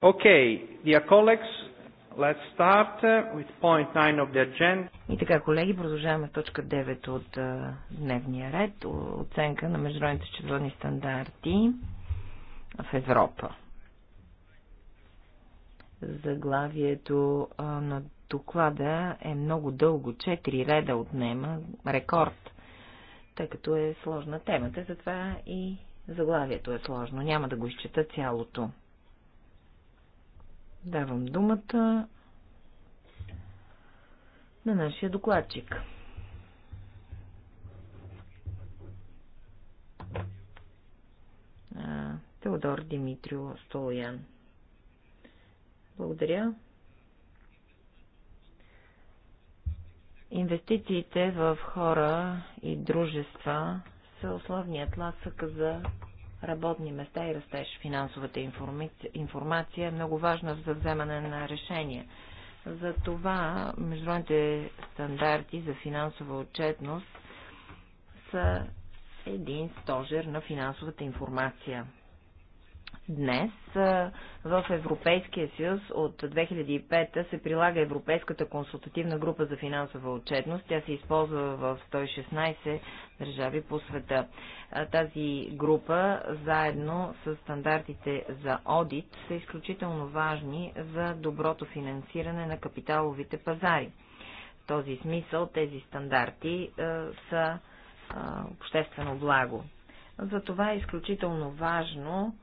Okay, dear colleagues, let's start uh, with point 9 of the agenda. И така, колеги, продължаваме точка 9 от дневния ред, оценка на международните счетоводни стандарти в Европа. Заглавието на доклада е много дълго, 4 реда отнема, рекорд, тъй като е сложна темата, затова и заглавието е сложно. Няма да го изчета цялото. Давам думата на нашия докладчик. Теодор Димитрио Столоян. Благодаря. Инвестициите в хора и дружества са основният ласък за работни места и растеж. Финансовата информация е много важна за вземане на решения. За това международните стандарти за финансова отчетност са един стожер на финансовата информация. Днес в Европейския съюз от 2005 се прилага Европейската консултативна група за финансова отчетност. Тя се използва в 116 държави по света. Тази група, заедно с стандартите за одит, са изключително важни за доброто финансиране на капиталовите пазари. В този смисъл тези стандарти са обществено благо. Затова е изключително важно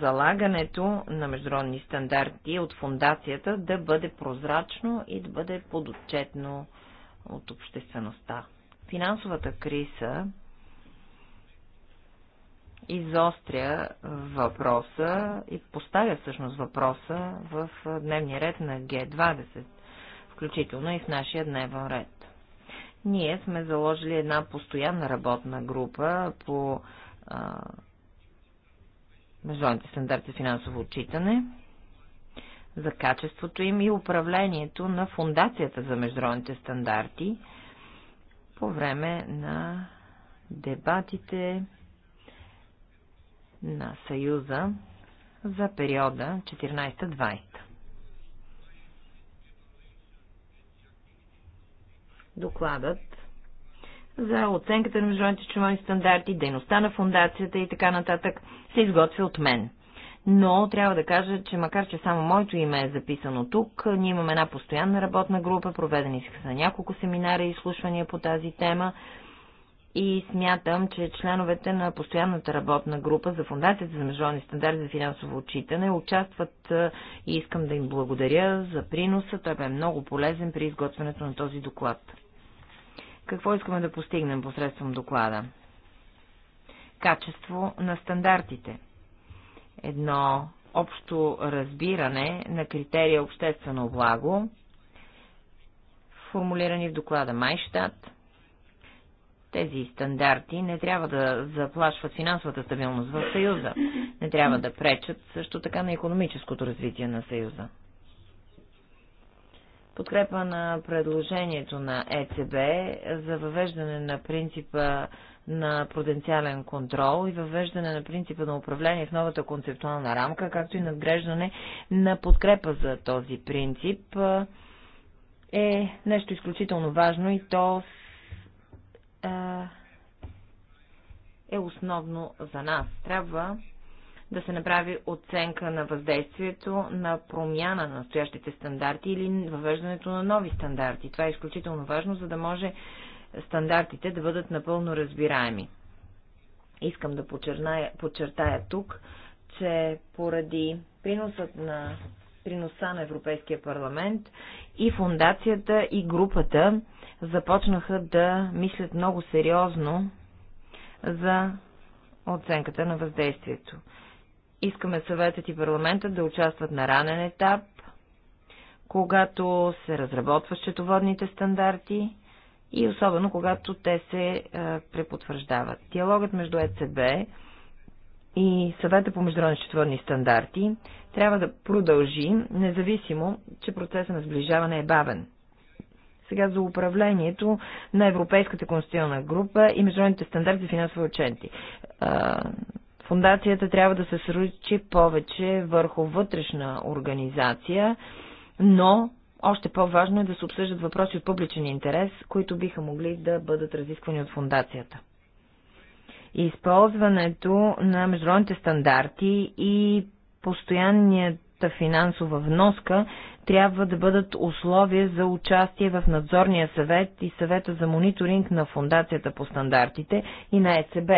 залагането на международни стандарти от фундацията да бъде прозрачно и да бъде подотчетно от обществеността. Финансовата криза изостря въпроса и поставя всъщност въпроса в дневния ред на Г20, включително и в нашия дневен ред. Ние сме заложили една постоянна работна група по международните стандарти за финансово отчитане, за качеството им и управлението на Фундацията за международните стандарти по време на дебатите на Съюза за периода 14-20. Докладът за оценката на международните чумови стандарти, дейността на фундацията и така нататък се изготвя от мен. Но трябва да кажа, че макар, че само моето име е записано тук, ние имаме една постоянна работна група, проведени са няколко семинара и изслушвания по тази тема и смятам, че членовете на постоянната работна група за Фундацията за международни стандарти за финансово отчитане участват е, и искам да им благодаря за приноса. Той бе много полезен при изготвянето на този доклад. Какво искаме да постигнем посредством доклада? Качество на стандартите. Едно общо разбиране на критерия обществено благо, формулирани в доклада Майштат. тези стандарти не трябва да заплашват финансовата стабилност в Съюза, не трябва да пречат също така на економическото развитие на Съюза подкрепа на предложението на ЕЦБ за въвеждане на принципа на пруденциален контрол и въвеждане на принципа на управление в новата концептуална рамка, както и надграждане на подкрепа за този принцип е нещо изключително важно и то е основно за нас. Трябва да се направи оценка на въздействието на промяна на настоящите стандарти или въвеждането на нови стандарти. Това е изключително важно, за да може стандартите да бъдат напълно разбираеми. Искам да подчертая, подчертая тук, че поради приносът на, приноса на Европейския парламент и фундацията и групата започнаха да мислят много сериозно за оценката на въздействието. Искаме съветът и парламента да участват на ранен етап, когато се разработват счетоводните стандарти и особено когато те се е, препотвърждават. Диалогът между ЕЦБ и съвета по международни счетоводни стандарти трябва да продължи, независимо, че процесът на сближаване е бавен. Сега за управлението на Европейската конституционна група и международните стандарти за финансови отчети. Е, Фундацията трябва да се сръчи повече върху вътрешна организация, но още по-важно е да се обсъждат въпроси от публичен интерес, които биха могли да бъдат разисквани от фундацията. Използването на международните стандарти и постоянната финансова вноска трябва да бъдат условия за участие в надзорния съвет и съвета за мониторинг на фундацията по стандартите и на ЕЦБ.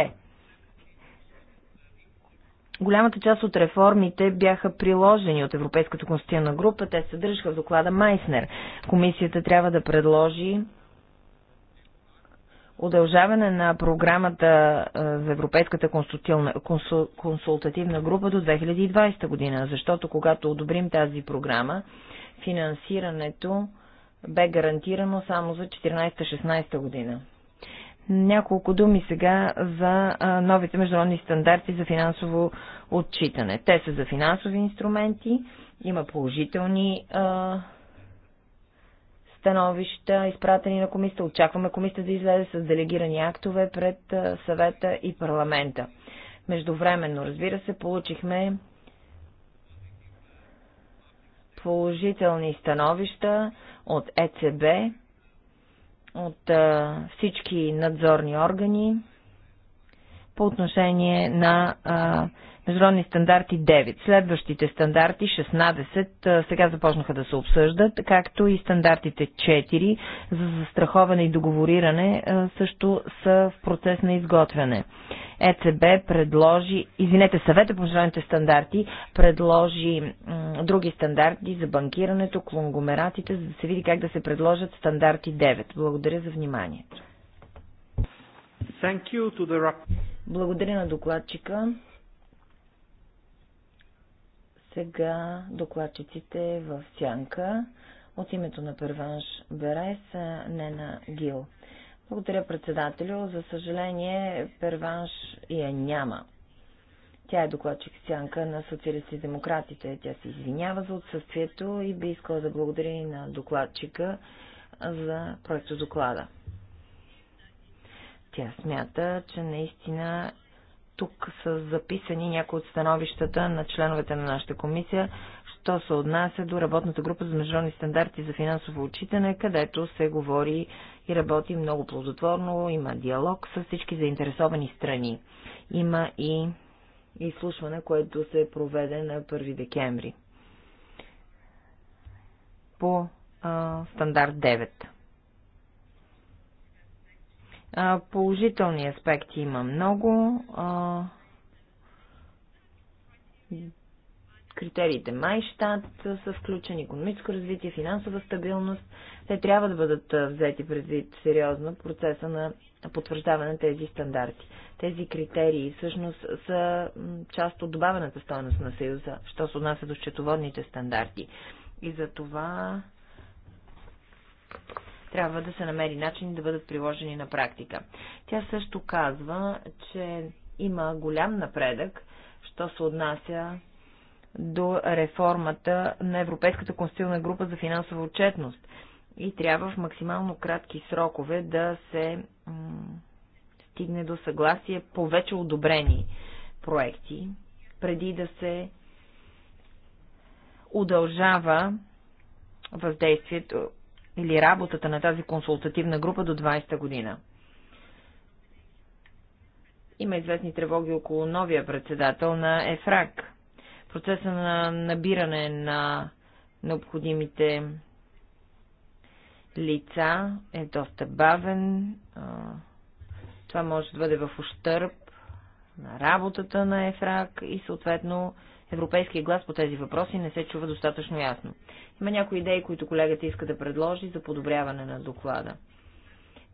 Голямата част от реформите бяха приложени от Европейската конституционна група. Те съдържаха в доклада Майснер. Комисията трябва да предложи удължаване на програмата за Европейската консултативна група до 2020 година, защото когато одобрим тази програма, финансирането бе гарантирано само за 14-16 година. Няколко думи сега за новите международни стандарти за финансово отчитане. Те са за финансови инструменти, има положителни а, становища, изпратени на комисията. Очакваме комисията да излезе с делегирани актове пред съвета и парламента. Междувременно, разбира се, получихме положителни становища от ЕЦБ, от а, всички надзорни органи по отношение на а, международни стандарти 9, следващите стандарти 16 сега започнаха да се обсъждат, както и стандартите 4 за застраховане и договориране също са в процес на изготвяне. ЕЦБ предложи, извинете, съвета по международните стандарти предложи други стандарти за банкирането, клонгомератите, за да се види как да се предложат стандарти 9. Благодаря за вниманието. Благодаря на докладчика. Сега докладчиците в сянка от името на Перванш Берес, Нена Гил. Благодаря председателю. За съжаление, Перванш я няма. Тя е докладчик сянка на социалисти и демократите. Тя се извинява за отсъствието и би искала да благодари на докладчика за проекто доклада. Тя смята, че наистина тук са записани някои от становищата на членовете на нашата комисия, що се отнася до работната група за международни стандарти за финансово отчитане, където се говори и работи много плодотворно, има диалог с всички заинтересовани страни. Има и изслушване, което се проведе на 1 декември по а, стандарт 9. А, положителни аспекти има много. А, критериите Майштат са включени, економическо развитие, финансова стабилност. Те трябва да бъдат взети предвид сериозно процеса на потвърждаване на тези стандарти. Тези критерии всъщност са част от добавената стоеност на Съюза, що се отнася до счетоводните стандарти. И за това трябва да се намери начин да бъдат приложени на практика. Тя също казва, че има голям напредък, що се отнася до реформата на Европейската конституционна група за финансова отчетност и трябва в максимално кратки срокове да се стигне до съгласие по вече одобрени проекти, преди да се удължава въздействието или работата на тази консултативна група до 20-та година. Има известни тревоги около новия председател на ЕФРАК. Процеса на набиране на необходимите лица е доста бавен. Това може да бъде в ущърп на работата на ЕФРАК и съответно Европейския глас по тези въпроси не се чува достатъчно ясно. Има някои идеи, които колегата иска да предложи за подобряване на доклада.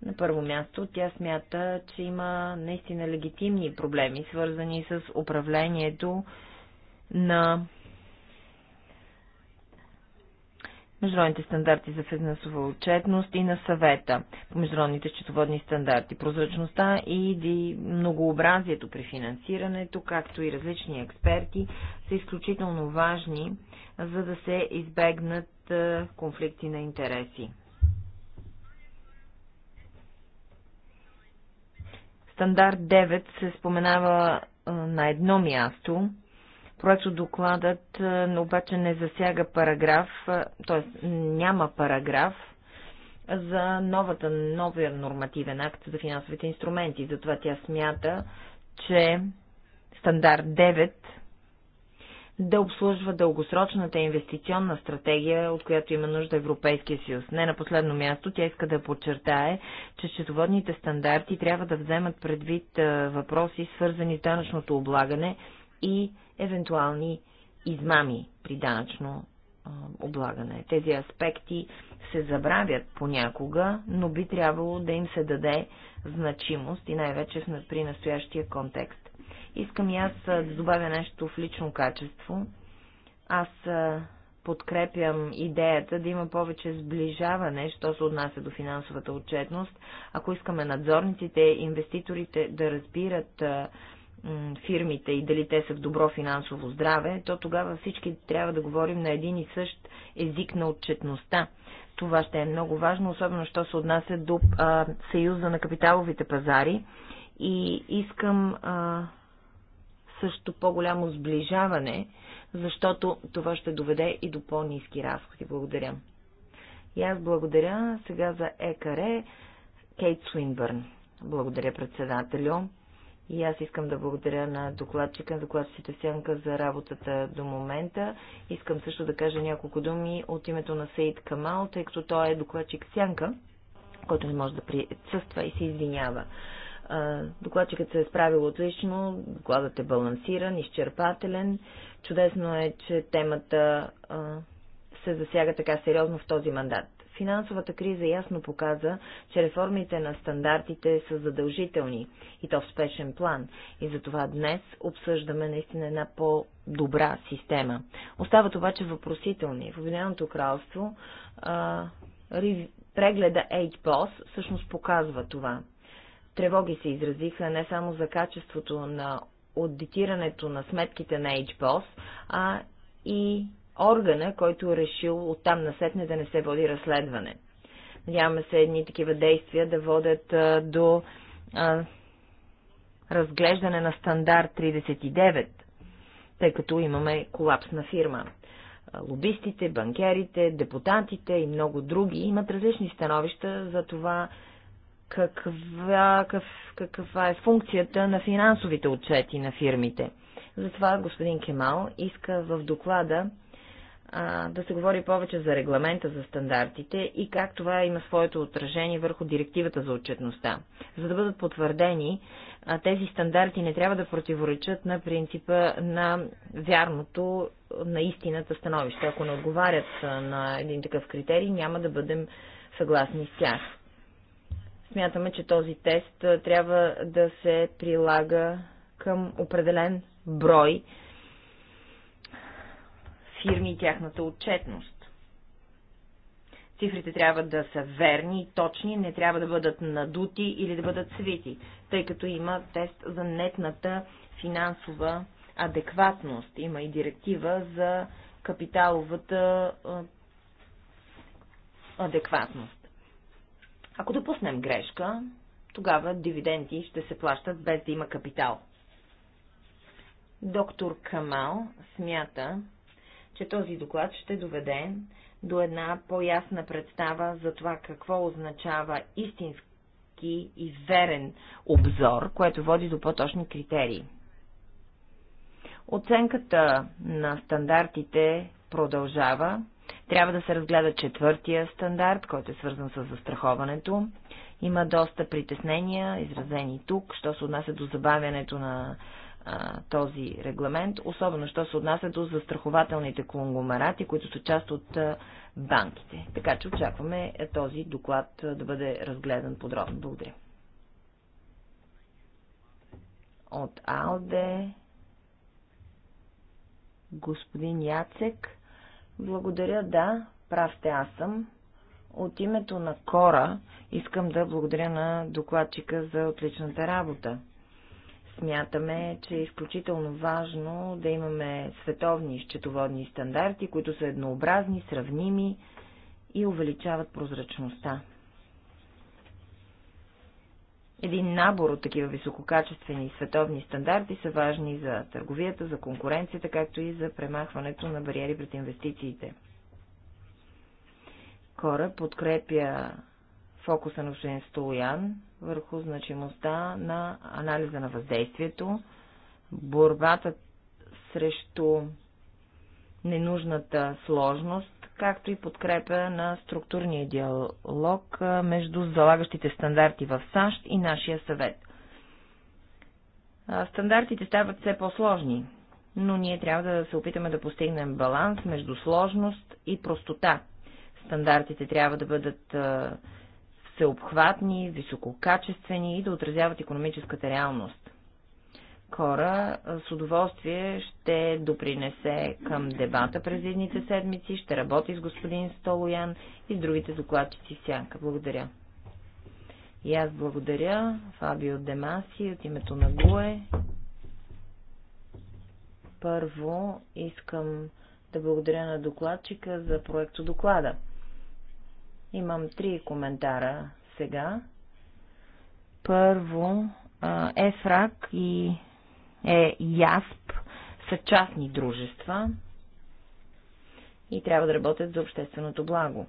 На първо място тя смята, че има наистина легитимни проблеми, свързани с управлението на международните стандарти за финансова отчетност и на съвета по международните счетоводни стандарти, прозрачността и многообразието при финансирането, както и различни експерти, са изключително важни, за да се избегнат конфликти на интереси. Стандарт 9 се споменава на едно място Проекто докладът е, обаче не засяга параграф, е, т.е. няма параграф за новата, новия нормативен акт за финансовите инструменти. Затова тя смята, че стандарт 9 да обслужва дългосрочната инвестиционна стратегия, от която има нужда Европейския съюз. Не на последно място, тя иска да подчертае, че счетоводните стандарти трябва да вземат предвид е, въпроси, свързани с данъчното облагане и евентуални измами при данъчно облагане. Тези аспекти се забравят понякога, но би трябвало да им се даде значимост и най-вече при настоящия контекст. Искам и аз да добавя нещо в лично качество. Аз подкрепям идеята да има повече сближаване, що се отнася до финансовата отчетност, ако искаме надзорниците, инвеститорите да разбират фирмите и дали те са в добро финансово здраве, то тогава всички трябва да говорим на един и същ език на отчетността. Това ще е много важно, особено що се отнася до а, Съюза на капиталовите пазари. И искам а, също по-голямо сближаване, защото това ще доведе и до по-низки разходи. Благодаря. И аз благодаря сега за ЕКАРЕ Кейт Суинбърн. Благодаря председателю. И аз искам да благодаря на докладчика, на докладчиците Сянка за работата до момента. Искам също да кажа няколко думи от името на Сейд Камал, тъй като той е докладчик Сянка, който не може да присъства и се извинява. Докладчикът се е справил отлично, докладът е балансиран, изчерпателен. Чудесно е, че темата се засяга така сериозно в този мандат. Финансовата криза ясно показа, че реформите на стандартите са задължителни и то в спешен план. И затова днес обсъждаме наистина една по-добра система. Остават обаче въпросителни. В Обединеното кралство а, прегледа 8POS всъщност показва това. Тревоги се изразиха не само за качеството на аудитирането на сметките на HBOS, а и органа, който е решил оттам насетне да не се води разследване. Надяваме се едни такива действия да водят а, до а, разглеждане на стандарт 39, тъй като имаме колапс на фирма. Лобистите, банкерите, депутатите и много други имат различни становища за това каква, как, каква е функцията на финансовите отчети на фирмите. Затова господин Кемал иска в доклада а, да се говори повече за регламента за стандартите и как това има своето отражение върху директивата за отчетността. За да бъдат потвърдени, а, тези стандарти не трябва да противоречат на принципа на вярното, на истината становище. Ако не отговарят на един такъв критерий, няма да бъдем съгласни с тях. Смятаме, че този тест трябва да се прилага към определен брой фирми и тяхната отчетност. Цифрите трябва да са верни и точни, не трябва да бъдат надути или да бъдат свити, тъй като има тест за нетната финансова адекватност. Има и директива за капиталовата адекватност. Ако допуснем грешка, тогава дивиденти ще се плащат без да има капитал. Доктор Камал смята, че този доклад ще доведе до една по-ясна представа за това какво означава истински и верен обзор, което води до по-точни критерии. Оценката на стандартите продължава. Трябва да се разгледа четвъртия стандарт, който е свързан с застраховането. Има доста притеснения, изразени тук, що се отнася до забавянето на този регламент, особено що се отнася до застрахователните конгломерати, които са част от банките. Така че очакваме е, този доклад да бъде разгледан подробно. Благодаря. От Алде господин Яцек. Благодаря, да, прав аз съм. От името на Кора искам да благодаря на докладчика за отличната работа. Смятаме, че е изключително важно да имаме световни счетоводни стандарти, които са еднообразни, сравними и увеличават прозрачността. Един набор от такива висококачествени световни стандарти са важни за търговията, за конкуренцията, както и за премахването на бариери пред инвестициите. Кора подкрепя фокуса на Шен Стоян върху значимостта на анализа на въздействието, борбата срещу ненужната сложност, както и подкрепа на структурния диалог между залагащите стандарти в САЩ и нашия съвет. Стандартите стават все по-сложни, но ние трябва да се опитаме да постигнем баланс между сложност и простота. Стандартите трябва да бъдат всеобхватни, висококачествени и да отразяват економическата реалност. Кора с удоволствие ще допринесе към дебата през едните седмици, ще работи с господин Столоян и с другите докладчици в сянка. Благодаря. И аз благодаря Фабио Демаси от името на ГУЕ. Първо искам да благодаря на докладчика за проекто доклада. Имам три коментара сега. Първо, ЕФРАК и е, ЯСП са частни дружества и трябва да работят за общественото благо.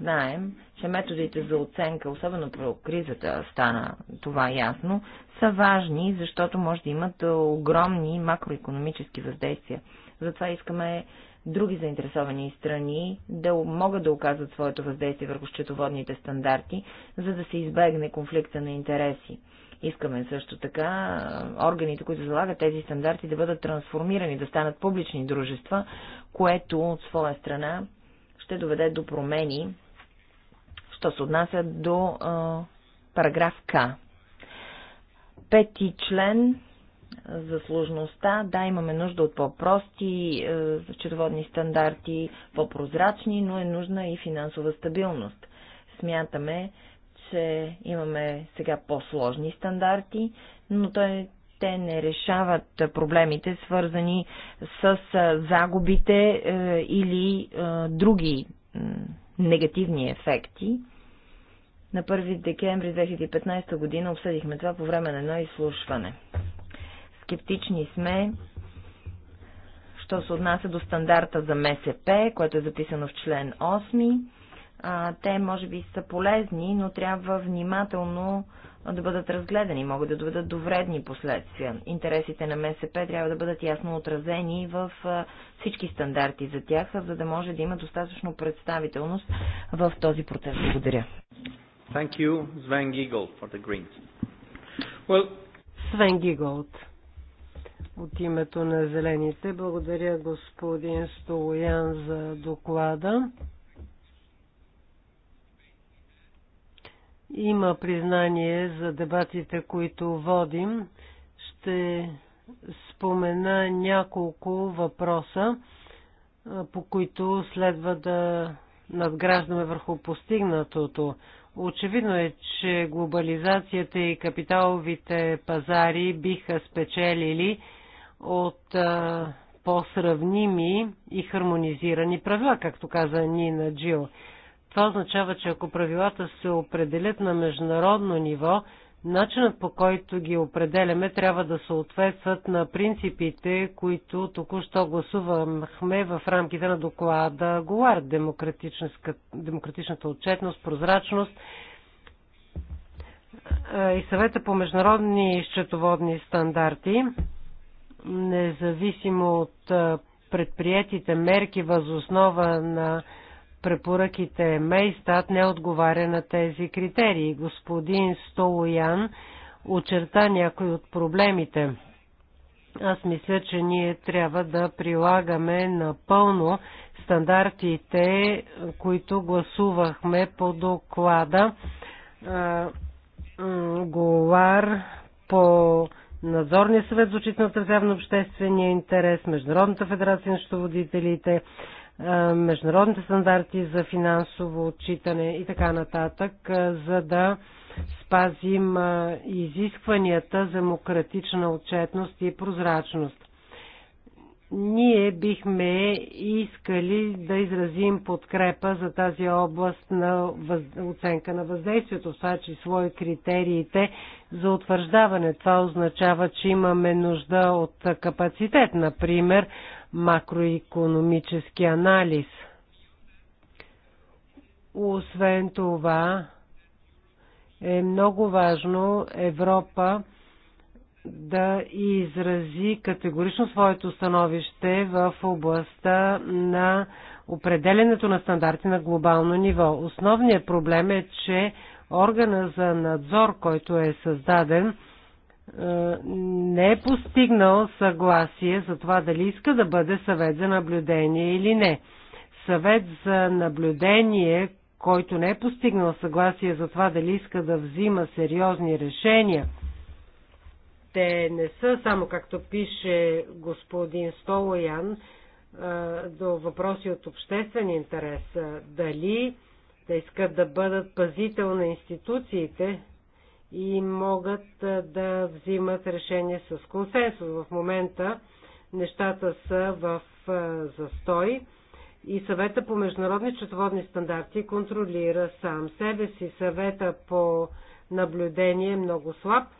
Знаем, че методите за оценка, особено про кризата, стана това ясно, са важни, защото може да имат огромни макроекономически въздействия. Затова искаме други заинтересовани страни да могат да оказват своето въздействие върху счетоводните стандарти, за да се избегне конфликта на интереси. Искаме също така органите, които залагат тези стандарти, да бъдат трансформирани, да станат публични дружества, което от своя страна ще доведе до промени, що се отнася до а, параграф К. Пети член за сложността. Да, имаме нужда от по-прости е, счетоводни стандарти, по-прозрачни, но е нужна и финансова стабилност. Смятаме, че имаме сега по-сложни стандарти, но той, те не решават проблемите, свързани с е, загубите е, или други негативни ефекти. На 1 декември 2015 година обсъдихме това по време на едно изслушване скептични сме, що се отнася до стандарта за МСП, което е записано в член 8. А, те може би са полезни, но трябва внимателно да бъдат разгледани, могат да доведат до вредни последствия. Интересите на МСП трябва да бъдат ясно отразени в всички стандарти за тях, за да може да има достатъчно представителност в този процес. Благодаря. Thank you, Sven Giegold, for the Greens. Well... Sven Giegold от името на Зелените. Благодаря господин Столоян за доклада. Има признание за дебатите, които водим. Ще спомена няколко въпроса, по които следва да надграждаме върху постигнатото. Очевидно е, че глобализацията и капиталовите пазари биха спечелили от по-сравними и хармонизирани правила, както каза Нина Джил. Това означава, че ако правилата се определят на международно ниво, начинът по който ги определяме трябва да съответстват на принципите, които току-що гласувахме в рамките на доклада ГОАР. Демократичната отчетност, прозрачност и съвета по международни счетоводни стандарти независимо от предприятите мерки възоснова на препоръките Мейстат не отговаря на тези критерии. Господин Столоян очерта някои от проблемите. Аз мисля, че ние трябва да прилагаме напълно стандартите, които гласувахме по доклада Голар по Надзорния съвет за очите на отразяване обществения интерес, Международната федерация на щоводителите, международните стандарти за финансово отчитане и така нататък, за да спазим изискванията за демократична отчетност и прозрачност ние бихме искали да изразим подкрепа за тази област на въз... оценка на въздействието, в това число и критериите за утвърждаване. Това означава, че имаме нужда от капацитет, например макроекономически анализ. Освен това, е много важно Европа да изрази категорично своето становище в областта на определенето на стандарти на глобално ниво. Основният проблем е, че органа за надзор, който е създаден, е, не е постигнал съгласие за това дали иска да бъде съвет за наблюдение или не. Съвет за наблюдение, който не е постигнал съгласие за това дали иска да взима сериозни решения – те не са само, както пише господин Столоян, до въпроси от обществен интерес. Дали те искат да бъдат пазител на институциите и могат да взимат решение с консенсус. В момента нещата са в застой и съвета по международни четоводни стандарти контролира сам себе си. Съвета по наблюдение е много слаб –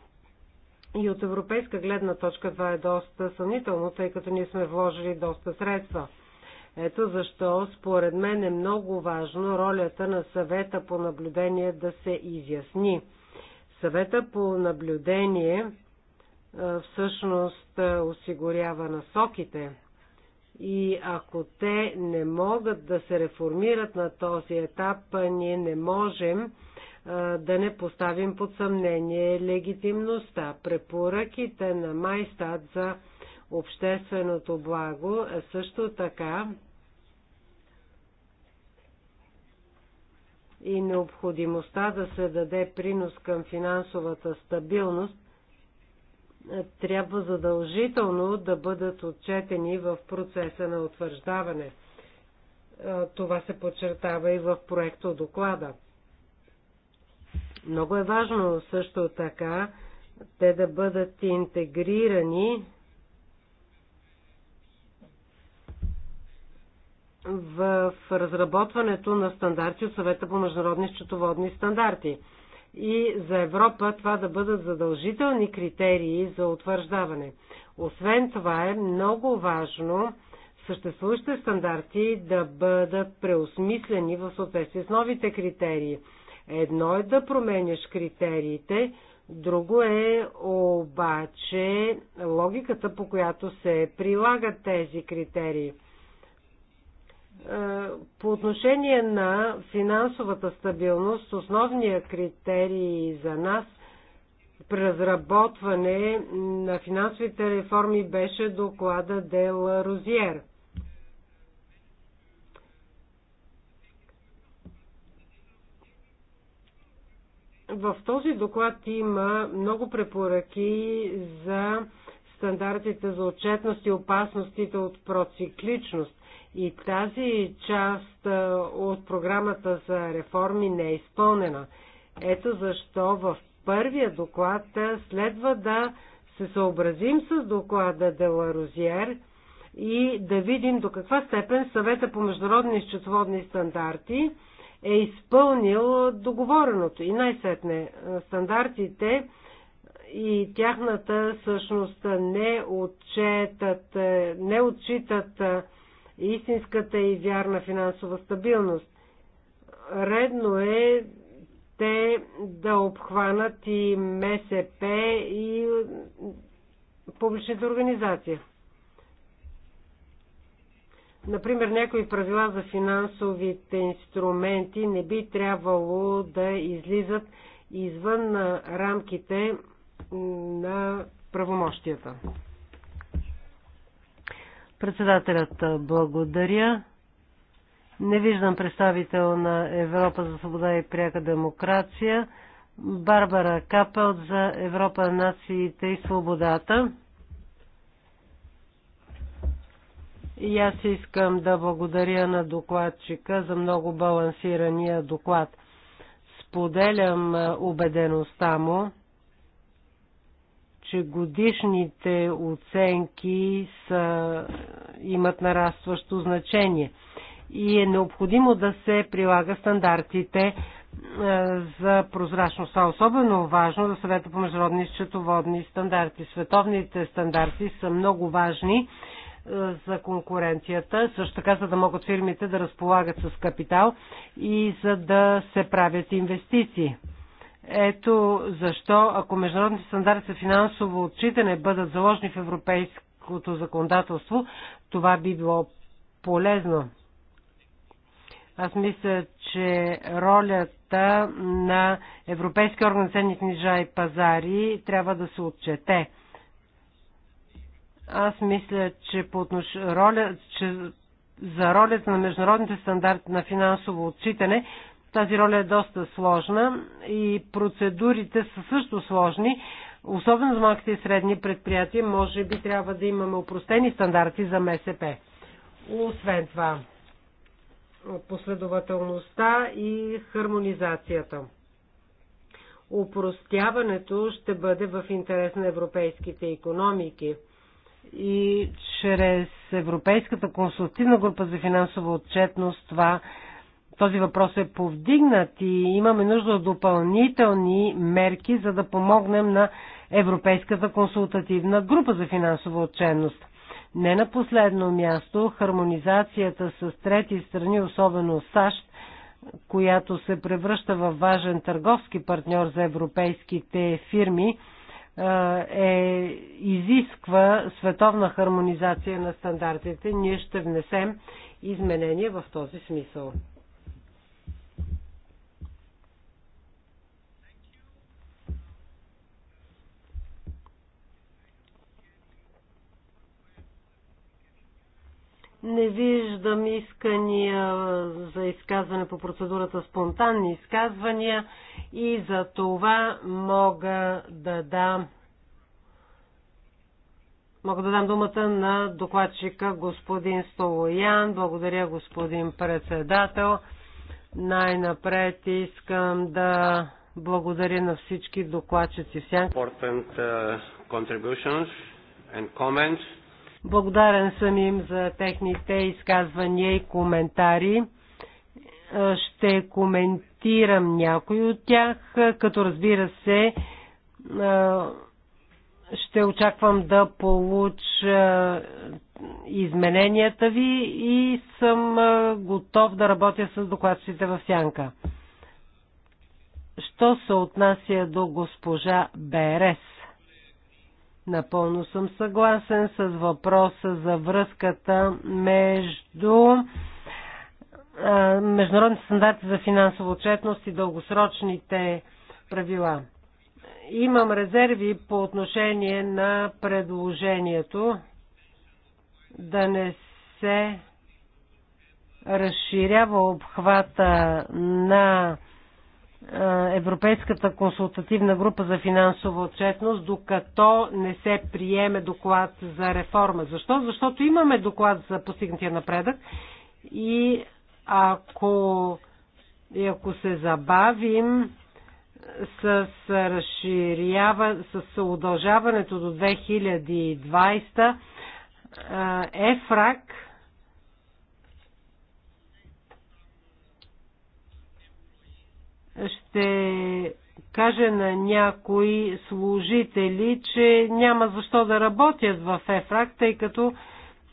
и от европейска гледна точка това е доста съмнително, тъй като ние сме вложили доста средства. Ето защо според мен е много важно ролята на съвета по наблюдение да се изясни. Съвета по наблюдение всъщност осигурява насоките. И ако те не могат да се реформират на този етап, ние не можем да не поставим под съмнение легитимността. Препоръките на Майстат за общественото благо също така и необходимостта да се даде принос към финансовата стабилност трябва задължително да бъдат отчетени в процеса на утвърждаване. Това се подчертава и в проекто доклада. Много е важно също така те да бъдат интегрирани в разработването на стандарти от съвета по международни счетоводни стандарти. И за Европа това да бъдат задължителни критерии за утвърждаване. Освен това е много важно съществуващите стандарти да бъдат преосмислени в съответствие с новите критерии – Едно е да променяш критериите, друго е обаче логиката, по която се прилагат тези критерии. Е, по отношение на финансовата стабилност, основният критерий за нас при разработване на финансовите реформи беше доклада Дел Розиер – В този доклад има много препоръки за стандартите за отчетност и опасностите от процикличност. И тази част от програмата за реформи не е изпълнена. Ето защо в първия доклад следва да се съобразим с доклада Деларозиер и да видим до каква степен съвета по международни счетоводни стандарти е изпълнил договореното. И най-сетне стандартите и тяхната същност не, отчетат, е, не отчитат е, истинската и вярна финансова стабилност. Редно е те да обхванат и МСП и публичните организации. Например, някои правила за финансовите инструменти не би трябвало да излизат извън рамките на правомощията. Председателят благодаря. Не виждам представител на Европа за свобода и пряка демокрация. Барбара Капелт за Европа, нациите и свободата. И аз искам да благодаря на докладчика за много балансирания доклад. Споделям е, убедеността му, че годишните оценки са, имат нарастващо значение и е необходимо да се прилага стандартите е, за прозрачност. Това е особено важно за съвета по международни счетоводни стандарти. Световните стандарти са много важни за конкуренцията, също така за да могат фирмите да разполагат с капитал и за да се правят инвестиции. Ето защо, ако международните стандарти за финансово отчитане бъдат заложени в европейското законодателство, това би било полезно. Аз мисля, че ролята на Европейския орган ценни книжа и пазари трябва да се отчете. Аз мисля, че, по отнош... роля... че за ролята на международните стандарти на финансово отчитане тази роля е доста сложна и процедурите са също сложни, особено за малките и средни предприятия. Може би трябва да имаме упростени стандарти за МСП. Освен това, последователността и хармонизацията. Упростяването ще бъде в интерес на европейските економики – и чрез Европейската консултативна група за финансова отчетност това, този въпрос е повдигнат и имаме нужда от допълнителни мерки, за да помогнем на Европейската консултативна група за финансова отчетност. Не на последно място, хармонизацията с трети страни, особено САЩ, която се превръща в важен търговски партньор за европейските фирми – е, е, изисква световна хармонизация на стандартите. Ние ще внесем изменения в този смисъл. Не виждам искания за изказване по процедурата спонтанни изказвания и за това мога да дам Мога да дам думата на докладчика господин Столоян. Благодаря господин председател. Най-напред искам да благодаря на всички докладчици uh, And comments, Благодарен съм им за техните изказвания и коментари. Е, ще коментирам някои от тях, като разбира се, е, ще очаквам да получа измененията ви и съм е, готов да работя с докладците в сянка. Що се отнася до госпожа Берес? Напълно съм съгласен с въпроса за връзката между международните стандарти за финансова отчетност и дългосрочните правила. Имам резерви по отношение на предложението да не се разширява обхвата на е, Европейската консултативна група за финансова отчетност, докато не се приеме доклад за реформа. Защо? Защото имаме доклад за постигнатия напредък и ако, и ако се забавим с, разширява, с удължаването до 2020, ЕФРАК е ще каже на някои служители, че няма защо да работят в ЕФРАК, тъй като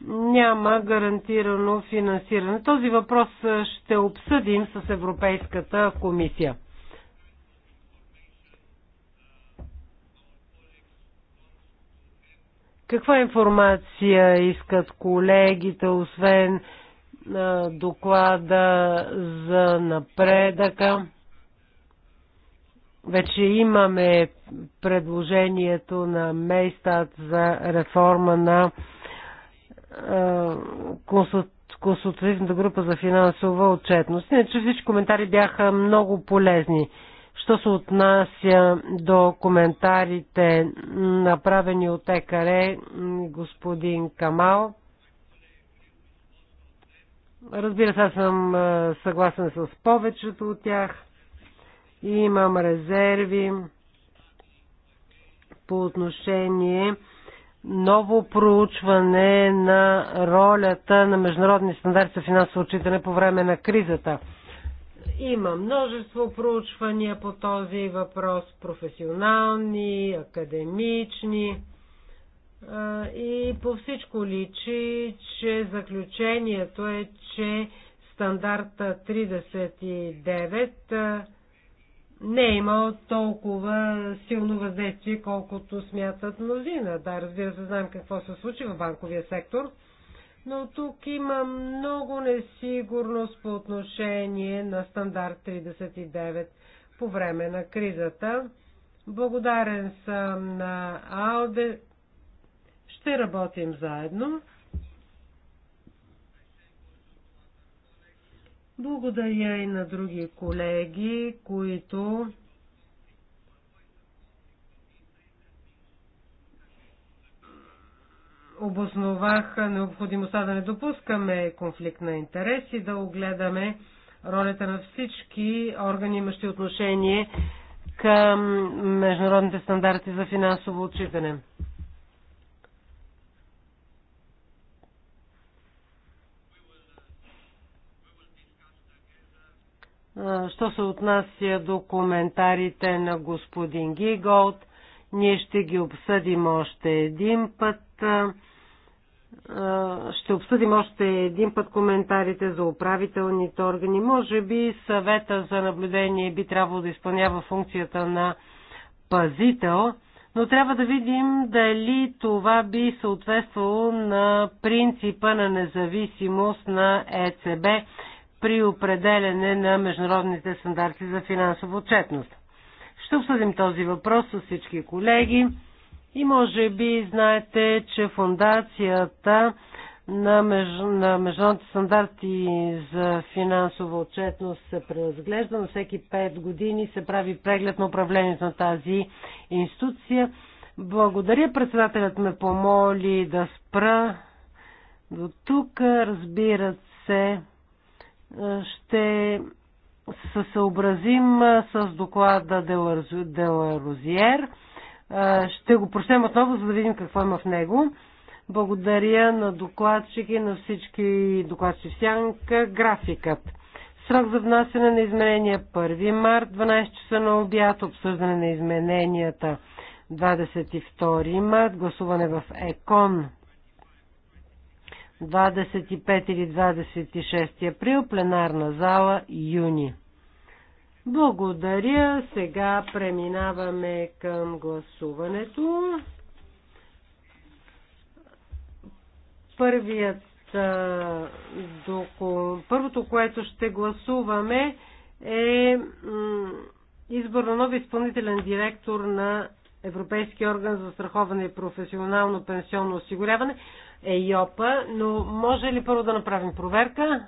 няма гарантирано финансиране. Този въпрос ще обсъдим с Европейската комисия. Каква информация искат колегите, освен доклада за напредъка? Вече имаме предложението на Мейстат за реформа на консултативната група за финансова отчетност. Иначе всички коментари бяха много полезни. Що се отнася до коментарите, направени от ЕКАРЕ, господин Камал, разбира се, аз съм съгласен с повечето от тях. Имам резерви по отношение ново проучване на ролята на международни стандарти за финансово отчитане по време на кризата. Има множество проучвания по този въпрос, професионални, академични. И по всичко личи, че заключението е, че стандарта 39 не е имал толкова силно въздействие, колкото смятат мнозина. Да, разбира се, знаем какво се случи в банковия сектор, но тук има много несигурност по отношение на стандарт 39 по време на кризата. Благодарен съм на Алде. Ще работим заедно. Благодаря и на други колеги, които обосноваха необходимостта да не допускаме конфликт на интереси, да огледаме ролята на всички органи, имащи отношение към международните стандарти за финансово отчитане. Що се отнася до коментарите на господин Гиголд, ние ще ги обсъдим още един път. Ще обсъдим още един път коментарите за управителните органи. Може би съвета за наблюдение би трябвало да изпълнява функцията на пазител, но трябва да видим дали това би съответствало на принципа на независимост на ЕЦБ при определене на международните стандарти за финансова отчетност. Ще обсъдим този въпрос с всички колеги и може би знаете, че фундацията на, меж... на международните стандарти за финансова отчетност се преразглежда. На всеки 5 години се прави преглед на управлението на тази институция. Благодаря. Председателят ме помоли да спра до тук. Разбират се ще се съобразим с доклада Розиер. Ще го прочетем отново, за да видим какво има в него. Благодаря на докладчики, на всички докладчи в сянка. Графикът. Срок за внасяне на изменения 1 март, 12 часа на обяд, обсъждане на измененията 22 март, гласуване в ЕКОН 25 или 26 април, пленарна зала юни. Благодаря. Сега преминаваме към гласуването. Първият, доку... първото, което ще гласуваме е избор на нови изпълнителен директор на Европейския орган за страховане и професионално пенсионно осигуряване. ЕЙОПА, но може ли първо да направим проверка?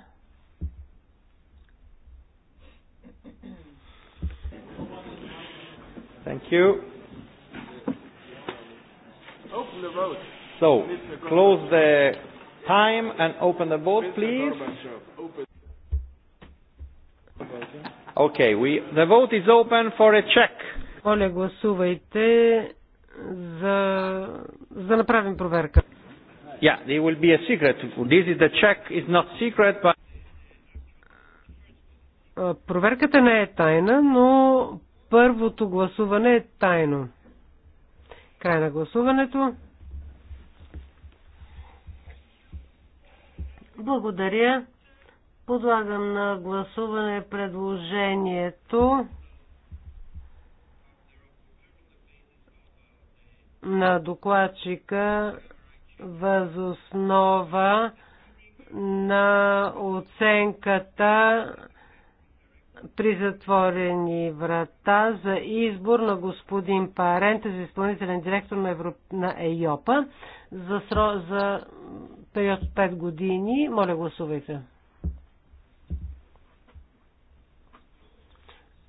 Thank you. Open the vote. So, close the time and open the vote, please. Okay, we, the vote is open for a check. Моля, гласувайте за, за направим проверка. Yeah, there will be a secret. This is the check is not secret, but... Проверката не е тайна, но първото гласуване е тайно. Край на гласуването. Благодаря. Подлагам на гласуване предложението на докладчика възоснова на оценката при затворени врата за избор на господин Парента за изпълнителен директор на, Европ... на ЕЙОПА за, сро... за период от 5 години. Моля, гласувайте.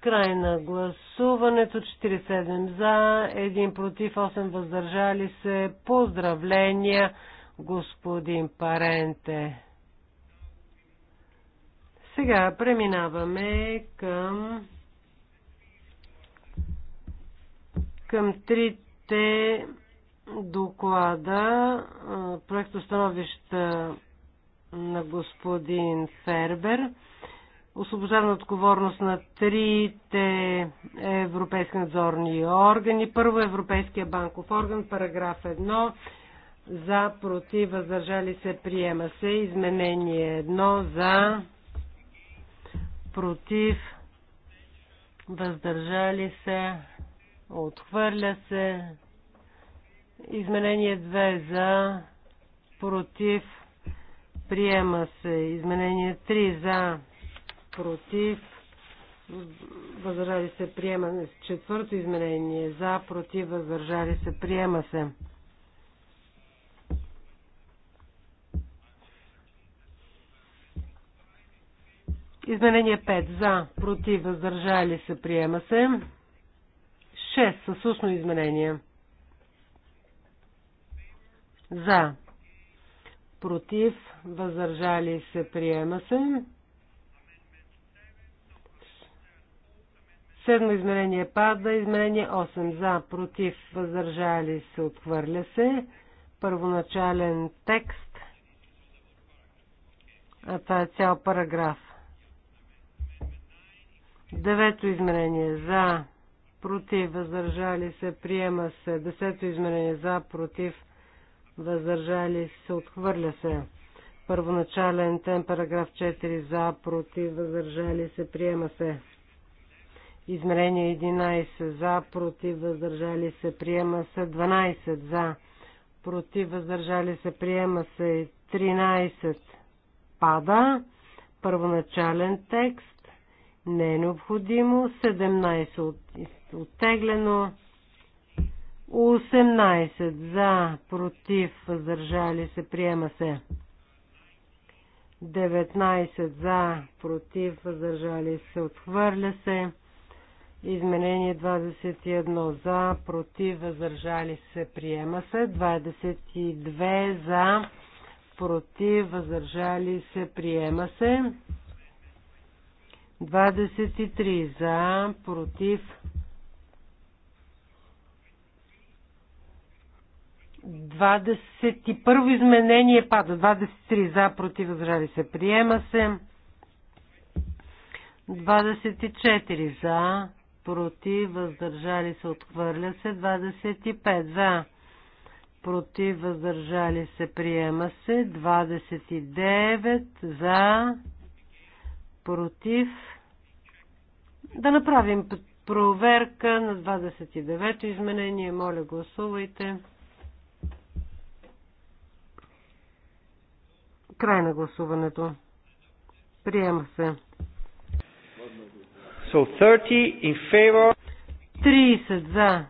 Край на гласуването. 47 за, 1 против, 8 въздържали се. Поздравления, господин Паренте. Сега преминаваме към към трите доклада, проектостановища на господин Фербер освобождаване отговорност на трите европейски надзорни органи. Първо Европейския банков орган, параграф 1. За, против, въздържали се, приема се. Изменение 1 за, против, въздържали се, отхвърля се. Изменение 2 за, против, приема се. Изменение 3 за, против, възражали се, приема се. Четвърто изменение за, против, въздържали се, приема се. Изменение 5 за, против, въздържали се, приема се. 6 със устно изменение. За, против, въздържали се, приема се. Седмо измерение пада, измерение 8 за, против, въздържали се, отхвърля се. Първоначален текст, а това е цял параграф. Девето измерение за, против, въздържали се, приема се. Десето измерение за, против, въздържали се, отхвърля се. Първоначален тем, параграф 4 за, против, въздържали се, приема се. Измерение 11 за, против, въздържали се, приема се 12 за, против, въздържали се, приема се 13 пада. Първоначален текст не е необходимо. 17 от, оттеглено. 18 за, против, въздържали се, приема се. 19 за, против, въздържали се, отхвърля се. Изменение 21 за, против, въздържали се, приема се. 22 за, против, въздържали се, приема се. 23 за, против. 21 изменение пада. 23 за, против, въздържали се, приема се. 24 за, против, въздържали се, отхвърля се. 25 за, против, въздържали се, приема се. 29 за, против. Да направим проверка на 29-то изменение. Моля, гласувайте. Край на гласуването. Приема се. So 30 in favor. 30 за,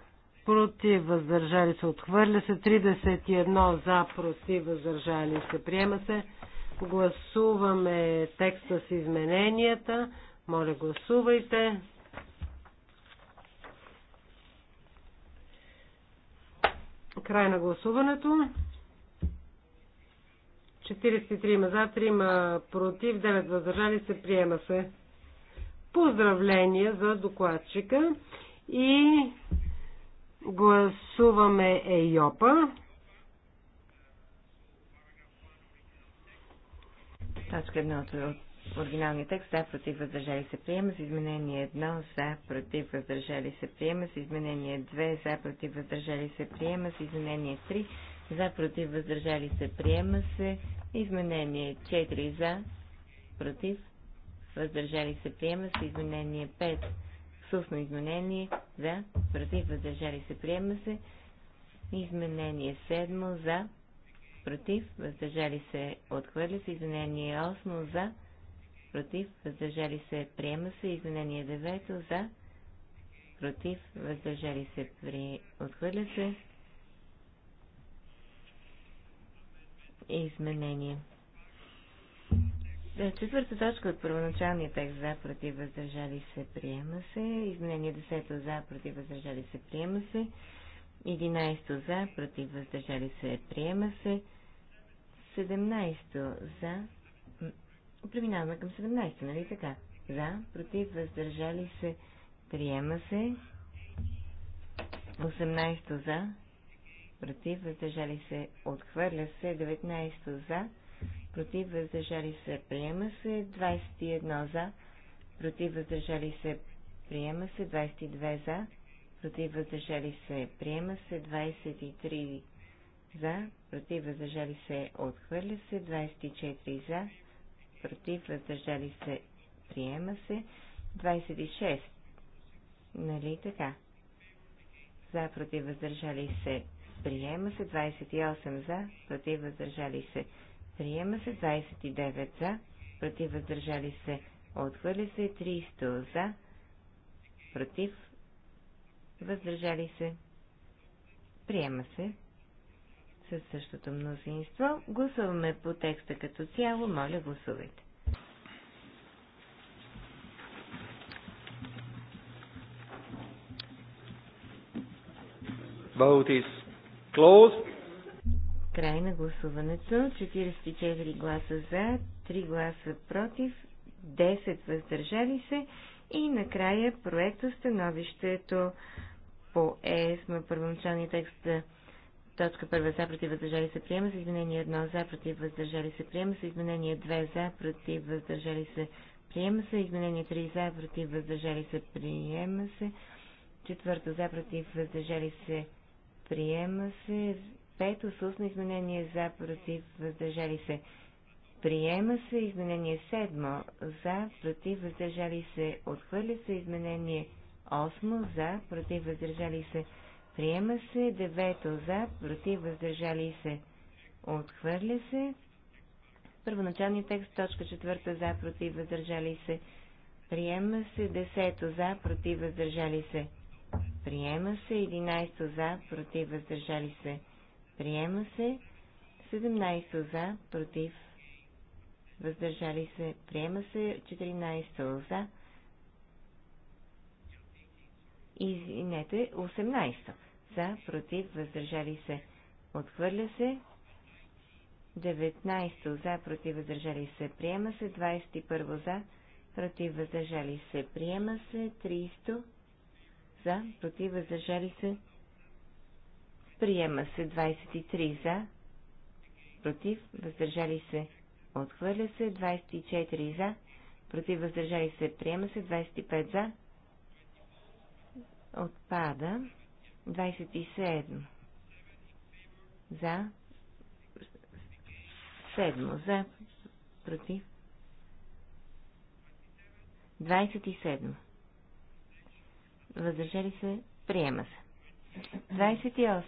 против, въздържали се, отхвърля се. 31 за, против, въздържали се, приема се. Гласуваме текста с измененията. Моля, гласувайте. Край на гласуването. 43 за, 3 против, 9 въздържали се, приема се. Поздравления за докладчика и гласуваме ЕЙОПА. Точка 1 от оригиналния текст за против въздържали се приема с изменение 1 за против въздържали се приема с изменение 2 за против въздържали се приема с изменение 3 за против въздържали се приема се изменение 4 за против въздържали се, приема се. Изменение 5 сусно изменение за, против, въздържали се, приема се. Изменение 7 за, против, въздържали се, отхвърля се. Изменение 8 за, против, въздържали се, приема се. Изменение 9 за, против, въздържали се, при... отхвърля се. Изменение Четвърта точка от първоначалния текст за против въздържали се приема се. Изменение 10 за против въздържали се приема се. 11 за против въздържали се приема се. 17 за. Преминаваме към 17, нали така? За против въздържали се приема се. 18 за против въздържали се отхвърля се. 19 за против, въздържали се, приема се, 21 за, против, въздържали се, приема се, 22 за, против, въздържали се, приема се, 23 за, против, въздържали се, отхвърля се, 24 за, против, въздържали се, приема се, 26. Нали така? За, против, въздържали се, приема се, 28 за, против, въздържали се, Приема се 29 за, против въздържали се, отхвърля се 300 за, против въздържали се. Приема се със същото мнозинство. Гласуваме по текста като цяло. Моля, гласувайте. Vote is closed. Край на гласуването. 44 гласа за, 3 гласа против, 10 въздържали се и накрая проекта становището по ЕС на първоначалния текст Точка първа за против въздържали се приема с изменение 1 за против въздържали се приема с изменение 2 за против въздържали се приема се изменение 3 за против въздържали се приема се четвърто за против въздържали се приема се Пето с устно изменение за, против, въздържали се. Приема се изменение седмо за, против, въздържали се. Отхвърля се изменение 8 за, против, въздържали се. Приема се 9 за, против, въздържали се. Отхвърля се. Първоначалният текст, точка 4 за, против, въздържали се. Приема се десето за, против, въздържали се. Приема се 11 за, против, въздържали се. Приема се 17 за, против, въздържали се. Приема се 14 за. Извинете, 18 за, против, въздържали се. Отхвърля се 19 за, против, въздържали се. Приема се 21 за, против, въздържали се. Приема се 300 за, против, въздържали се. Приема се 23 за, против, въздържали се, отхвърля се 24 за, против, въздържали се, приема се 25 за, отпада 27 за, 7 за, против, 27. Въздържали се, приема се. 28.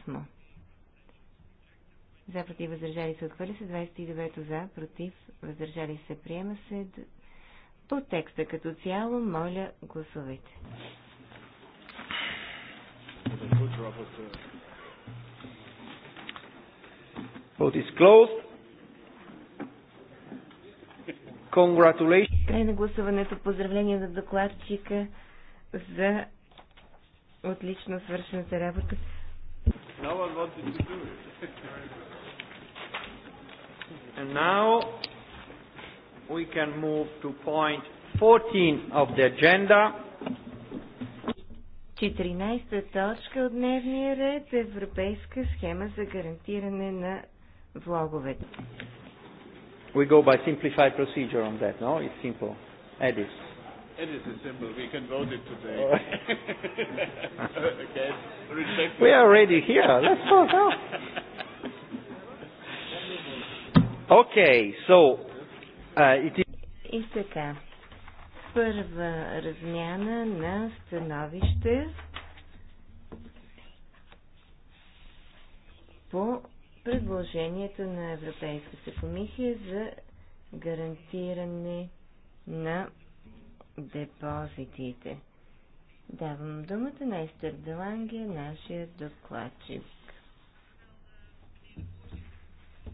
За против въздържали се отхвърли се. 29 за против въздържали се приема се. По текста като цяло, моля, гласувайте. Vote is closed. Congratulations. Край на гласуването. Поздравления за докладчика за отлично за работа. And now we can move to point 14 of the agenda. 14-та точка от дневния ред Европейска схема за гарантиране на влоговете. We go by simplified procedure on that, no? It's simple. Edit. It is simple. We can vote it today. okay. Reject we are already here. Let's vote now. Okay, so uh, it is... И така, първа размяна на становище по предложението на Европейската комисия за гарантиране на депозитите. Давам думата на Естер Деланге, нашия докладчик.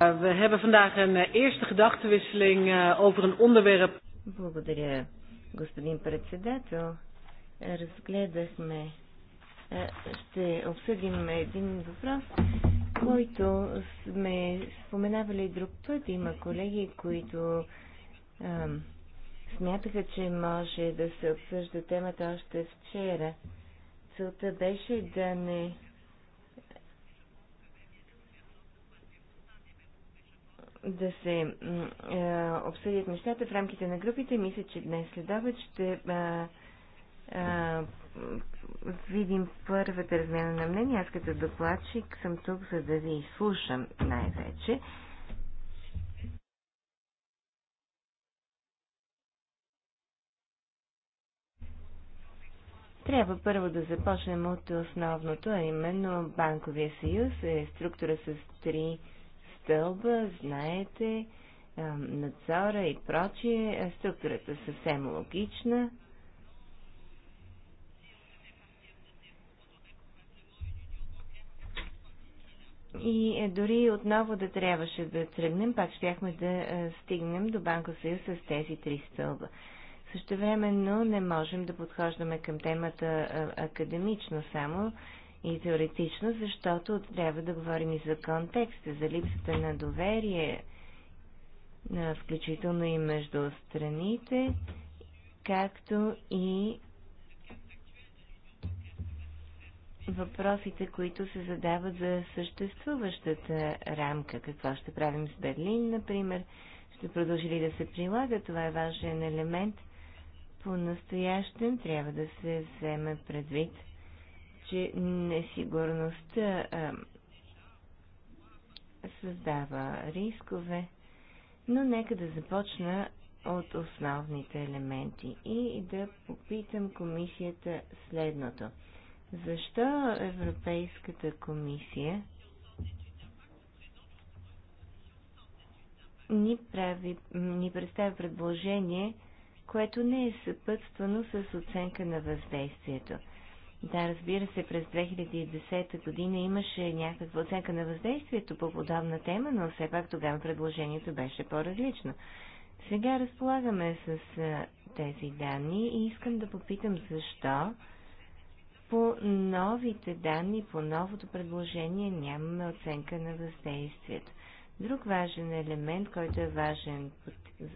We hebben vandaag een eh, eerste gedachtenwisseling eh, over een onderwerp. Благодаря, господин председател. Разгледахме, е, ще обсъдим един въпрос, който сме споменавали друг път. Има колеги, които смятаха, че може да се обсъжда темата още вчера. Целта беше да не да се е, обсъдят нещата в рамките на групите. Мисля, че днес след обед ще е, е, видим първата размяна на мнение. Аз като докладчик съм тук, за да ви слушам най-вече. Трябва първо да започнем от основното, а именно Банковия съюз е структура с три стълба, знаете, надзора и прочие. Структурата е съвсем логична. И е, дори отново да трябваше да тръгнем, пак щяхме да е, стигнем до Банков съюз с тези три стълба. Същевременно не можем да подхождаме към темата академично само и теоретично, защото трябва да говорим и за контекста, за липсата на доверие, включително и между страните, както и въпросите, които се задават за съществуващата рамка. Какво ще правим с Берлин, например? Ще продължи ли да се прилага? Това е важен елемент – по настоящен трябва да се вземе предвид, че несигурността а, създава рискове, но нека да започна от основните елементи и да попитам комисията следното. Защо Европейската комисия ни, прави, ни представя предложение, което не е съпътствано с оценка на въздействието. Да, разбира се, през 2010 година имаше някаква оценка на въздействието по подобна тема, но все пак тогава предложението беше по-различно. Сега разполагаме с тези данни и искам да попитам защо по новите данни, по новото предложение нямаме оценка на въздействието. Друг важен елемент, който е важен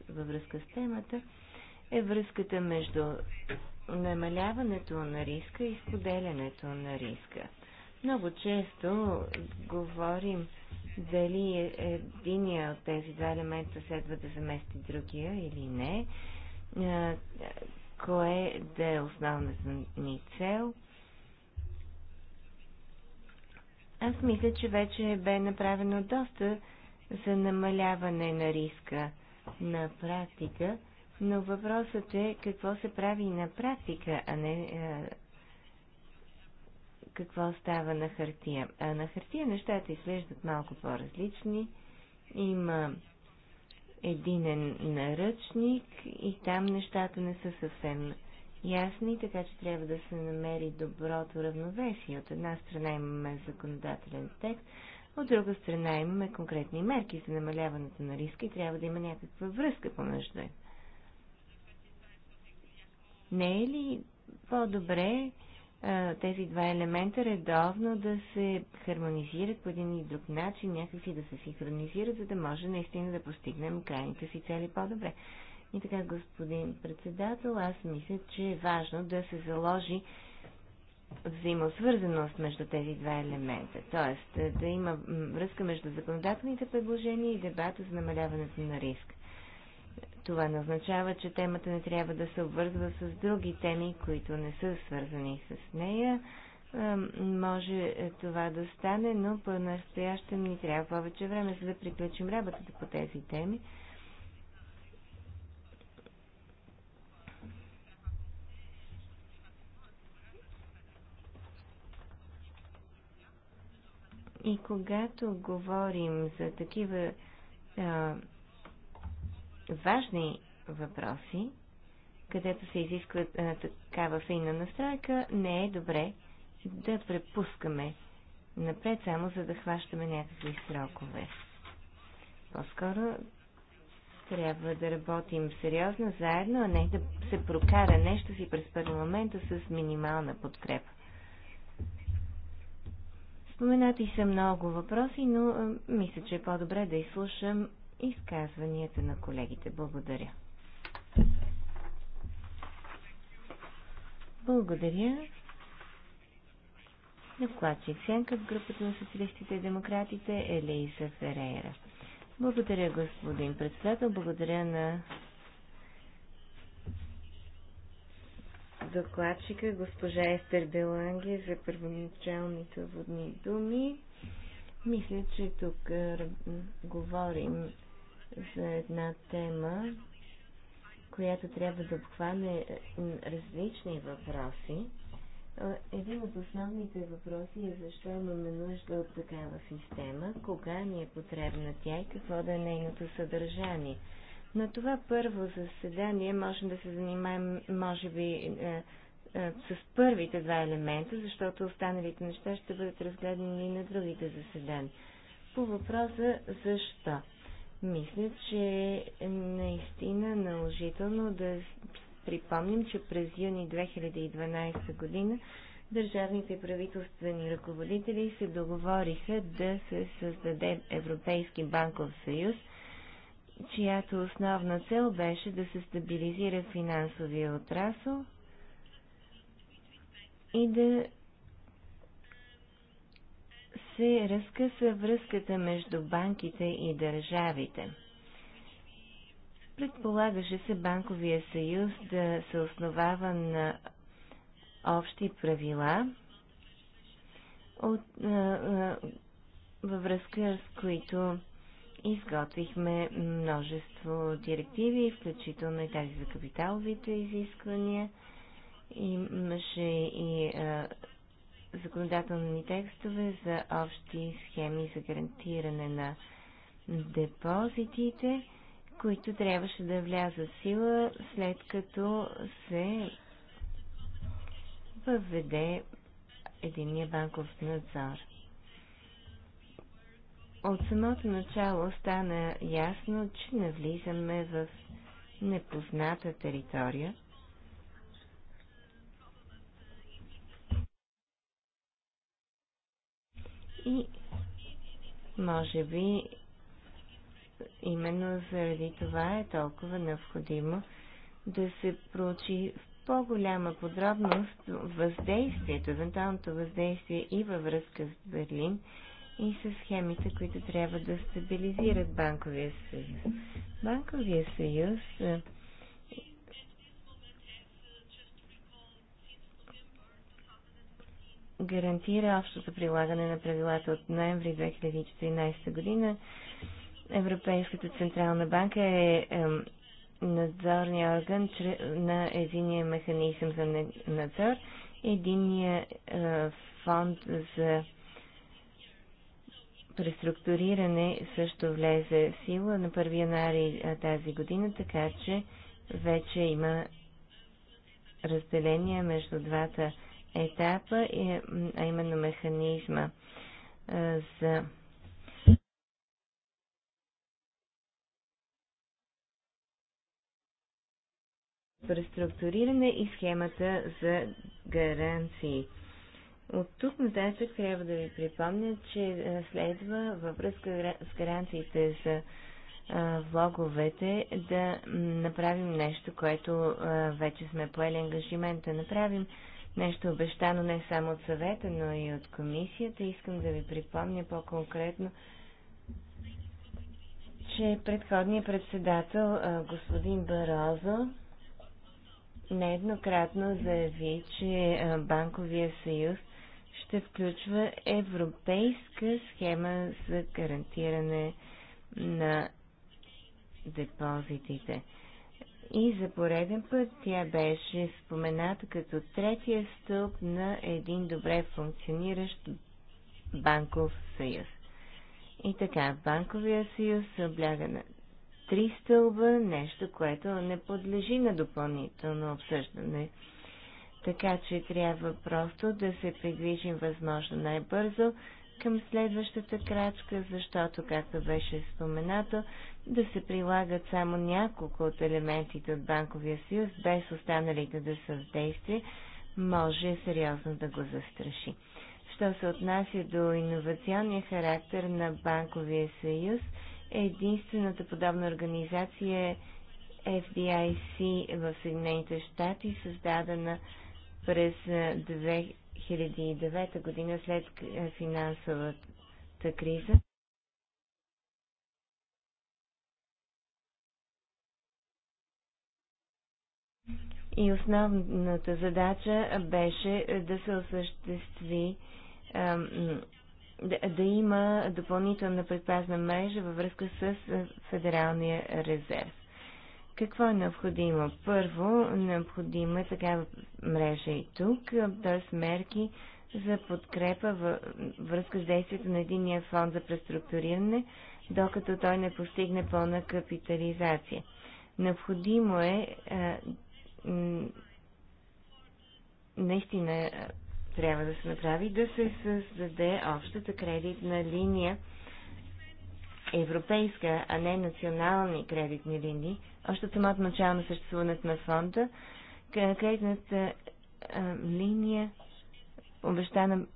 във връзка с темата, е връзката между намаляването на риска и споделянето на риска. Много често говорим дали единия от тези два елемента следва да замести другия или не, кое да е основната ни цел. Аз мисля, че вече бе направено доста за намаляване на риска на практика но въпросът е какво се прави на практика, а не а, е, какво става на хартия. А на хартия нещата изглеждат малко по-различни. Има единен наръчник и там нещата не са съвсем ясни, така че трябва да се намери доброто равновесие. От една страна имаме законодателен текст, от друга страна имаме конкретни мерки за намаляването на риска и трябва да има някаква връзка помежду им. Не е ли по-добре тези два елемента редовно да се хармонизират по един и друг начин, някакси да се синхронизират, за да може наистина да постигнем крайните си цели по-добре. И така, господин председател, аз мисля, че е важно да се заложи взаимосвързаност между тези два елемента. Тоест, да има връзка между законодателните предложения и дебата за намаляването на риска. Това не означава, че темата не трябва да се обвързва с други теми, които не са свързани с нея. Е, може това да стане, но по-настоящем ни трябва повече време, за да приключим работата по тези теми. И когато говорим за такива а, е, важни въпроси, където се изисква а, такава финна настройка, не е добре да препускаме напред, само за да хващаме някакви срокове. По-скоро трябва да работим сериозно заедно, а не да се прокара нещо си през момента с минимална подкрепа. Споменати са много въпроси, но а, мисля, че е по-добре да изслушам изказванията на колегите. Благодаря. Благодаря. Докладчик Сенка в групата на социалистите и демократите Елиса Ферейра. Благодаря, господин председател. Благодаря на докладчика госпожа Естер Деланге за първоначалните водни думи. Мисля, че тук говорим за една тема, която трябва да обхване е, различни въпроси. Един от основните въпроси е защо имаме нужда от такава система, кога ни е потребна тя и какво да е нейното съдържание. На това първо заседание можем да се занимаем, може би, е, е, с първите два елемента, защото останалите неща ще бъдат разгледани и на другите заседания. По въпроса защо? Мисля, че е наистина наложително да припомним, че през юни 2012 година държавните правителствени ръководители се договориха да се създаде Европейски банков съюз, чиято основна цел беше да се стабилизира финансовия отрасъл и да се разкъса връзката между банките и държавите. Предполагаше се банковия съюз да се основава на общи правила, от, а, а, във връзка с които изготвихме множество директиви, включително и тази за капиталовите изисквания. Имаше и а, законодателни текстове за общи схеми за гарантиране на депозитите, които трябваше да влязат в сила след като се въведе единния банков надзор. От самото начало стана ясно, че навлизаме в непозната територия – И може би именно заради това е толкова необходимо да се проучи в по-голяма подробност въздействието, евентуалното въздействие и във връзка с Берлин и с схемите, които трябва да стабилизират Банковия съюз. Банковия съюз гарантира общото прилагане на правилата от ноември 2014 година. Европейската централна банка е надзорния орган на единия механизъм за надзор, единия е, фонд за преструктуриране също влезе в сила на 1 януари е, тази година, така че вече има разделение между двата етапа, а именно механизма за преструктуриране и схемата за гаранции. От тук нататък трябва да ви припомня, че следва във връзка с гаранциите за влоговете да направим нещо, което вече сме поели ангажимент да направим, нещо обещано не само от съвета, но и от комисията. Искам да ви припомня по-конкретно, че предходният председател, господин Барозо, нееднократно заяви, че Банковия съюз ще включва европейска схема за гарантиране на депозитите. И за пореден път тя беше спомената като третия стълб на един добре функциониращ банков съюз. И така, банковия съюз обляга на три стълба, нещо, което не подлежи на допълнително обсъждане. Така че трябва просто да се придвижим възможно най-бързо към следващата крачка, защото, както беше споменато, да се прилагат само няколко от елементите от Банковия съюз, без останалите да са в действие, може сериозно да го застраши. Що се отнася до иновационния характер на Банковия съюз, единствената подобна организация е FDIC в Съединените щати, създадена през 2009 година след е, финансовата криза. И основната задача беше е, да се осъществи е, да, да има допълнителна предпазна мрежа във връзка с Федералния резерв. Какво е необходимо? Първо, необходима е такава мрежа и тук, т.е. мерки за подкрепа във връзка с действието на единия фонд за преструктуриране, докато той не постигне пълна капитализация. Необходимо е а, е, наистина е, трябва да се направи да се създаде общата кредитна линия европейска, а не национални кредитни линии. Още от самото начало на съществуването на фонда, кредитната линия обещана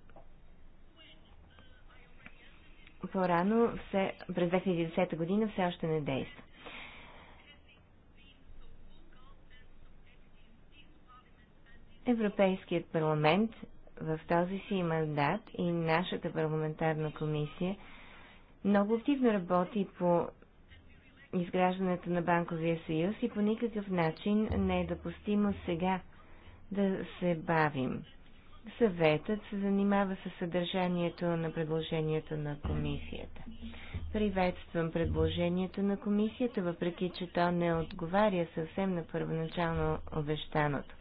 по-рано през 2010 година все още не действа. Европейският парламент в този си мандат и нашата парламентарна комисия – много активно работи по изграждането на банковия съюз и по никакъв начин не е допустимо сега да се бавим. Съветът се занимава със съдържанието на предложението на комисията. Приветствам предложението на комисията, въпреки че то не отговаря съвсем на първоначално обещаното.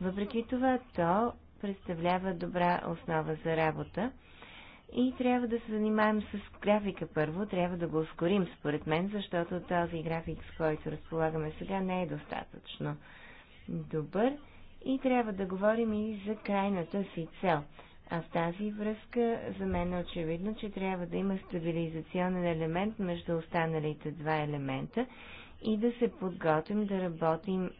Въпреки това, то представлява добра основа за работа и трябва да се занимаем с графика първо. Трябва да го ускорим, според мен, защото този график, с който разполагаме сега, не е достатъчно добър. И трябва да говорим и за крайната си цел. А в тази връзка за мен е очевидно, че трябва да има стабилизационен елемент между останалите два елемента и да се подготвим да работим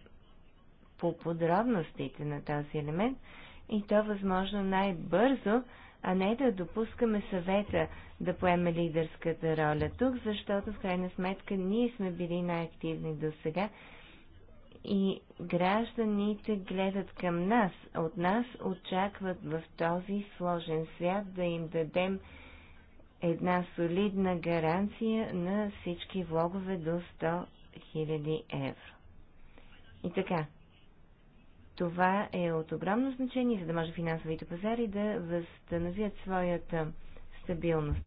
по подробностите на този елемент и то възможно най-бързо, а не да допускаме съвета да поеме лидерската роля тук, защото в крайна сметка ние сме били най-активни до сега и гражданите гледат към нас. От нас очакват в този сложен свят да им дадем една солидна гаранция на всички влогове до 100 000 евро. И така, това е от огромно значение, за да може финансовите пазари да възстановят своята стабилност.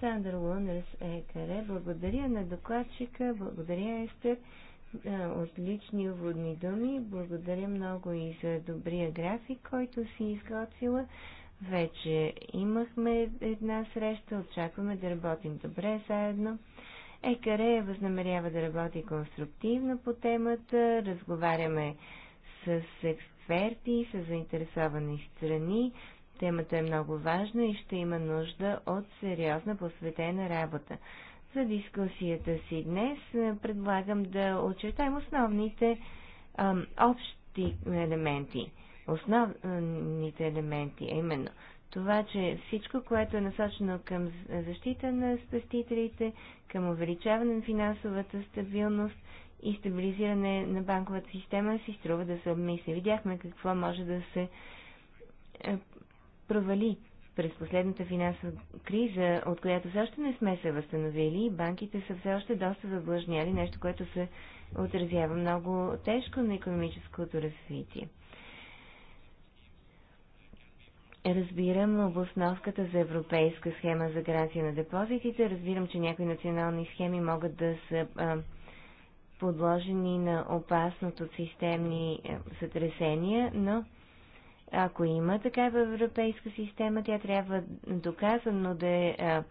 Сандър Лунерс Екаре, благодаря на докладчика, благодаря Естер, е, отлични уводни думи, благодаря много и за добрия график, който си изготвила. Вече имахме една среща, очакваме да работим добре заедно. Екаре възнамерява да работи конструктивно по темата, разговаряме с експерти, с заинтересовани страни. Темата е много важна и ще има нужда от сериозна посветена работа. За дискусията си днес е, предлагам да очертаем основните ам, общи елементи. Основните елементи, а именно това, че всичко, което е насочено към защита на спестителите, към увеличаване на финансовата стабилност и стабилизиране на банковата система, си струва да се обмисли. Видяхме какво може да се е, провали през последната финансова криза, от която все още не сме се възстановили банките са все още доста задлъжняли, нещо, което се отразява много тежко на економическото развитие разбирам обосновката за европейска схема за гаранция на депозитите. Разбирам, че някои национални схеми могат да са а, подложени на опасност от системни сътресения, но ако има такава европейска система, тя трябва доказано да е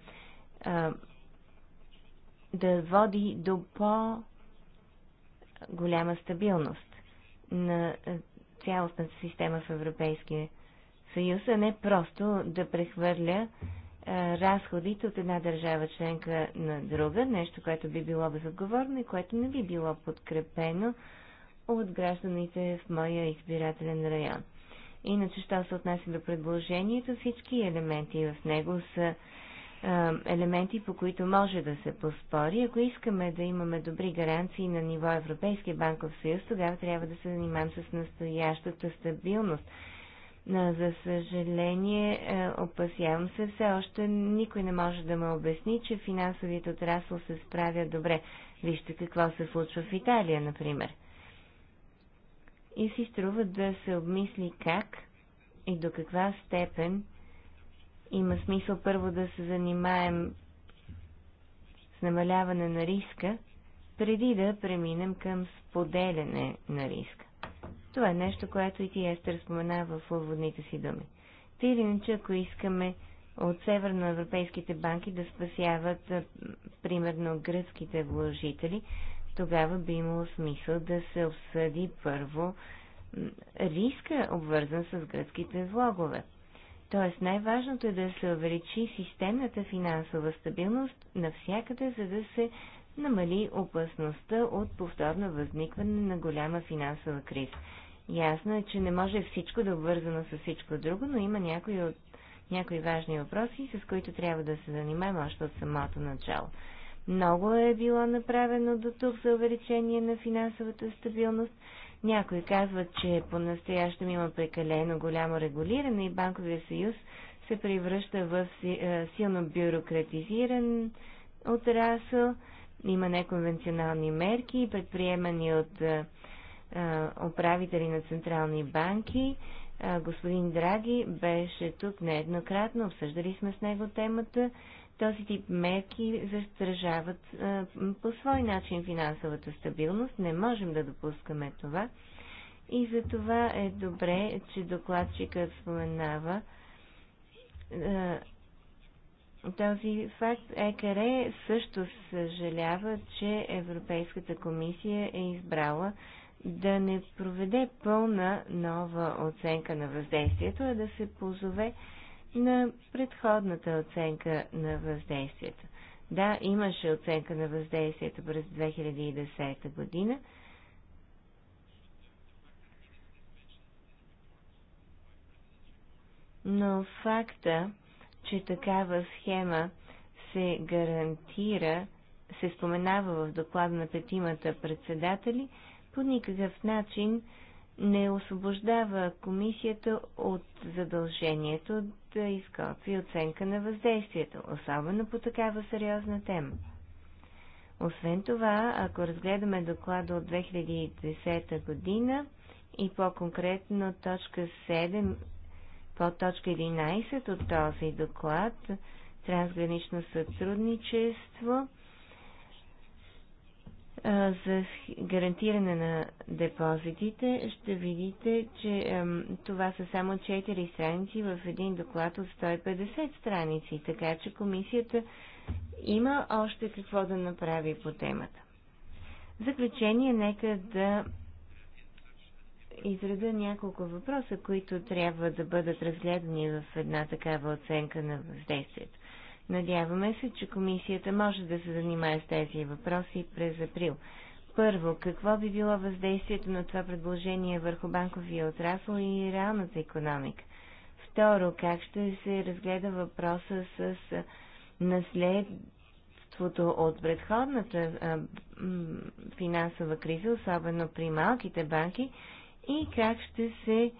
да води до по-голяма стабилност на цялостната система в Европейския Съюз, а не просто да прехвърля а, разходите от една държава членка на друга, нещо, което би било безотговорно и което не би било подкрепено от гражданите в моя избирателен район. Иначе, що се отнася до предложението, всички елементи в него са а, елементи, по които може да се поспори. Ако искаме да имаме добри гаранции на ниво Европейския банков съюз, тогава трябва да се занимаем с настоящата стабилност – но, за съжаление, е, опасявам се, все още никой не може да ме обясни, че финансовият отрасъл се справя добре. Вижте какво се случва в Италия, например. И си струва да се обмисли как и до каква степен има смисъл първо да се занимаем с намаляване на риска, преди да преминем към споделяне на риска. Това е нещо, което и ти Естер спомена в уводните си думи. Ти или иначе, ако искаме от северноевропейските банки да спасяват, примерно, гръцките вложители, тогава би имало смисъл да се обсъди първо риска, обвързан с гръцките влогове. Тоест най-важното е да се увеличи системната финансова стабилност навсякъде, за да се намали опасността от повторно възникване на голяма финансова криза. Ясно е, че не може всичко да е обвързано с всичко друго, но има някои, от, някои важни въпроси, с които трябва да се занимаем още от самото начало. Много е било направено до тук за увеличение на финансовата стабилност. Някои казват, че по-настоящем има прекалено голямо регулиране и банковия съюз се превръща в е, силно бюрократизиран отрасъл. Има неконвенционални мерки, предприемани от е, управители на централни банки. Господин Драги беше тук нееднократно, обсъждали сме с него темата. Този тип мерки застражават по свой начин финансовата стабилност. Не можем да допускаме това. И за това е добре, че докладчикът споменава този факт ЕКР също съжалява, че Европейската комисия е избрала да не проведе пълна нова оценка на въздействието, а да се позове на предходната оценка на въздействието. Да, имаше оценка на въздействието през 2010 година. Но факта, че такава схема се гарантира, се споменава в доклада на петимата председатели – по никакъв начин не освобождава комисията от задължението да изготви оценка на въздействието, особено по такава сериозна тема. Освен това, ако разгледаме доклада от 2010 година и по-конкретно точка 7 по точка 11 от този доклад, трансгранично сътрудничество, за гарантиране на депозитите, ще видите, че това са само 4 страници в един доклад от 150 страници, така че комисията има още какво да направи по темата. В заключение, нека да изреда няколко въпроса, които трябва да бъдат разгледани в една такава оценка на въздействието. Надяваме се, че комисията може да се занимае с тези въпроси през април. Първо, какво би било въздействието на това предложение върху банковия отрасъл и реалната економика? Второ, как ще се разгледа въпроса с наследството от предходната финансова криза, особено при малките банки, и как ще се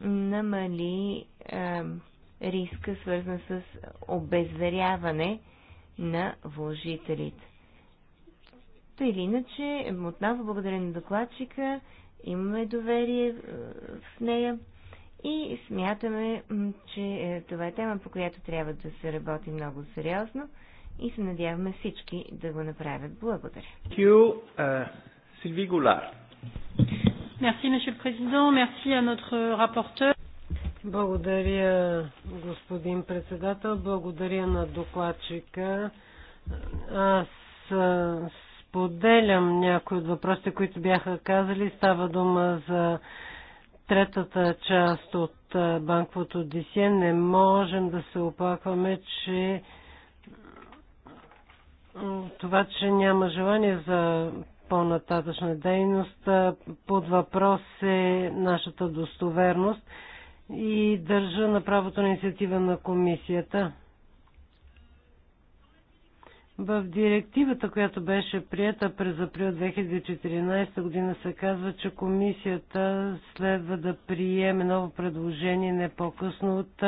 намали риска, свързан с обезверяване на вложителите. Та или иначе, отново благодаря на докладчика, имаме доверие е, в нея и смятаме, че е, това е тема, по която трябва да се работи много сериозно и се надяваме всички да го направят. Благодаря. Е, Силви Голар. Merci, Monsieur le Président. Merci à notre rapporteur. Благодаря, господин председател. Благодаря на докладчика. Аз споделям някои от въпросите, които бяха казали. Става дума за третата част от банковото дисие. Не можем да се оплакваме, че това, че няма желание за по-нататъчна дейност, под въпрос е нашата достоверност и държа на правото на инициатива на комисията. В директивата, която беше прията през април 2014 година, се казва, че комисията следва да приеме ново предложение не по-късно от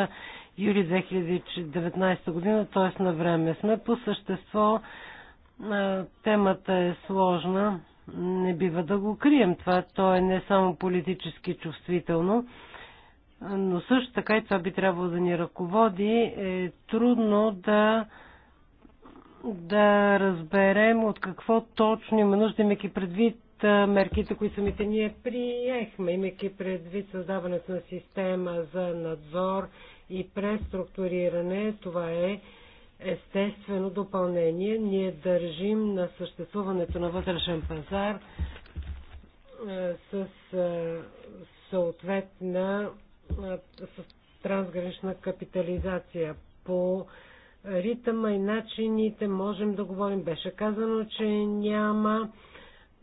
юли 2019 година, т.е. на време сме. По същество темата е сложна, не бива да го крием това, то е не само политически чувствително, но също така и това би трябвало да ни ръководи, е трудно да, да разберем от какво точно има нужда, имайки предвид мерките, които самите ние приехме, имайки предвид създаването на система за надзор и преструктуриране. Това е естествено допълнение. Ние държим на съществуването на вътрешен пазар с съответна с трансгранична капитализация. По ритъма и начините можем да говорим. Беше казано, че няма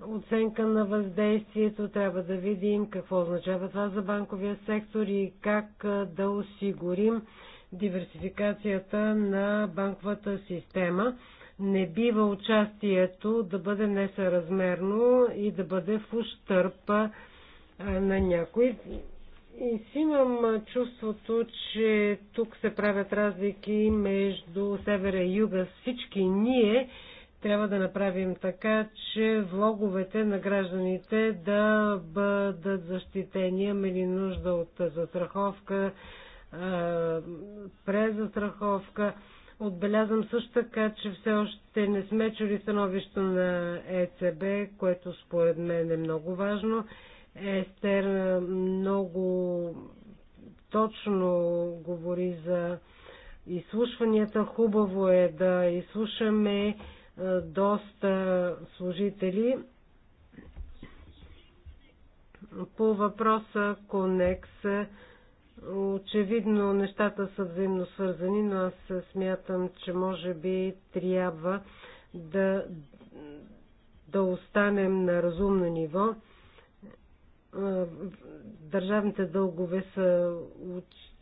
оценка на въздействието. Трябва да видим какво означава това за банковия сектор и как да осигурим диверсификацията на банковата система. Не бива участието да бъде несъразмерно и да бъде в ущърпа на някой. И си имам чувството, че тук се правят разлики между севера и юга. Всички ние трябва да направим така, че влоговете на гражданите да бъдат защитени. Имаме ли нужда от застраховка, презастраховка? Отбелязвам също така, че все още не сме чули становището на ЕЦБ, което според мен е много важно. Естер много точно говори за изслушванията. Хубаво е да изслушаме е, доста служители. По въпроса Конекс, очевидно нещата са взаимно свързани, но аз смятам, че може би трябва да, да останем на разумно ниво Държавните дългове са,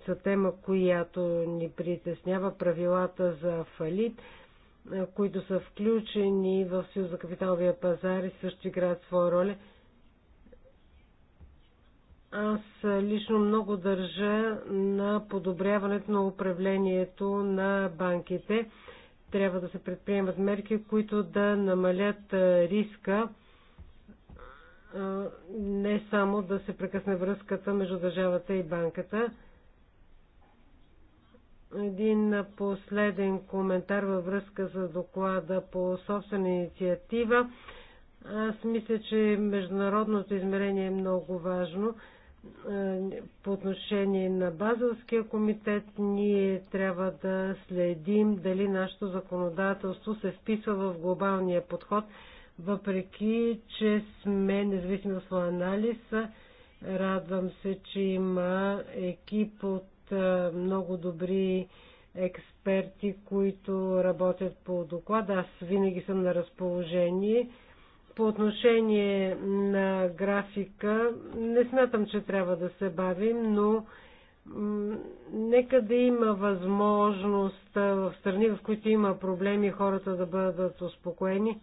са тема, която ни притеснява. Правилата за фалит, които са включени в Съюз за капиталовия пазар и също играят своя роля. Аз лично много държа на подобряването на управлението на банките. Трябва да се предприемат мерки, които да намалят риска не само да се прекъсне връзката между държавата и банката. Един последен коментар във връзка с доклада по собствена инициатива. Аз мисля, че международното измерение е много важно. По отношение на базовския комитет ние трябва да следим дали нашето законодателство се вписва в глобалния подход – въпреки, че сме независими от своя анализ, радвам се, че има екип от много добри експерти, които работят по доклада. Аз винаги съм на разположение. По отношение на графика, не смятам, че трябва да се бавим, но нека да има възможност в страни, в които има проблеми, хората да бъдат успокоени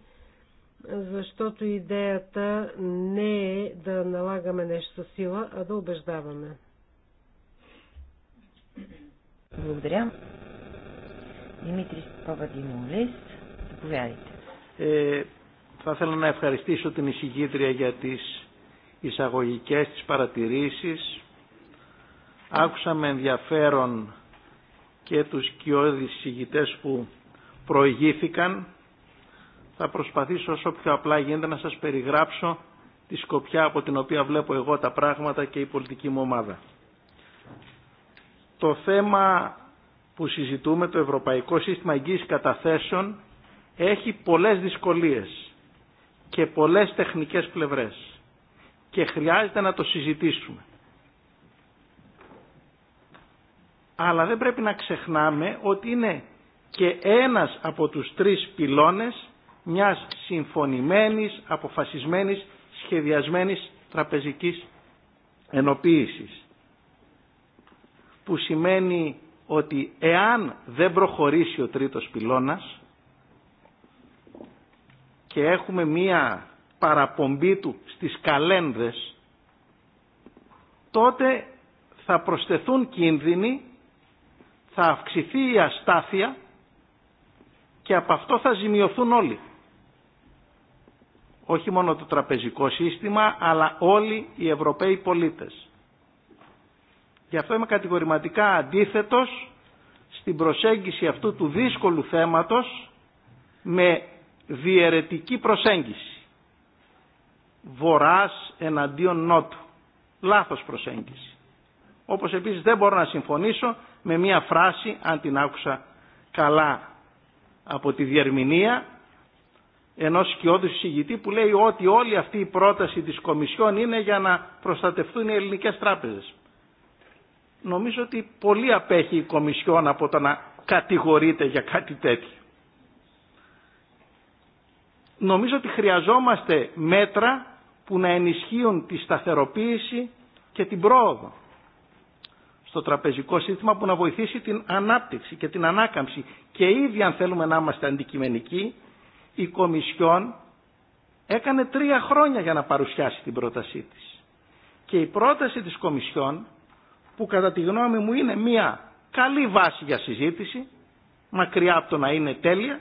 защото идеята не е да налагаме нещо със сила, а да убеждаваме. Благодаря. Димитрис Павадимолис, заповядайте. Ε, θα ήθελα να ευχαριστήσω την εισηγήτρια για τις εισαγωγικές της παρατηρήσεις. Άκουσα με ενδιαφέρον και τους κοιόδης εισηγητές που προηγήθηκαν θα προσπαθήσω όσο πιο απλά γίνεται να σας περιγράψω τη σκοπιά από την οποία βλέπω εγώ τα πράγματα και η πολιτική μου ομάδα. Το θέμα που συζητούμε, το Ευρωπαϊκό Σύστημα Εγγύης Καταθέσεων, έχει πολλές δυσκολίες και πολλές τεχνικές πλευρές και χρειάζεται να το συζητήσουμε. Αλλά δεν πρέπει να ξεχνάμε ότι είναι και ένας από τους τρεις πυλώνες μιας συμφωνημένης, αποφασισμένης, σχεδιασμένης τραπεζικής ενοποίησης. Που σημαίνει ότι εάν δεν προχωρήσει ο τρίτος πυλώνας και έχουμε μία παραπομπή του στις καλένδες, τότε θα προσθεθούν κίνδυνοι, θα αυξηθεί η αστάθεια και από αυτό θα ζημιωθούν όλοι όχι μόνο το τραπεζικό σύστημα, αλλά όλοι οι Ευρωπαίοι πολίτες. Γι' αυτό είμαι κατηγορηματικά αντίθετος στην προσέγγιση αυτού του δύσκολου θέματος με διαιρετική προσέγγιση. Βοράς εναντίον νότου. Λάθος προσέγγιση. Όπως επίσης δεν μπορώ να συμφωνήσω με μία φράση, αν την άκουσα καλά από τη διερμηνία, ενός σκιώδους συγητή που λέει ότι όλη αυτή η πρόταση της Κομισιόν είναι για να προστατευτούν οι ελληνικές τράπεζες. Νομίζω ότι πολύ απέχει η Κομισιόν από το να κατηγορείται για κάτι τέτοιο. Νομίζω ότι χρειαζόμαστε μέτρα που να ενισχύουν τη σταθεροποίηση και την πρόοδο στο τραπεζικό σύστημα που να βοηθήσει την ανάπτυξη και την ανάκαμψη. Και ήδη αν θέλουμε να είμαστε αντικειμενικοί, η Κομισιόν έκανε τρία χρόνια για να παρουσιάσει την πρότασή της. Και η πρόταση της Κομισιόν, που κατά τη γνώμη μου είναι μια καλή βάση για συζήτηση, μακριά από το να είναι τέλεια,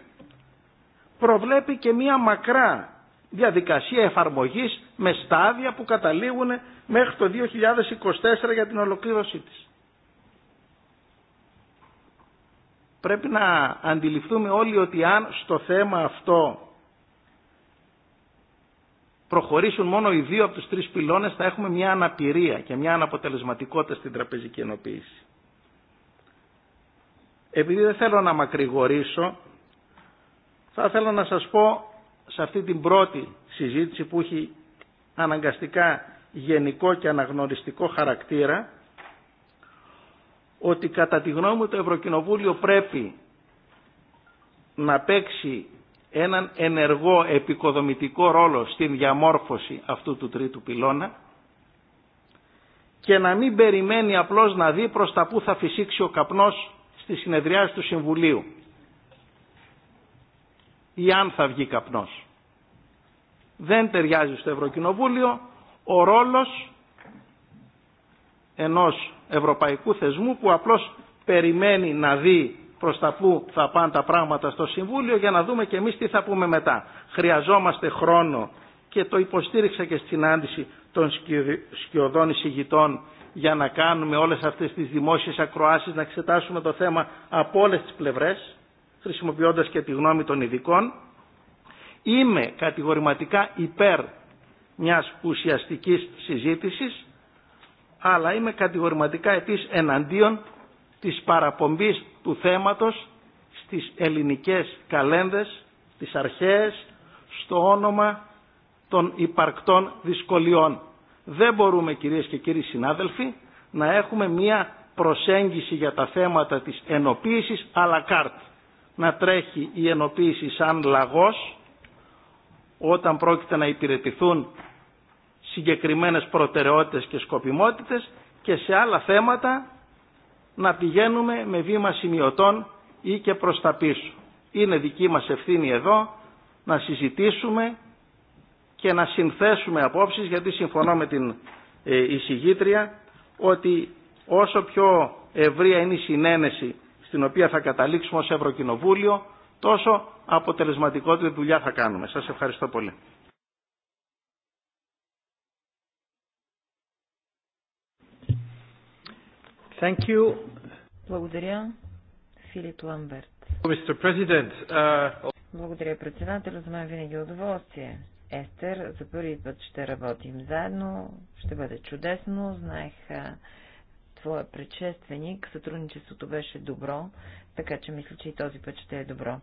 προβλέπει και μια μακρά διαδικασία εφαρμογής με στάδια που καταλήγουν μέχρι το 2024 για την ολοκλήρωσή της. πρέπει να αντιληφθούμε όλοι ότι αν στο θέμα αυτό προχωρήσουν μόνο οι δύο από τους τρεις πυλώνες θα έχουμε μια αναπηρία και μια αναποτελεσματικότητα στην τραπεζική ενοποίηση. Επειδή δεν θέλω να μακρηγορήσω, θα θέλω να σας πω σε αυτή την πρώτη συζήτηση που έχει αναγκαστικά γενικό και αναγνωριστικό χαρακτήρα ότι κατά τη γνώμη μου το Ευρωκοινοβούλιο πρέπει να παίξει έναν ενεργό επικοδομητικό ρόλο στην διαμόρφωση αυτού του τρίτου πυλώνα και να μην περιμένει απλώς να δει προς τα που θα φυσήξει ο καπνός στη συνεδριάση του Συμβουλίου ή αν θα βγει καπνός. Δεν ταιριάζει στο Ευρωκοινοβούλιο ο ρόλος ενός ευρωπαϊκού θεσμού που απλώς περιμένει να δει προς τα που θα πάνε τα πράγματα στο Συμβούλιο για να δούμε και εμείς τι θα πούμε μετά. Χρειαζόμαστε χρόνο και το υποστήριξα και στην άντιση των σκιωδών εισηγητών για να κάνουμε όλες αυτές τις δημόσιες ακροάσεις, να εξετάσουμε το θέμα από όλες τις πλευρές, χρησιμοποιώντας και τη γνώμη των ειδικών. Είμαι κατηγορηματικά υπέρ μιας ουσιαστικής συζήτησης αλλά είμαι κατηγορηματικά επίσης εναντίον της παραπομπής του θέματος στις ελληνικές καλένδες, τις αρχαίες, στο όνομα των υπαρκτών δυσκολιών. Δεν μπορούμε κυρίες και κύριοι συνάδελφοι να έχουμε μία προσέγγιση για τα θέματα της ενοποίησης αλλά κάρτ. Να τρέχει η ενοποίηση σαν λαγός όταν πρόκειται να υπηρετηθούν συγκεκριμένες προτεραιότητες και σκοπιμότητες και σε άλλα θέματα να πηγαίνουμε με βήμα σημειωτών ή και προς τα πίσω. Είναι δική μας ευθύνη εδώ να συζητήσουμε και να συνθέσουμε απόψεις γιατί συμφωνώ με την εισηγήτρια ότι όσο πιο ευρία είναι η συνένεση στην οποία θα καταλήξουμε ως Ευρωκοινοβούλιο τόσο αποτελεσματικότερη δουλειά θα κάνουμε. Σας ευχαριστώ πολύ. Thank you. Благодаря. Филип Ламберт. Uh... Благодаря, председател. За мен винаги е удоволствие. Естер, за първи път ще работим заедно. Ще бъде чудесно. Знаех твоя предшественик. Сътрудничеството беше добро, така че мисля, че и този път ще е добро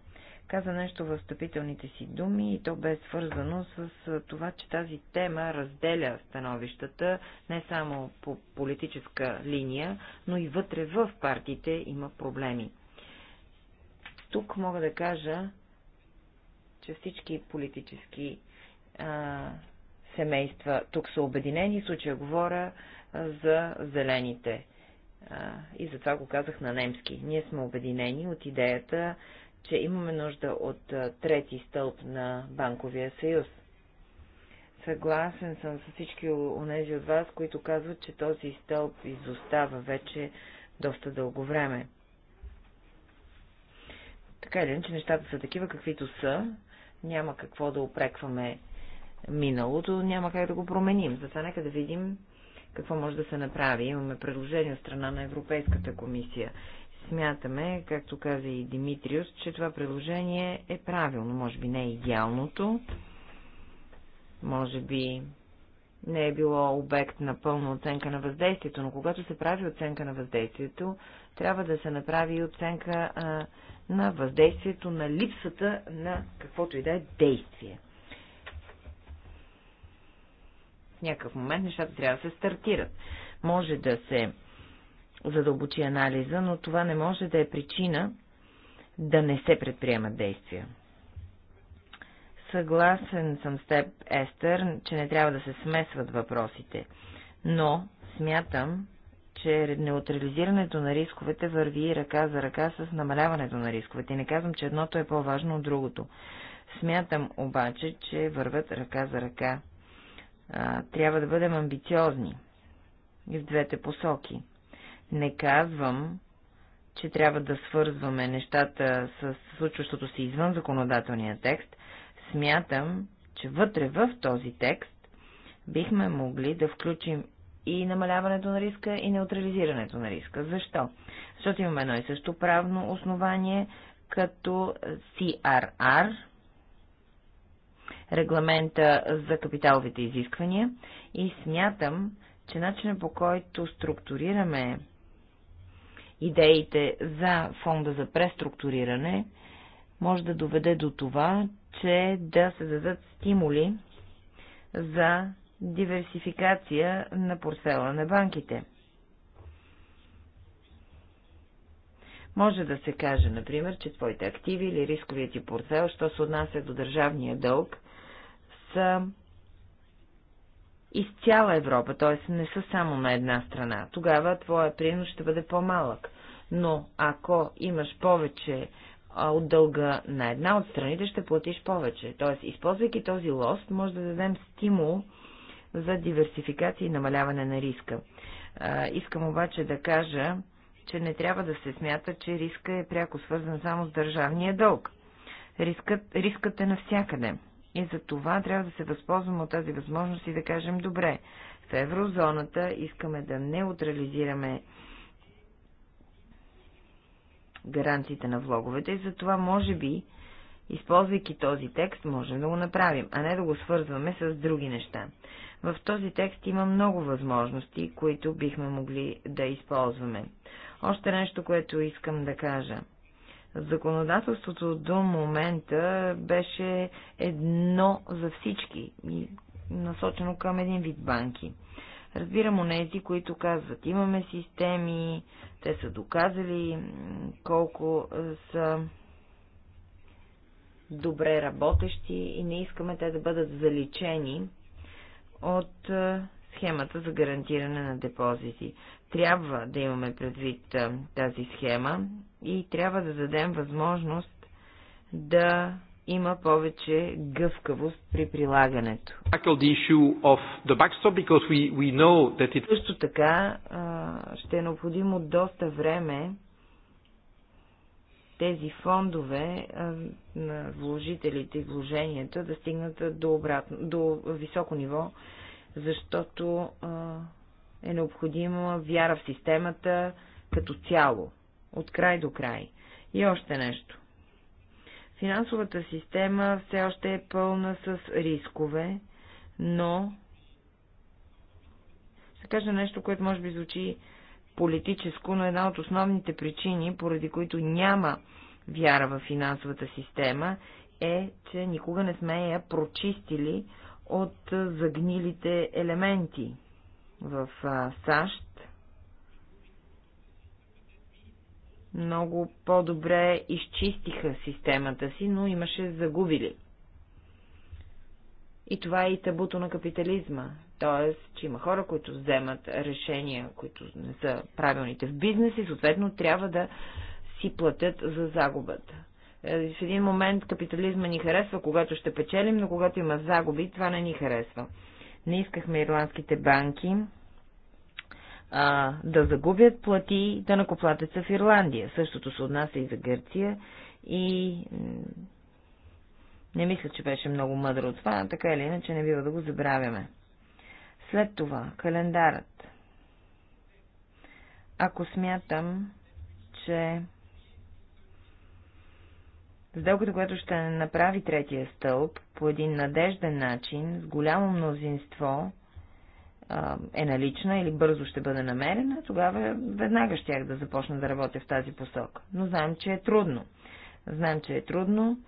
каза нещо в встъпителните си думи и то бе свързано с това, че тази тема разделя становищата не само по политическа линия, но и вътре в партиите има проблеми. Тук мога да кажа, че всички политически а, семейства тук са обединени. В случая говоря а, за зелените. А, и затова го казах на немски. Ние сме обединени от идеята че имаме нужда от трети стълб на Банковия съюз. Съгласен съм с всички онези от вас, които казват, че този стълб изостава вече доста дълго време. Така или иначе, нещата са такива, каквито са. Няма какво да опрекваме миналото, няма как да го променим. Затова нека да видим какво може да се направи. Имаме предложение от страна на Европейската комисия. Смятаме, както каза и Димитриус, че това предложение е правилно, може би не е идеалното, може би не е било обект на пълна оценка на въздействието, но когато се прави оценка на въздействието, трябва да се направи и оценка а, на въздействието на липсата на каквото и да е действие. В някакъв момент нещата трябва да се стартират. Може да се задълбочи анализа, но това не може да е причина да не се предприемат действия. Съгласен съм с теб, Естер, че не трябва да се смесват въпросите, но смятам, че неутрализирането на рисковете върви ръка за ръка с намаляването на рисковете. И не казвам, че едното е по-важно от другото. Смятам обаче, че върват ръка за ръка. А, трябва да бъдем амбициозни и в двете посоки. Не казвам, че трябва да свързваме нещата с случващото се извън законодателния текст. Смятам, че вътре в този текст бихме могли да включим и намаляването на риска, и неутрализирането на риска. Защо? Защото имаме едно и също правно основание, като CRR, регламента за капиталовите изисквания, и смятам, че начинът по който структурираме идеите за фонда за преструктуриране, може да доведе до това, че да се дадат стимули за диверсификация на портфела на банките. Може да се каже, например, че твоите активи или рисковият ти портфел, що се отнася до държавния дълг, са из цяла Европа, т.е. не са само на една страна. Тогава твоя принос ще бъде по-малък. Но ако имаш повече от дълга на една от страните, ще платиш повече. Т.е. използвайки този лост, може да дадем стимул за диверсификация и намаляване на риска. Искам обаче да кажа, че не трябва да се смята, че риска е пряко свързан само с държавния дълг. Рискът, рискът е навсякъде. И за това трябва да се възползваме от тази възможност и да кажем, добре, в еврозоната искаме да неутрализираме гарантиите на влоговете и за това може би, използвайки този текст, можем да го направим, а не да го свързваме с други неща. В този текст има много възможности, които бихме могли да използваме. Още нещо, което искам да кажа – Законодателството до момента беше едно за всички и насочено към един вид банки. Разбирам онези, които казват, имаме системи, те са доказали колко са добре работещи и не искаме те да бъдат заличени от е, схемата за гарантиране на депозити. Трябва да имаме предвид тази схема и трябва да дадем възможност да има повече гъвкавост при прилагането. Също така ще е необходимо доста време тези фондове на вложителите и вложенията да стигнат до, обратно, до високо ниво, защото е необходима вяра в системата като цяло, от край до край. И още нещо. Финансовата система все още е пълна с рискове, но ще кажа нещо, което може би звучи политическо, но една от основните причини, поради които няма вяра в финансовата система, е, че никога не сме я прочистили от загнилите елементи в САЩ много по-добре изчистиха системата си, но имаше загубили. И това е и табуто на капитализма. Т.е. че има хора, които вземат решения, които не са правилните в бизнес и съответно трябва да си платят за загубата. Е, в един момент капитализма ни харесва, когато ще печелим, но когато има загуби, това не ни харесва. Не искахме ирландските банки а, да загубят плати да накоплатеца в Ирландия. Същото се отнася и за Гърция. И не мисля, че беше много мъдро от това, така или иначе не бива да го забравяме. След това, календарът. Ако смятам, че Сделката, която ще направи третия стълб по един надежден начин, с голямо мнозинство, е налична или бързо ще бъде намерена, тогава веднага щях да започна да работя в тази посока. Но знаем, че е трудно. Знаем, че е трудно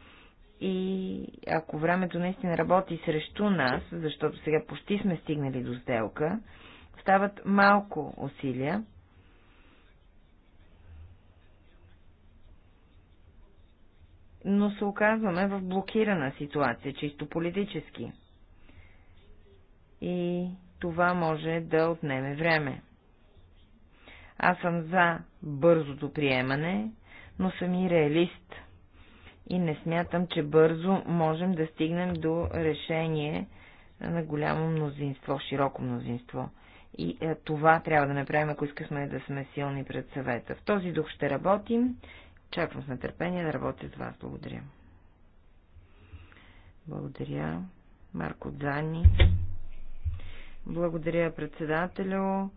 и ако времето наистина работи срещу нас, защото сега почти сме стигнали до сделка, стават малко усилия, но се оказваме в блокирана ситуация, чисто политически. И това може да отнеме време. Аз съм за бързото приемане, но съм и реалист. И не смятам, че бързо можем да стигнем до решение на голямо мнозинство, широко мнозинство. И е, това трябва да направим, ако искаме да сме силни пред съвета. В този дух ще работим Очаквам с нетърпение да работя с вас. Благодаря. Благодаря. Марко Дзани. Благодаря председателю.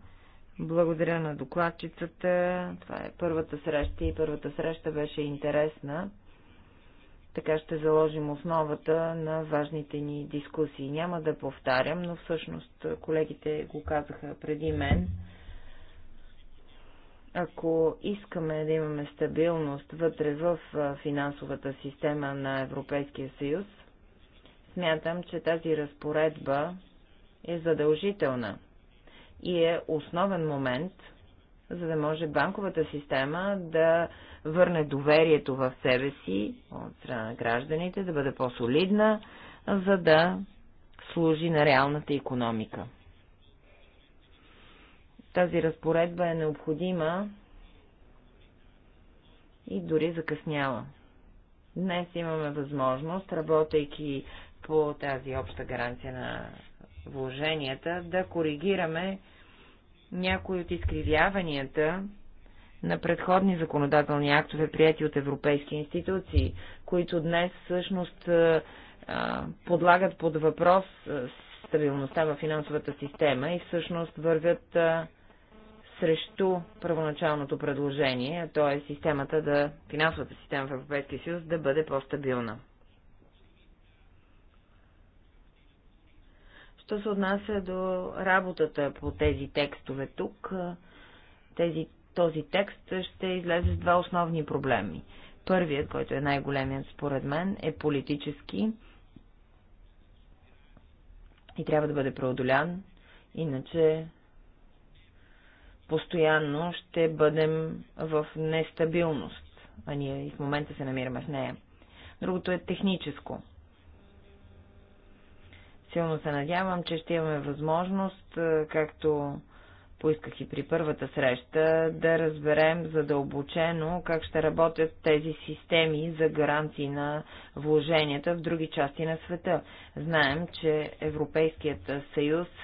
Благодаря на докладчицата. Това е първата среща и първата среща беше интересна. Така ще заложим основата на важните ни дискусии. Няма да повтарям, но всъщност колегите го казаха преди мен. Ако искаме да имаме стабилност вътре в финансовата система на Европейския съюз, смятам, че тази разпоредба е задължителна и е основен момент, за да може банковата система да върне доверието в себе си от страна на гражданите, да бъде по-солидна, за да служи на реалната економика. Тази разпоредба е необходима и дори закъсняла. Днес имаме възможност, работейки по тази обща гаранция на вложенията, да коригираме някои от изкривяванията на предходни законодателни актове, прияти от европейски институции, които днес всъщност подлагат под въпрос стабилността в финансовата система и всъщност вървят срещу първоначалното предложение, т.е. системата да, финансовата система в Европейския съюз да бъде по-стабилна. Що се отнася до работата по тези текстове тук, тези, този текст ще излезе с два основни проблеми. Първият, който е най-големият според мен, е политически и трябва да бъде преодолян, иначе постоянно ще бъдем в нестабилност, а ние и в момента се намираме в нея. Другото е техническо. Силно се надявам, че ще имаме възможност, както поисках и при първата среща, да разберем задълбочено как ще работят тези системи за гаранции на вложенията в други части на света. Знаем, че Европейският съюз –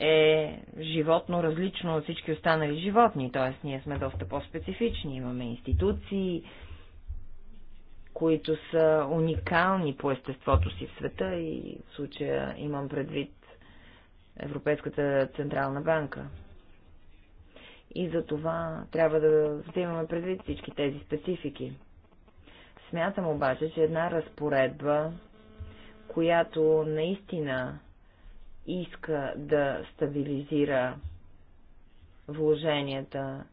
е животно различно от всички останали животни, т.е. ние сме доста по-специфични, имаме институции, които са уникални по естеството си в света и в случая имам предвид Европейската Централна банка. И за това трябва да вземаме предвид всички тези специфики. Смятам обаче, че една разпоредба, която наистина иска да стабилизира вложенията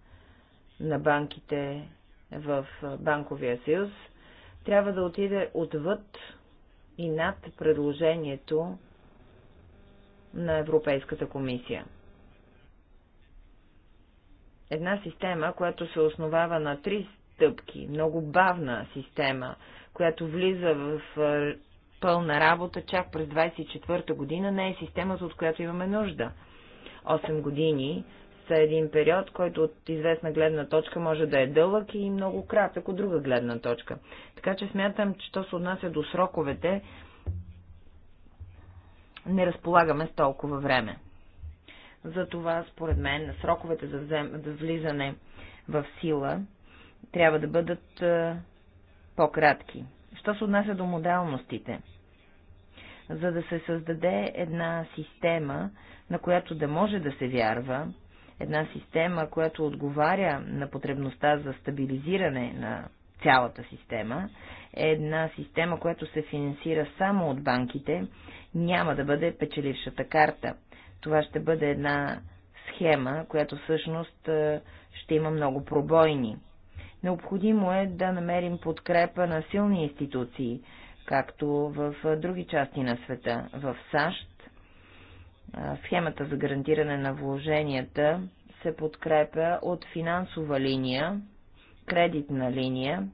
на банките в Банковия съюз, трябва да отиде отвъд и над предложението на Европейската комисия. Една система, която се основава на три стъпки, много бавна система, която влиза в пълна работа чак през 24-та година не е системата, от която имаме нужда. 8 години са един период, който от известна гледна точка може да е дълъг и много кратък от друга гледна точка. Така че смятам, че то се отнася до сроковете, не разполагаме с толкова време. Затова, според мен, сроковете за, взем... за влизане в сила трябва да бъдат е, по-кратки. Що се отнася до модалностите? за да се създаде една система, на която да може да се вярва, една система, която отговаря на потребността за стабилизиране на цялата система, една система, която се финансира само от банките, няма да бъде печелившата карта. Това ще бъде една схема, която всъщност е, ще има много пробойни. Необходимо е да намерим подкрепа на силни институции, както в други части на света. В САЩ схемата за гарантиране на вложенията се подкрепя от финансова линия, кредитна линия,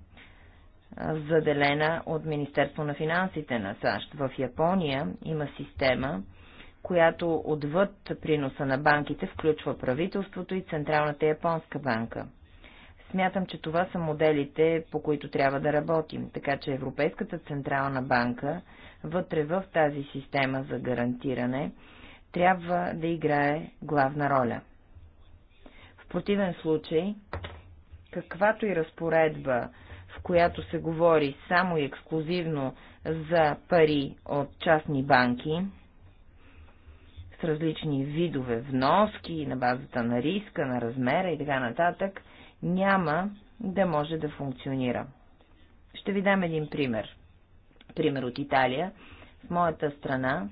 заделена от Министерство на финансите на САЩ. В Япония има система, която отвъд приноса на банките включва правителството и Централната японска банка. Смятам, че това са моделите, по които трябва да работим, така че Европейската Централна банка вътре в тази система за гарантиране трябва да играе главна роля. В противен случай, каквато и разпоредба, в която се говори само и ексклюзивно за пари от частни банки, с различни видове вноски на базата на риска, на размера и така нататък, няма да може да функционира. Ще ви дам един пример. Пример от Италия. В моята страна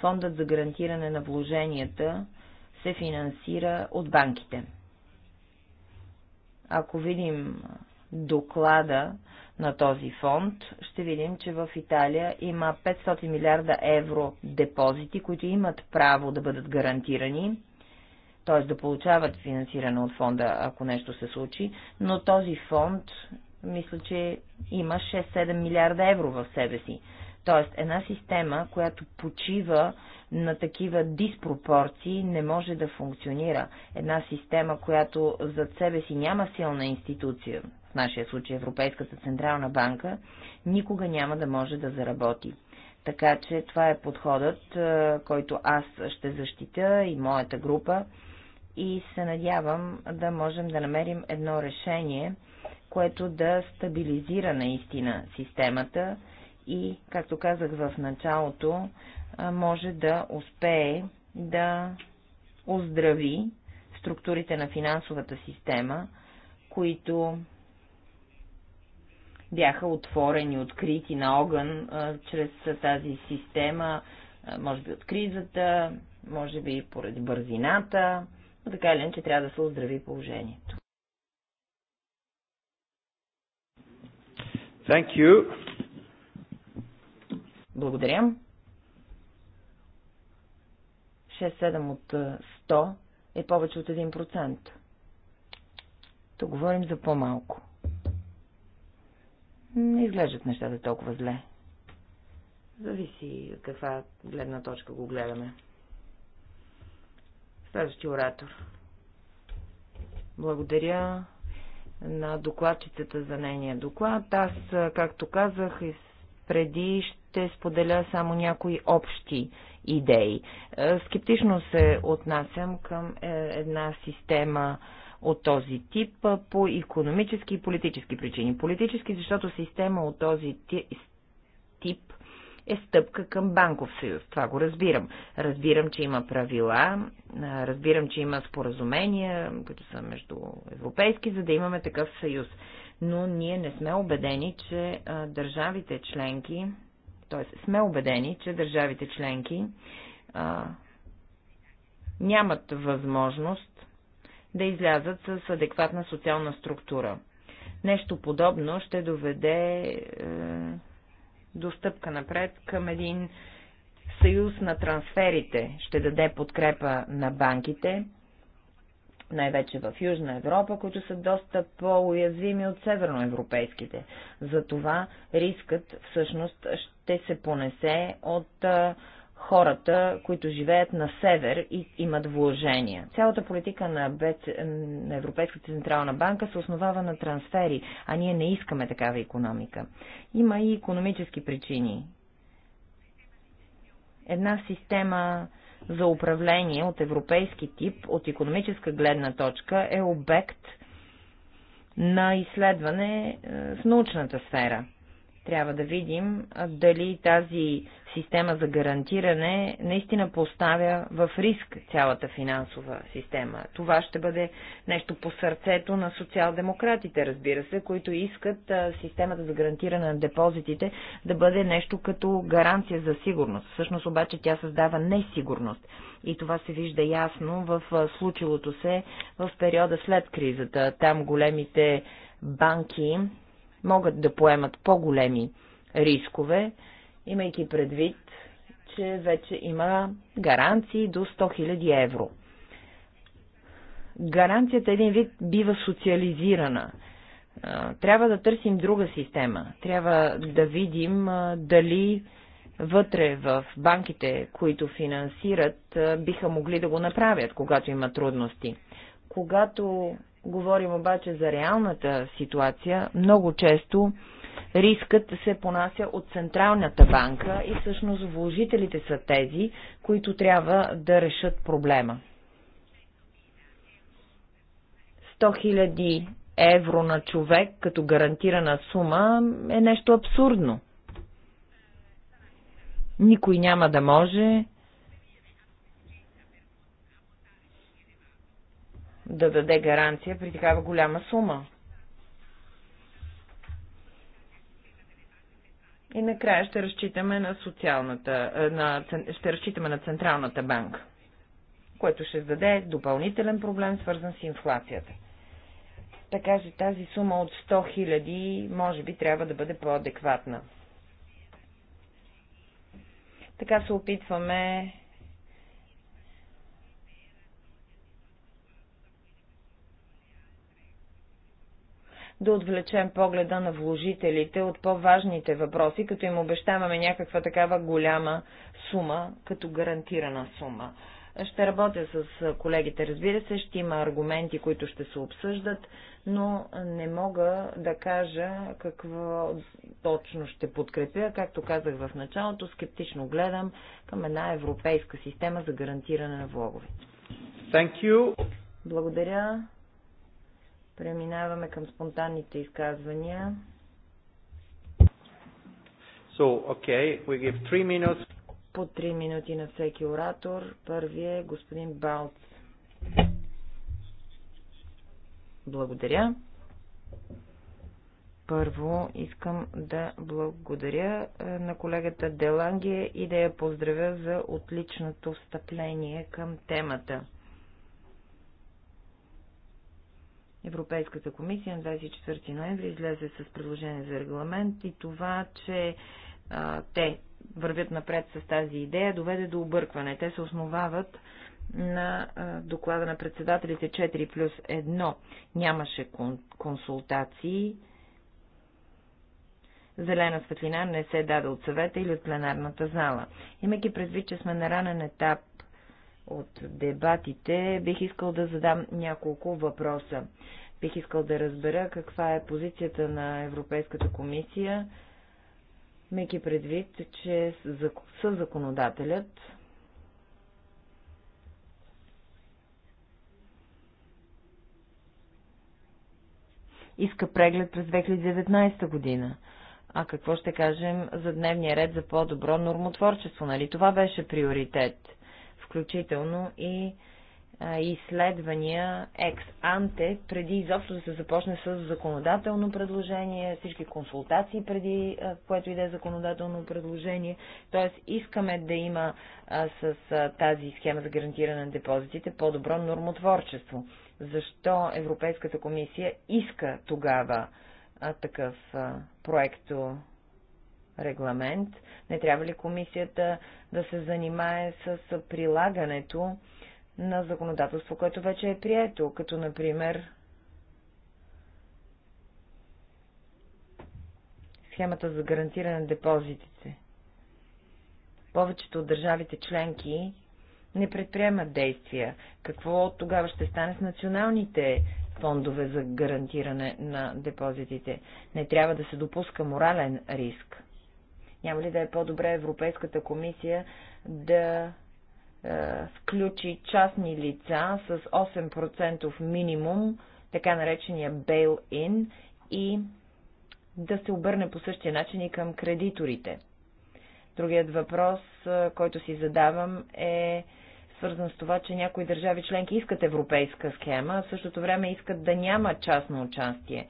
фондът за гарантиране на вложенията се финансира от банките. Ако видим доклада на този фонд, ще видим, че в Италия има 500 милиарда евро депозити, които имат право да бъдат гарантирани т.е. да получават финансиране от фонда, ако нещо се случи, но този фонд, мисля, че има 6-7 милиарда евро в себе си. Тоест, една система, която почива на такива диспропорции, не може да функционира. Една система, която зад себе си няма силна институция, в нашия случай Европейската Централна банка, никога няма да може да заработи. Така че това е подходът, който аз ще защитя и моята група и се надявам да можем да намерим едно решение, което да стабилизира наистина системата и, както казах в началото, може да успее да оздрави структурите на финансовата система, които бяха отворени, открити на огън чрез тази система, може би от кризата, може би поради бързината, но така или иначе трябва да се оздрави положението. Thank you. Благодаря. 6-7 от 100 е повече от 1%. То говорим за по-малко. Не изглеждат нещата толкова зле. Зависи каква гледна точка го гледаме. Следващия оратор. Благодаря на докладчицата за нейния доклад. Аз, както казах, преди ще споделя само някои общи идеи. Е, скептично се отнасям към е, една система от този тип по економически и политически причини. Политически, защото система от този тип е стъпка към банков съюз. Това го разбирам. Разбирам, че има правила, разбирам, че има споразумения, които са между европейски, за да имаме такъв съюз. Но ние не сме убедени, че държавите членки, т.е. сме убедени, че държавите членки а, нямат възможност да излязат с адекватна социална структура. Нещо подобно ще доведе е, до стъпка напред към един съюз на трансферите. Ще даде подкрепа на банките, най-вече в Южна Европа, които са доста по-уязвими от северноевропейските. Затова рискът всъщност ще се понесе от хората, които живеят на север и имат вложения. Цялата политика на, БЕЦ, на Европейската централна банка се основава на трансфери, а ние не искаме такава економика. Има и економически причини. Една система за управление от европейски тип, от економическа гледна точка, е обект на изследване е, в научната сфера – трябва да видим дали тази система за гарантиране наистина поставя в риск цялата финансова система. Това ще бъде нещо по сърцето на социал-демократите, разбира се, които искат системата за гарантиране на депозитите да бъде нещо като гаранция за сигурност. Всъщност обаче тя създава несигурност. И това се вижда ясно в случилото се в периода след кризата. Там големите банки могат да поемат по-големи рискове, имайки предвид, че вече има гаранции до 100 000 евро. Гаранцията един вид бива социализирана. Трябва да търсим друга система. Трябва да видим дали вътре в банките, които финансират, биха могли да го направят, когато има трудности. Когато говорим обаче за реалната ситуация, много често рискът се понася от Централната банка и всъщност вложителите са тези, които трябва да решат проблема. 100 000 евро на човек като гарантирана сума е нещо абсурдно. Никой няма да може да даде гаранция при такава голяма сума. И накрая ще разчитаме на социалната, е, на, ще разчитаме на Централната банка, което ще даде допълнителен проблем, свързан с инфлацията. Така че тази сума от 100 000 може би трябва да бъде по-адекватна. Така се опитваме да отвлечем погледа на вложителите от по-важните въпроси, като им обещаваме някаква такава голяма сума, като гарантирана сума. Ще работя с колегите, разбира се, ще има аргументи, които ще се обсъждат, но не мога да кажа какво точно ще подкрепя. Както казах в началото, скептично гледам към една европейска система за гарантиране на влогове. Thank you. Благодаря. Преминаваме към спонтанните изказвания. So, okay, we give three minutes. По три минути на всеки оратор. Първи е господин Балц. Благодаря. Първо искам да благодаря е, на колегата Деланге и да я поздравя за отличното встъпление към темата. Европейската комисия на 24 ноември излезе с предложение за регламент и това, че а, те вървят напред с тази идея, доведе до объркване. Те се основават на а, доклада на председателите 4 плюс 1. Нямаше кон, консултации. Зелена светлина не се даде от съвета или от пленарната зала. Имайки предвид, че сме на ранен етап от дебатите, бих искал да задам няколко въпроса. Бих искал да разбера каква е позицията на Европейската комисия, меки предвид, че със законодателят иска преглед през 2019 година. А какво ще кажем за дневния ред за по-добро нормотворчество? Нали това беше приоритет? включително и изследвания екс-анте, преди изобщо да се започне с законодателно предложение, всички консултации преди което иде законодателно предложение. Тоест искаме да има а, с а, тази схема за гарантиране на депозитите по-добро нормотворчество. Защо Европейската комисия иска тогава а, такъв проект? регламент. Не трябва ли комисията да се занимае с прилагането на законодателство, което вече е прието, като например схемата за гарантиране на депозитите. Повечето от държавите членки не предприемат действия. Какво тогава ще стане с националните фондове за гарантиране на депозитите? Не трябва да се допуска морален риск. Няма ли да е по-добре Европейската комисия да е, включи частни лица с 8% минимум, така наречения bail-in, и да се обърне по същия начин и към кредиторите? Другият въпрос, е, който си задавам е свързан с това, че някои държави членки искат европейска схема, а в същото време искат да няма частно участие.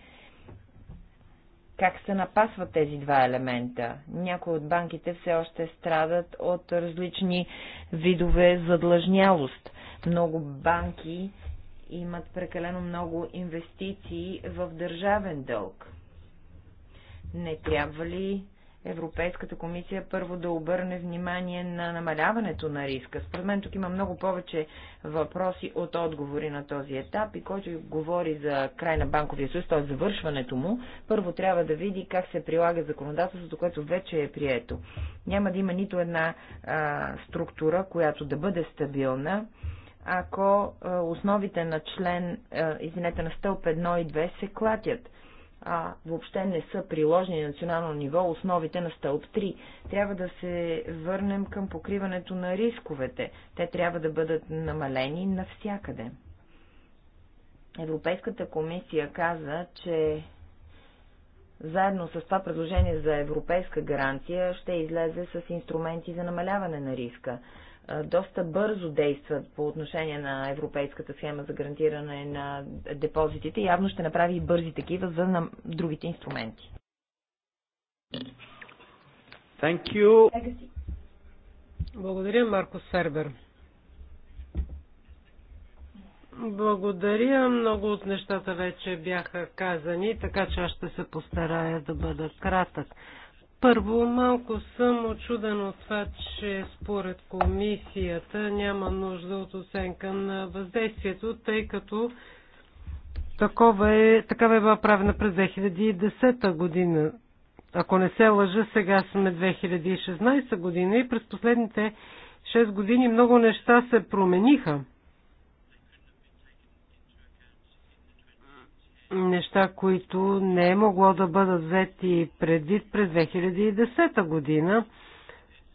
Как се напасват тези два елемента? Някои от банките все още страдат от различни видове задлъжнялост. Много банки имат прекалено много инвестиции в държавен дълг. Не трябва ли Европейската комисия първо да обърне внимание на намаляването на риска. Според мен тук има много повече въпроси от отговори на този етап и който говори за край на банковия съюз, т.е. завършването му, първо трябва да види как се прилага законодателството, което вече е прието. Няма да има нито една а, структура, която да бъде стабилна, ако а, основите на член, а, извинете, на стълб 1 и 2 се клатят – а въобще не са приложени на национално ниво основите на стълб 3. Трябва да се върнем към покриването на рисковете. Те трябва да бъдат намалени навсякъде. Европейската комисия каза, че заедно с това предложение за европейска гаранция ще излезе с инструменти за намаляване на риска доста бързо действат по отношение на европейската схема за гарантиране на депозитите, явно ще направи и бързи такива за на другите инструменти. Thank you. Благодаря, Марко Сербер. Благодаря. Много от нещата вече бяха казани, така че аз ще се постарая да бъда кратък. Първо, малко съм очуден от това, че според комисията няма нужда от оценка на въздействието, тъй като такова е, такава е била правена през 2010 година. Ако не се лъжа, сега сме 2016 година и през последните 6 години много неща се промениха. неща, които не е могло да бъдат взети предвид през 2010 година.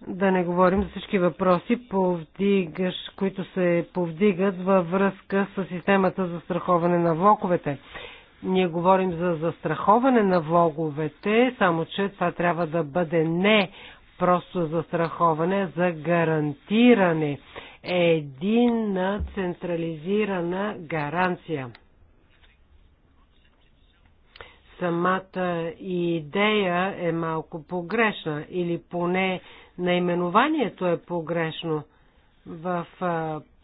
Да не говорим за всички въпроси, повдигаш, които се повдигат във връзка с системата за страховане на влоковете. Ние говорим за застраховане на влоговете, само че това трябва да бъде не просто застраховане, за гарантиране. Е единна централизирана гаранция самата идея е малко погрешна или поне наименованието е погрешно. В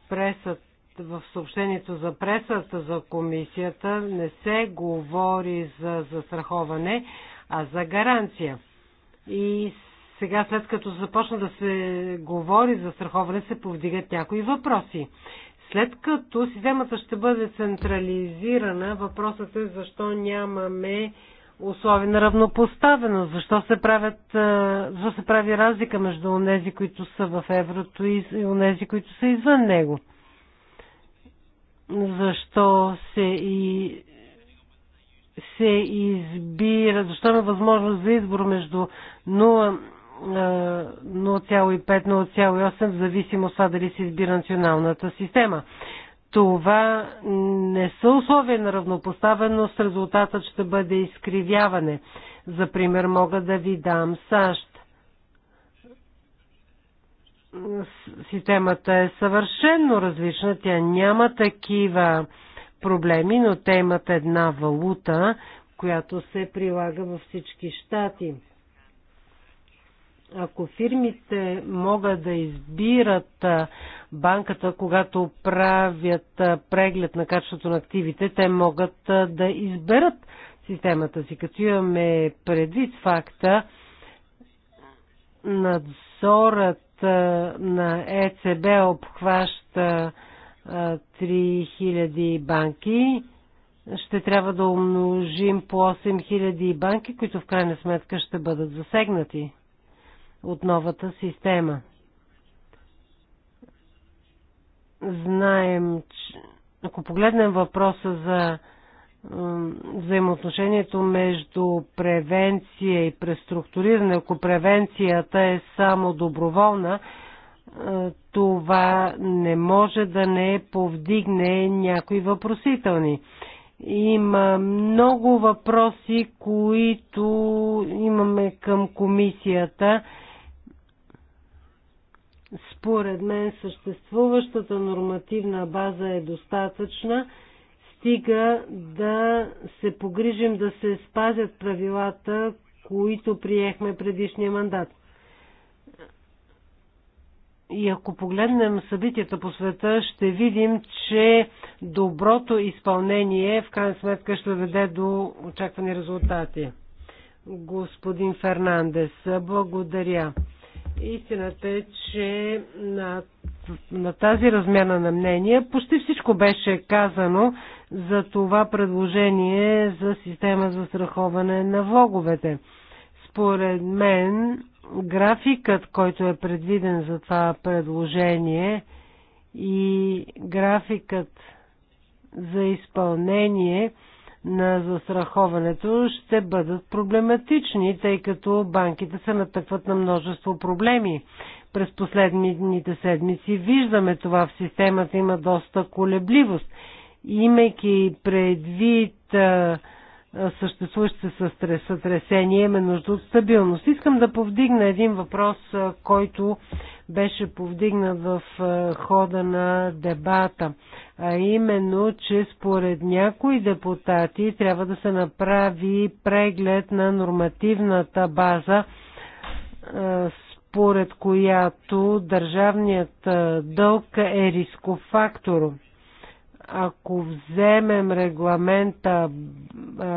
пресът, в съобщението за пресата за комисията не се говори за застраховане, а за гаранция. И сега, след като започна да се говори за страховане, се повдигат някои въпроси. След като системата ще бъде централизирана, въпросът е защо нямаме условия на равнопоставеност, защо се, правят, защо се прави разлика между онези, които са в еврото и онези, които са извън него. Защо се и се избира, защо има възможност за избор между 0,5-0,8 в зависимост това дали се избира националната система. Това не са условия на равнопоставеност, резултатът ще бъде изкривяване. За пример мога да ви дам САЩ системата е съвършенно различна. Тя няма такива проблеми, но те имат една валута, която се прилага във всички щати. Ако фирмите могат да избират банката, когато правят преглед на качеството на активите, те могат да изберат системата си. Като имаме предвид факта, надзорът на ЕЦБ обхваща 3000 банки, ще трябва да умножим по 8000 банки, които в крайна сметка ще бъдат засегнати от новата система. Знаем, че, ако погледнем въпроса за взаимоотношението между превенция и преструктуриране, ако превенцията е само доброволна, е, това не може да не повдигне някои въпросителни. Има много въпроси, които имаме към комисията според мен съществуващата нормативна база е достатъчна, стига да се погрижим да се спазят правилата, които приехме предишния мандат. И ако погледнем събитията по света, ще видим, че доброто изпълнение в крайна сметка ще доведе до очаквани резултати. Господин Фернандес, благодаря. Истината е, че на, на тази размяна на мнения почти всичко беше казано за това предложение за система за страховане на влоговете. Според мен графикът, който е предвиден за това предложение и графикът за изпълнение – на застраховането ще бъдат проблематични, тъй като банките се натъкват на множество проблеми. През последните седмици виждаме това в системата има доста колебливост. Имайки предвид съществуващите сътресения, има нужда от стабилност. Искам да повдигна един въпрос, който беше повдигнат в хода на дебата, а именно, че според някои депутати трябва да се направи преглед на нормативната база, според която държавният дълг е рискофактор. фактор – ако вземем регламента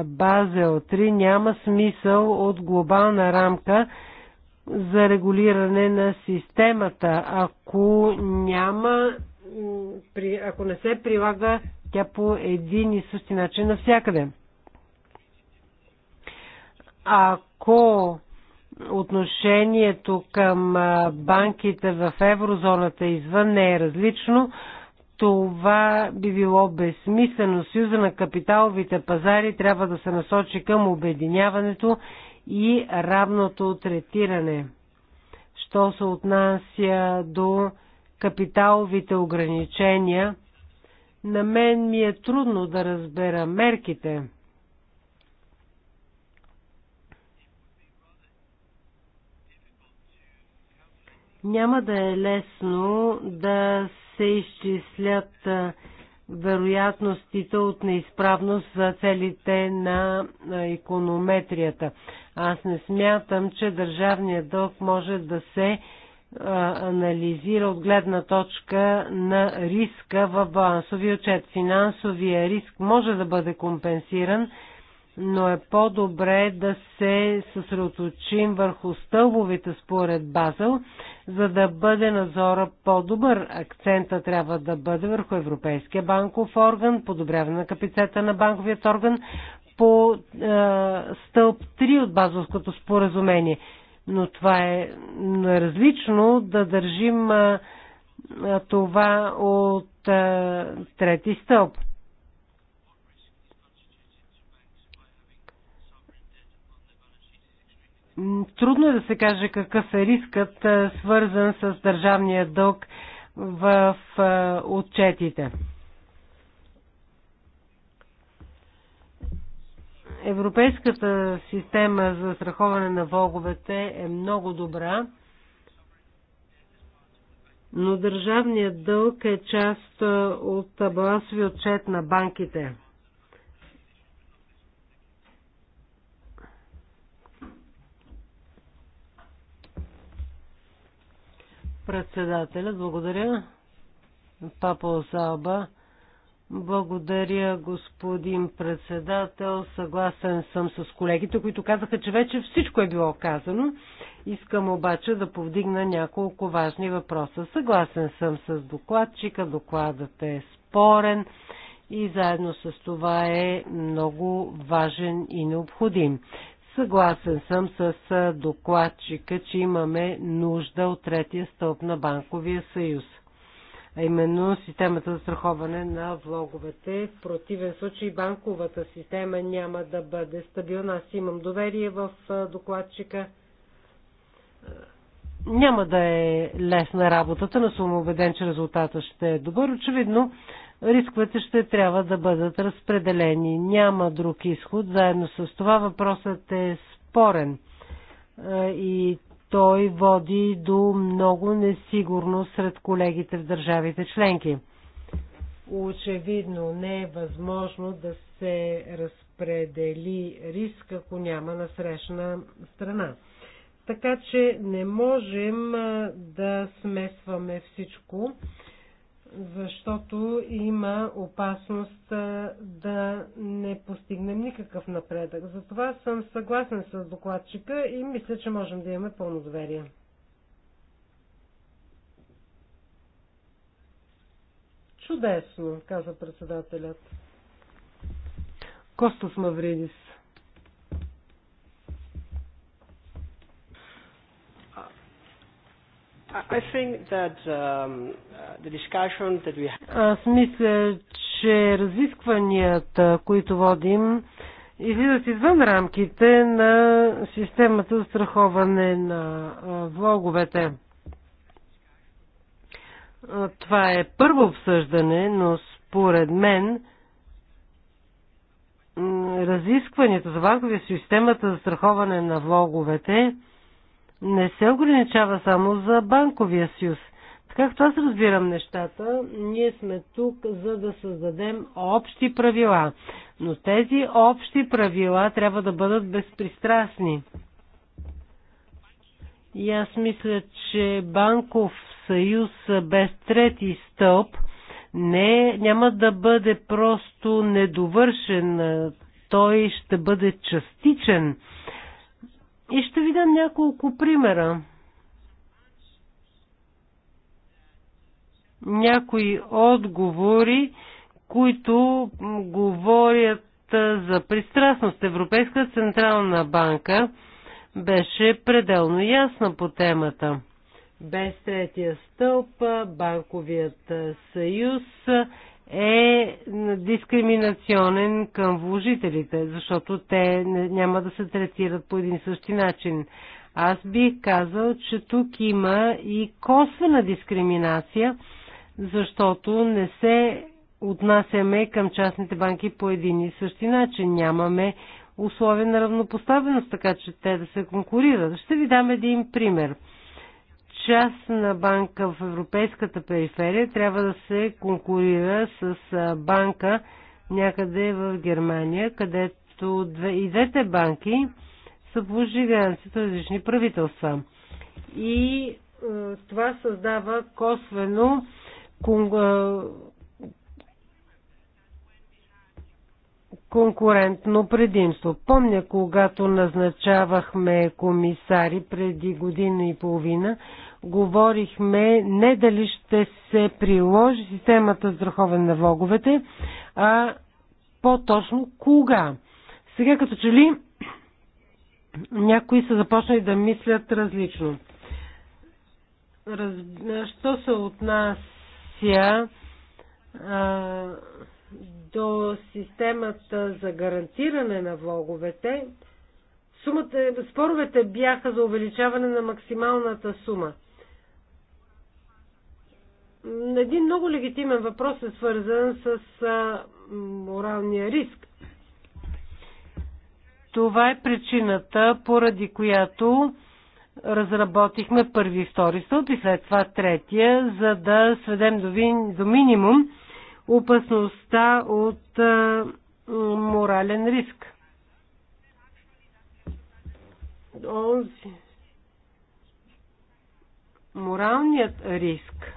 Базел 3, няма смисъл от глобална рамка за регулиране на системата. Ако няма, ако не се прилага тя по един и същи начин навсякъде. Ако отношението към банките в еврозоната извън не е различно, това би било безсмислено. Съюза на капиталовите пазари трябва да се насочи към обединяването и равното третиране. Що се отнася до капиталовите ограничения, на мен ми е трудно да разбера мерките. Няма да е лесно да се изчислят вероятностите от неизправност за целите на економетрията. Аз не смятам, че държавният дълг може да се анализира от гледна точка на риска в балансовия отчет. Финансовия риск може да бъде компенсиран но е по-добре да се съсредоточим върху стълбовите според Базел, за да бъде назора по-добър. Акцента трябва да бъде върху Европейския банков орган, подобряване на капицета на банковият орган по е, стълб 3 от базовското споразумение. Но това е, е различно да държим е, е, това от е, трети стълб. трудно е да се каже какъв е рискът, е, свързан с държавния дълг в е, отчетите. Европейската система за страховане на влоговете е много добра, но държавният дълг е част е, от балансови отчет на банките. Председателят, благодаря. Папа Залба. Благодаря, господин председател. Съгласен съм с колегите, които казаха, че вече всичко е било казано. Искам обаче да повдигна няколко важни въпроса. Съгласен съм с докладчика, докладът е спорен и заедно с това е много важен и необходим. Съгласен съм с докладчика, че имаме нужда от третия стълб на Банковия съюз, а именно системата за страховане на влоговете. В противен случай банковата система няма да бъде стабилна. Аз имам доверие в докладчика. Няма да е лесна работата, но съм убеден, че резултата ще е добър. Очевидно, рисковете ще трябва да бъдат разпределени. Няма друг изход. Заедно с това въпросът е спорен е, и той води до много несигурност сред колегите в държавите членки. Очевидно не е възможно да се разпредели риск, ако няма насрещна страна. Така че не можем е, да смесваме всичко защото има опасност да не постигнем никакъв напредък. Затова съм съгласен с докладчика и мисля, че можем да имаме пълно доверие. Чудесно, каза председателят. Костов Мавридис. Um, Аз мисля, че разискванията, които водим, излизат извън рамките на системата за страховане на влоговете. Това е първо обсъждане, но според мен разискванията за банковия системата за страховане на влоговете – не се ограничава само за банковия съюз. Така както аз разбирам нещата, ние сме тук за да създадем общи правила. Но тези общи правила трябва да бъдат безпристрастни. И аз мисля, че банков съюз без трети стълб не, няма да бъде просто недовършен. Той ще бъде частичен и ще ви дам няколко примера. Някои отговори, които говорят за пристрастност. Европейска централна банка беше пределно ясна по темата. Без третия стълб, банковият съюз е дискриминационен към вложителите, защото те няма да се третират по един същи начин. Аз бих казал, че тук има и косвена дискриминация, защото не се отнасяме към частните банки по един и същи начин. Нямаме условия на равнопоставеност, така че те да се конкурират. Ще ви дам един пример – Част на банка в европейската периферия трябва да се конкурира с банка някъде в Германия, където и двете банки са положили гаранцията различни правителства. И това създава косвено конкурентно предимство. Помня, когато назначавахме комисари преди година и половина, говорихме не дали ще се приложи системата за страховане на влоговете, а по-точно кога. Сега като че ли някои са започнали да мислят различно. Раз... Що се отнася а, до системата за гарантиране на влоговете, сумата, споровете бяха за увеличаване на максималната сума – един много легитимен въпрос е свързан с моралния риск. Това е причината, поради която разработихме първи и втори стълб и след това третия, за да сведем до, вин, до минимум опасността от а, морален риск. Онзи. Моралният риск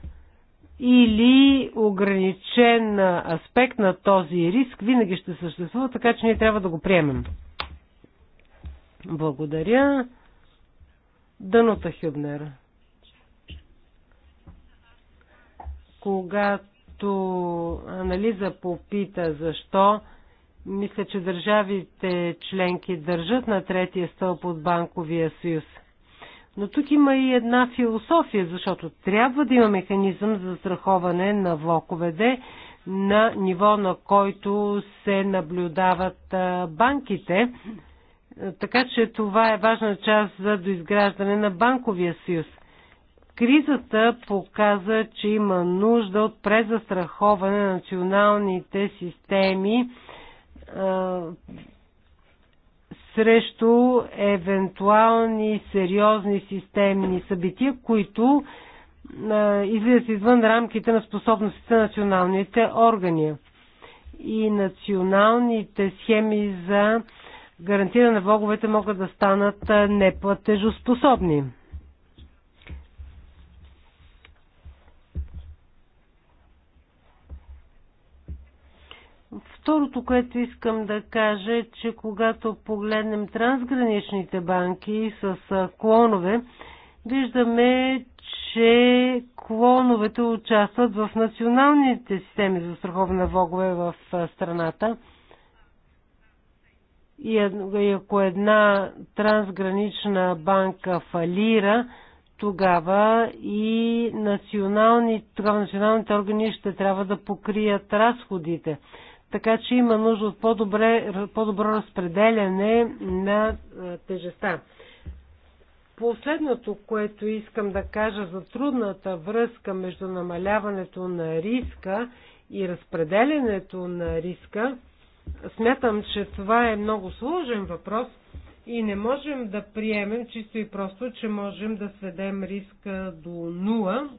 или ограничен аспект на този риск винаги ще съществува, така че ние трябва да го приемем. Благодаря. Дънота Хюбнер. Когато анализа попита защо, мисля, че държавите членки държат на третия стълб от Банковия съюз – но тук има и една философия, защото трябва да има механизъм за страховане на влоковете на ниво, на който се наблюдават банките. Така че това е важна част за доизграждане на банковия съюз. Кризата показа, че има нужда от презастраховане на националните системи срещу евентуални сериозни системни събития, които излизат извън рамките на способностите на националните органи и националните схеми за гарантиране на влоговете могат да станат неплатежоспособни. Второто, което искам да кажа е, че когато погледнем трансграничните банки с клонове, виждаме, че клоновете участват в националните системи за страховна влогове в страната. И ако една трансгранична банка фалира, тогава и национални, тогава националните органи ще трябва да покрият разходите така че има нужда от по-добре, по-добро разпределяне на тежеста. Последното, което искам да кажа за трудната връзка между намаляването на риска и разпределянето на риска, смятам, че това е много сложен въпрос и не можем да приемем чисто и просто, че можем да сведем риска до нула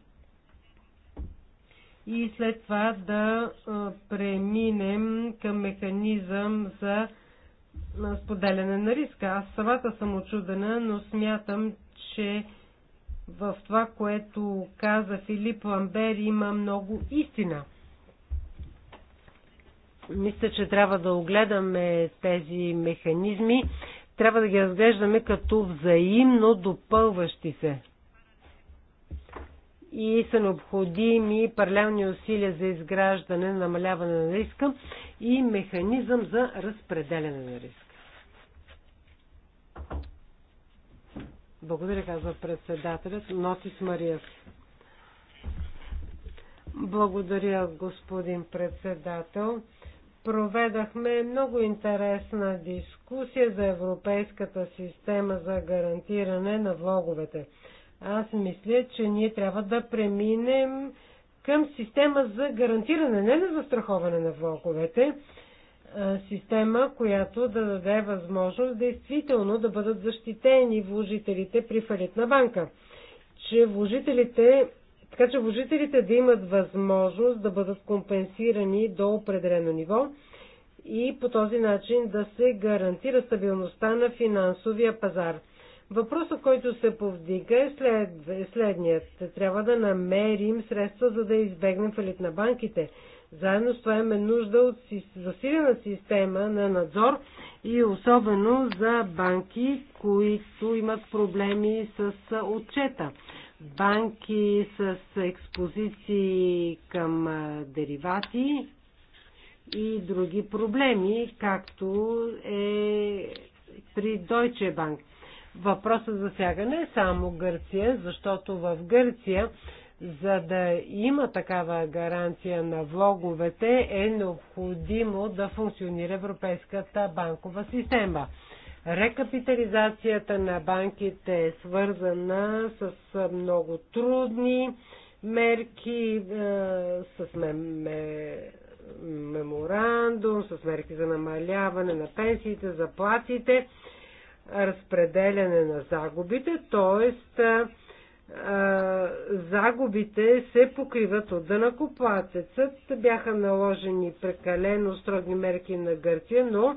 и след това да преминем към механизъм за споделяне на риска. Аз самата съм очудена, но смятам, че в това, което каза Филип Ламбер, има много истина. Мисля, че трябва да огледаме тези механизми. Трябва да ги разглеждаме като взаимно допълващи се и са необходими паралелни усилия за изграждане, намаляване на риска и механизъм за разпределяне на риска. Благодаря, казва председателят. Нотис Мария. Благодаря, господин председател. Проведахме много интересна дискусия за Европейската система за гарантиране на влоговете. Аз мисля, че ние трябва да преминем към система за гарантиране, не за застраховане на влоговете, система, която да даде възможност действително да бъдат защитени вложителите при фалитна банка. Че вложителите, така че вложителите да имат възможност да бъдат компенсирани до определено ниво и по този начин да се гарантира стабилността на финансовия пазар. Въпросът, който се повдига е след, е следният. Трябва да намерим средства, за да избегнем фалит на банките. Заедно с това имаме нужда от засилена система на надзор и особено за банки, които имат проблеми с отчета. Банки с експозиции към деривати и други проблеми, както е при Deutsche Bank. Въпросът засяга не е само Гърция, защото в Гърция, за да има такава гаранция на влоговете, е необходимо да функционира Европейската банкова система. Рекапитализацията на банките е свързана с много трудни мерки, е, с меморандум, с мерки за намаляване на пенсиите, заплатите разпределяне на загубите, т.е. загубите се покриват от дънакоплатецът. Бяха наложени прекалено строги мерки на Гърция, но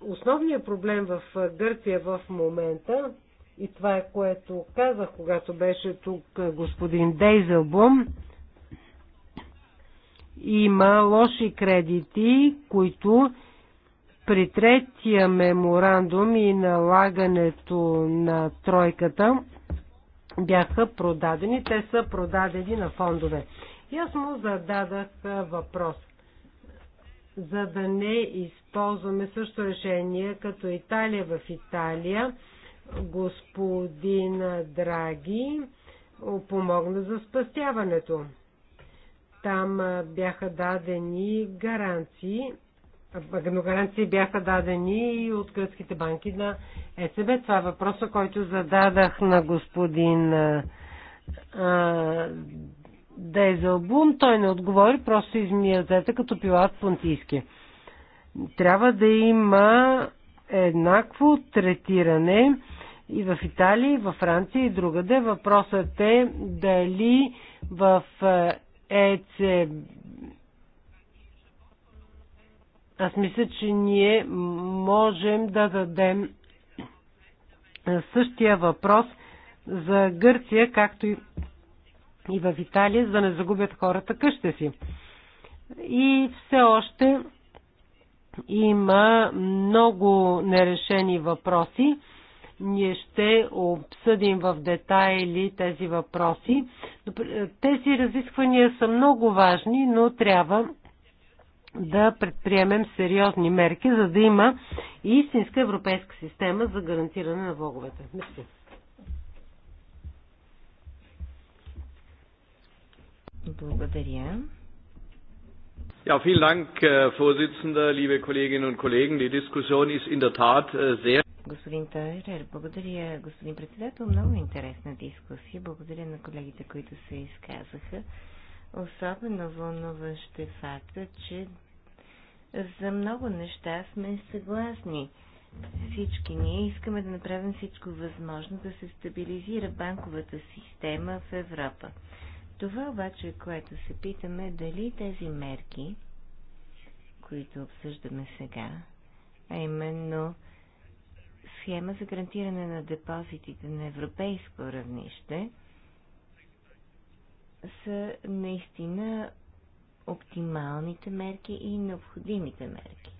основният проблем в Гърция в момента и това е което казах, когато беше тук господин Дейзелблум, има лоши кредити, които при третия меморандум и налагането на тройката бяха продадени. Те са продадени на фондове. И аз му зададах въпрос. За да не използваме също решение като Италия в Италия, господин Драги помогна за спастяването. Там бяха дадени гаранции гаранции бяха дадени и от гръцките банки на ЕЦБ. Това е въпроса, който зададах на господин Дезелбум. Той не отговори, просто изми ръцете като пилат понтийски. Трябва да има еднакво третиране и в Италия, и в Франция, и другаде. Въпросът е дали в ЕЦБ аз мисля, че ние можем да дадем същия въпрос за Гърция, както и, в Италия, за да не загубят хората къща си. И все още има много нерешени въпроси. Ние ще обсъдим в детайли тези въпроси. Тези разисквания са много важни, но трябва да предприемем сериозни мерки, за да има истинска европейска система за гарантиране на влоговете. Мерси. Благодаря. Ja, vielen Dank, äh, Vorsitzender, liebe Kolleginnen und Kollegen. Die Diskussion ist in der Tat äh, sehr. Господин Тайрер, благодаря, господин председател. Много интересна дискусия. Благодаря на колегите, които се изказаха. Особено вълнуващ е факта, че за много неща сме съгласни. Всички ние искаме да направим всичко възможно да се стабилизира банковата система в Европа. Това обаче, което се питаме, е дали тези мерки, които обсъждаме сега, а именно схема за гарантиране на депозитите на европейско равнище – са наистина оптималните мерки и необходимите мерки.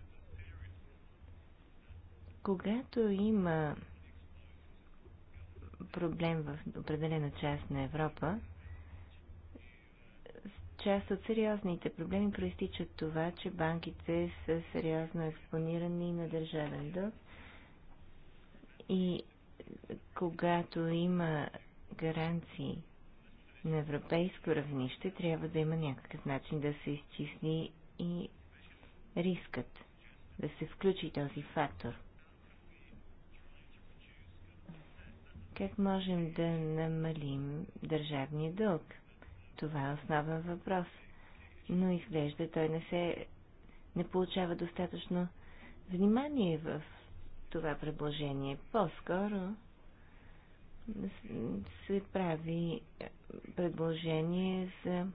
Когато има проблем в определена част на Европа, част от сериозните проблеми проистичат това, че банките са сериозно експонирани на държавен дълг и когато има гаранции на европейско равнище трябва да има някакъв начин да се изчисли и рискът, да се включи този фактор. Как можем да намалим държавния дълг? Това е основен въпрос. Но изглежда той не се не получава достатъчно внимание в това предложение. По-скоро се прави предложение за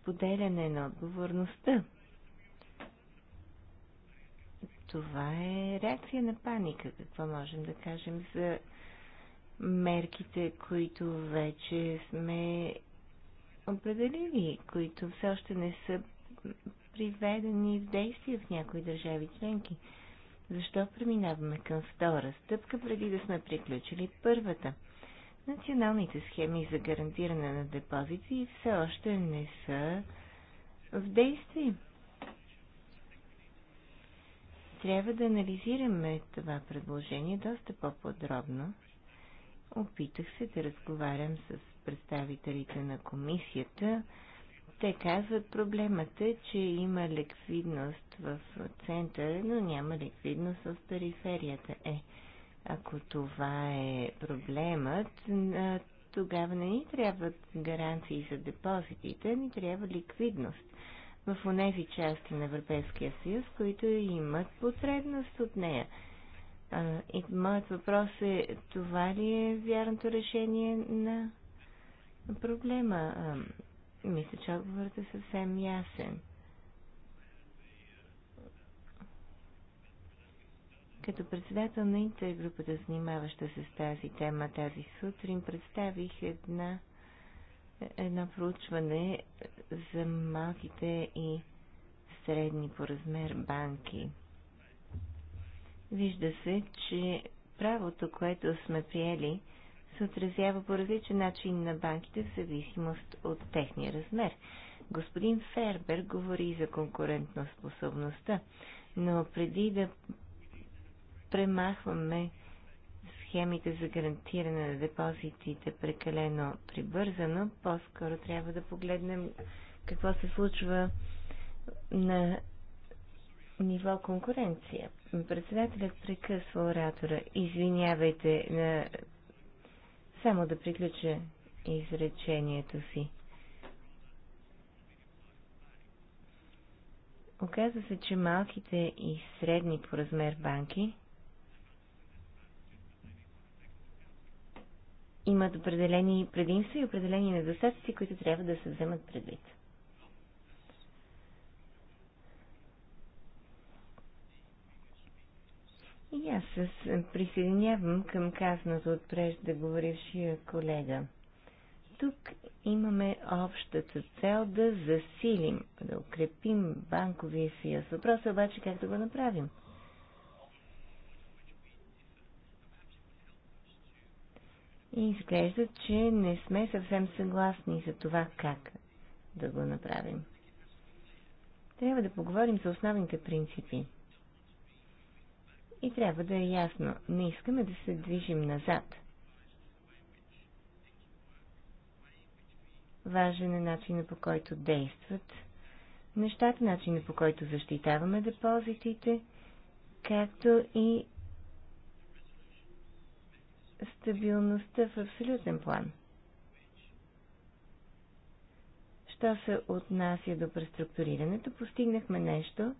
споделяне на отговорността. Това е реакция на паника. Какво можем да кажем за мерките, които вече сме определили, които все още не са приведени в действие в някои държави членки? Защо преминаваме към втора стъпка, преди да сме приключили първата? Националните схеми за гарантиране на депозити все още не са в действие. Трябва да анализираме това предложение доста по-подробно. Опитах се да разговарям с представителите на комисията, те казват, проблемът е, че има ликвидност в центъра, но няма ликвидност в периферията. Е, ако това е проблемът, тогава не ни трябват гаранции за депозитите, ни трябва ликвидност в онези части на Европейския съюз, които имат потребност от нея. И моят въпрос е, това ли е вярното решение на проблема? Мисля, че отговорът е съвсем ясен. Като председател на интергрупата, занимаваща се с тази тема тази сутрин, представих една, едно проучване за малките и средни по размер банки. Вижда се, че правото, което сме приели се отразява по различен начин на банките в зависимост от техния размер. Господин Фербер говори за конкурентна способността, но преди да премахваме схемите за гарантиране на депозитите прекалено прибързано, по-скоро трябва да погледнем какво се случва на ниво конкуренция. Председателят прекъсва оратора. Извинявайте, само да приключа изречението си. Оказва се, че малките и средни по размер банки имат определени предимства и определени недостатъци, които трябва да се вземат предвид. И аз се присъединявам към казаното от преждеговорившия колега. Тук имаме общата цел да засилим, да укрепим банковия съюз. Въпросът е обаче как да го направим. И изглежда, че не сме съвсем съгласни за това как да го направим. Трябва да поговорим за основните принципи. И трябва да е ясно, не искаме да се движим назад. Важен е начинът по който действат нещата, начинът по който защитаваме депозитите, както и стабилността в абсолютен план. Що се отнася до преструктурирането, постигнахме нещо,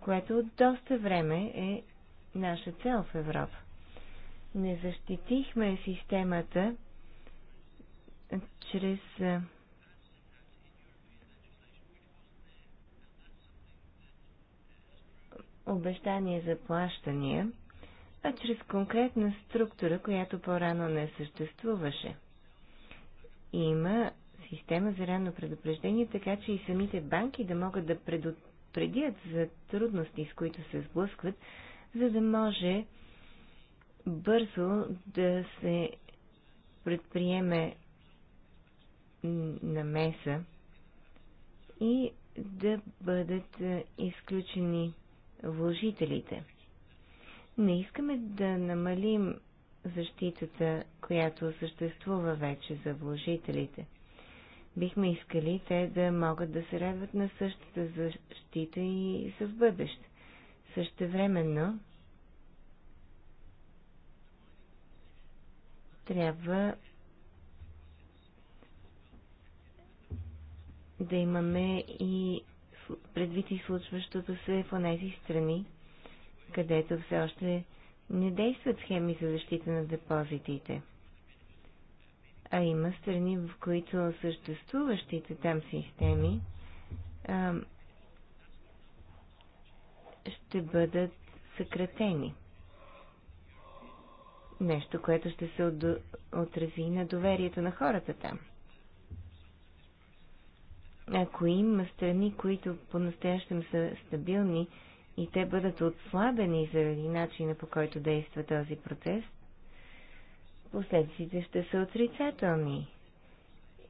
което от доста време е наша цел в Европа. Не защитихме системата чрез обещания за плащания, а чрез конкретна структура, която по-рано не съществуваше. Има система за ранно предупреждение, така че и самите банки да могат да предупредят за трудности, с които се сблъскват за да може бързо да се предприеме намеса и да бъдат изключени вложителите. Не искаме да намалим защитата, която съществува вече за вложителите. Бихме искали те да могат да се радват на същата защита и за в бъдеще. Същевременно трябва да имаме и предвид и случващото се в тези страни, където все още не действат схеми за защита на депозитите. А има страни, в които съществуващите там системи ще бъдат съкратени. Нещо, което ще се отрази на доверието на хората там. Ако има страни, които по-настоящем са стабилни и те бъдат отслабени заради начина по който действа този процес, последиците ще са отрицателни.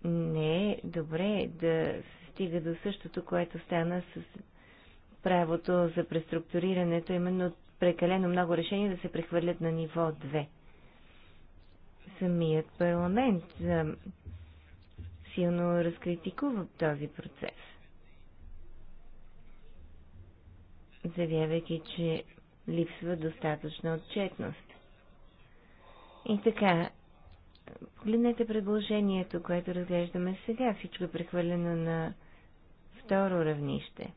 Не е добре да се стига до същото, което стана с правото за преструктурирането, именно прекалено много решения да се прехвърлят на ниво 2. Самият парламент силно разкритикува този процес, заявявайки, че липсва достатъчна отчетност. И така, погледнете предложението, което разглеждаме сега. Всичко е прехвърлено на второ равнище.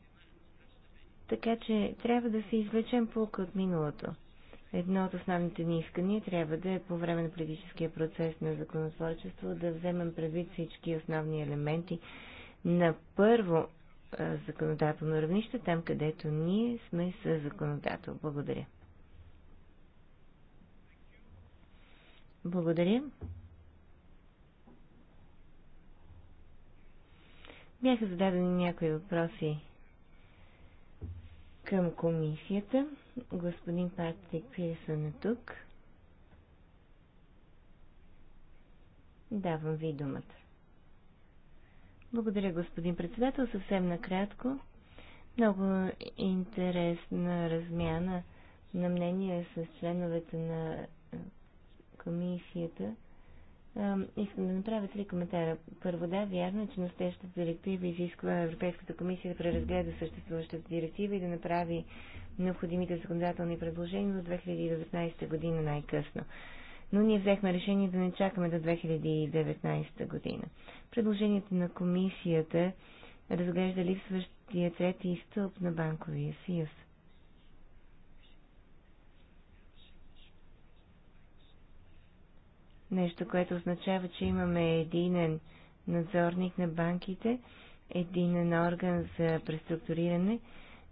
Така че трябва да се извлечем полка от миналото. Едно от основните ни искания трябва да е по време на политическия процес на законотворчество да вземем предвид всички основни елементи на първо законодателно равнище, там където ние сме с законодател. Благодаря. Благодаря. Бяха зададени някои въпроси към комисията. Господин Патрик Пирсън е тук. Давам ви думата. Благодаря, господин председател. Съвсем накратко. Много интересна размяна на мнение с членовете на комисията Искам да направя три коментара. Първо, да, вярно е, че настоящата директива изисква Европейската комисия да преразгледа съществуващата директива и да направи необходимите законодателни предложения до 2019 година най-късно. Но ние взехме решение да не чакаме до 2019 година. Предложението на комисията разглежда липсващия трети стълб на банковия съюз. нещо, което означава, че имаме единен надзорник на банките, единен орган за преструктуриране,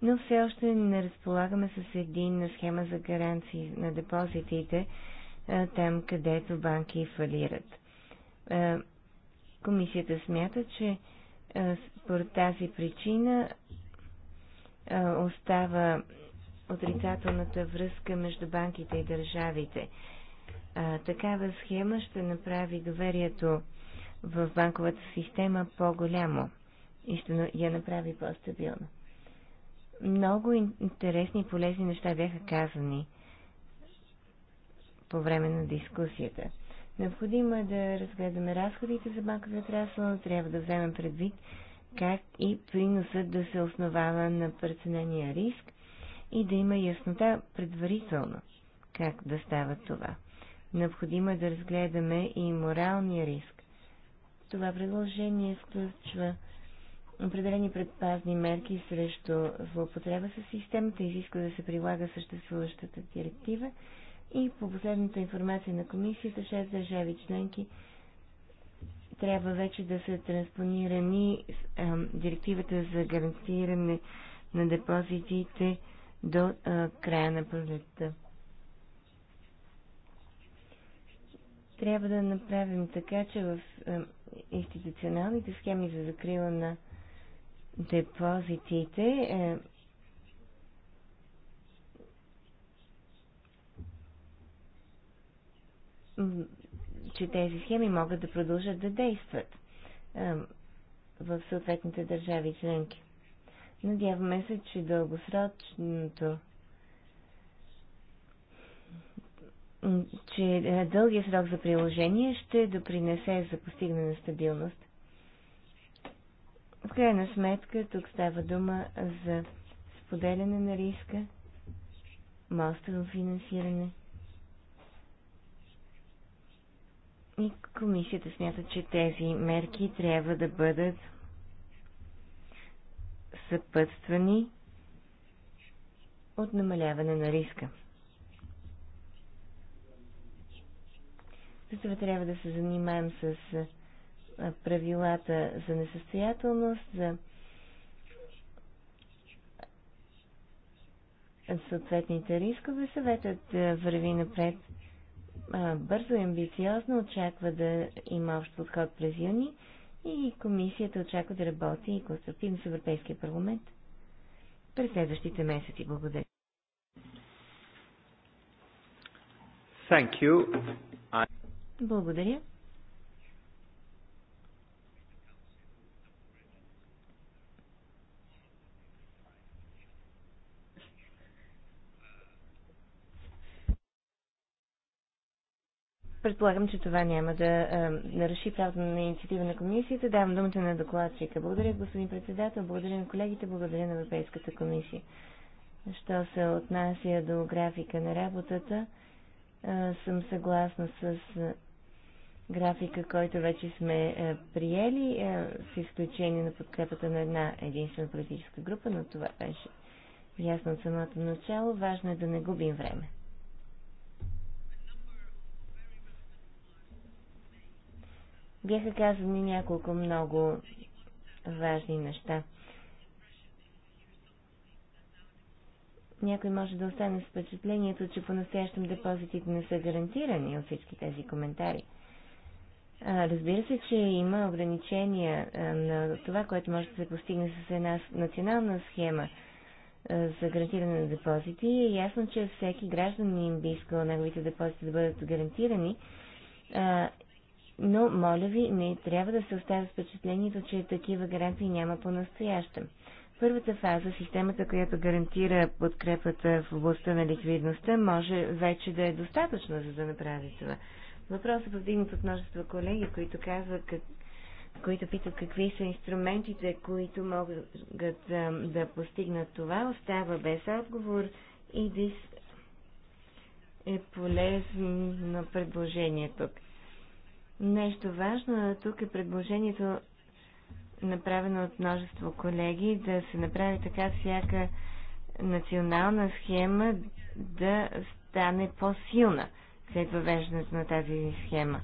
но все още не разполагаме с единна схема за гаранции на депозитите там, където банки фалират. Комисията смята, че по тази причина остава отрицателната връзка между банките и държавите. А, такава схема ще направи доверието в банковата система по-голямо и ще я направи по стабилно Много интересни и полезни неща бяха казани по време на дискусията. Необходимо е да разгледаме разходите за банковия отрасъл, но трябва да вземем предвид как и приносът да се основава на преценения риск и да има яснота предварително как да става това. Необходимо е да разгледаме и моралния риск. Това предложение включва определени предпазни мерки срещу злоупотреба с системата, изисква да се прилага съществуващата директива и по последната информация на комисията, 6 държави членки трябва вече да са транспонирани директивата за гарантиране на депозитите до края на пролетта. Трябва да направим така, че в институционалните схеми за закрила на депозитите е, че тези схеми могат да продължат да действат в съответните държави членки. Надяваме се, че дългосрочното че е, дългия срок за приложение ще допринесе за постигане на стабилност. В крайна сметка, тук става дума за споделяне на риска, масово финансиране. И комисията смята, че тези мерки трябва да бъдат съпътствани от намаляване на риска. След трябва да се занимаем с правилата за несъстоятелност, за съответните рискове. Съветът върви напред бързо и амбициозно, очаква да има общ подход през юни и комисията очаква да работи и конструктивно с Европейския парламент през следващите месеци. Благодаря. Thank you. Благодаря. Предполагам, че това няма да а, наруши правото на инициатива на комисията. Давам думата на докладчика. Благодаря, господин председател, благодаря на колегите, благодаря на Европейската комисия. Що се отнася до графика на работата, а, съм съгласна с графика, който вече сме е, приели, е, с изключение на подкрепата на една единствена политическа група, но това беше ясно от самото начало. Важно е да не губим време. Бяха казани няколко много важни неща. Някой може да остане с впечатлението, че по-настоящем депозитите не са гарантирани от всички тези коментари. Разбира се, че има ограничения на това, което може да се постигне с една национална схема за гарантиране на депозити. Е ясно, че всеки гражданин би искал неговите депозити да бъдат гарантирани, но, моля ви, не трябва да се оставя впечатлението, че такива гаранции няма по-настоящем. Първата фаза, системата, която гарантира подкрепата в областта на ликвидността, може вече да е достатъчна, за да направи това. Въпросът повдигнат от множество колеги, които казват, как, които питат какви са инструментите, които могат да, да постигнат това, остава без отговор и дис е полезно предложение тук. Нещо важно тук е предложението направено от множество колеги, да се направи така всяка национална схема да стане по-силна след въвеждането на тази схема.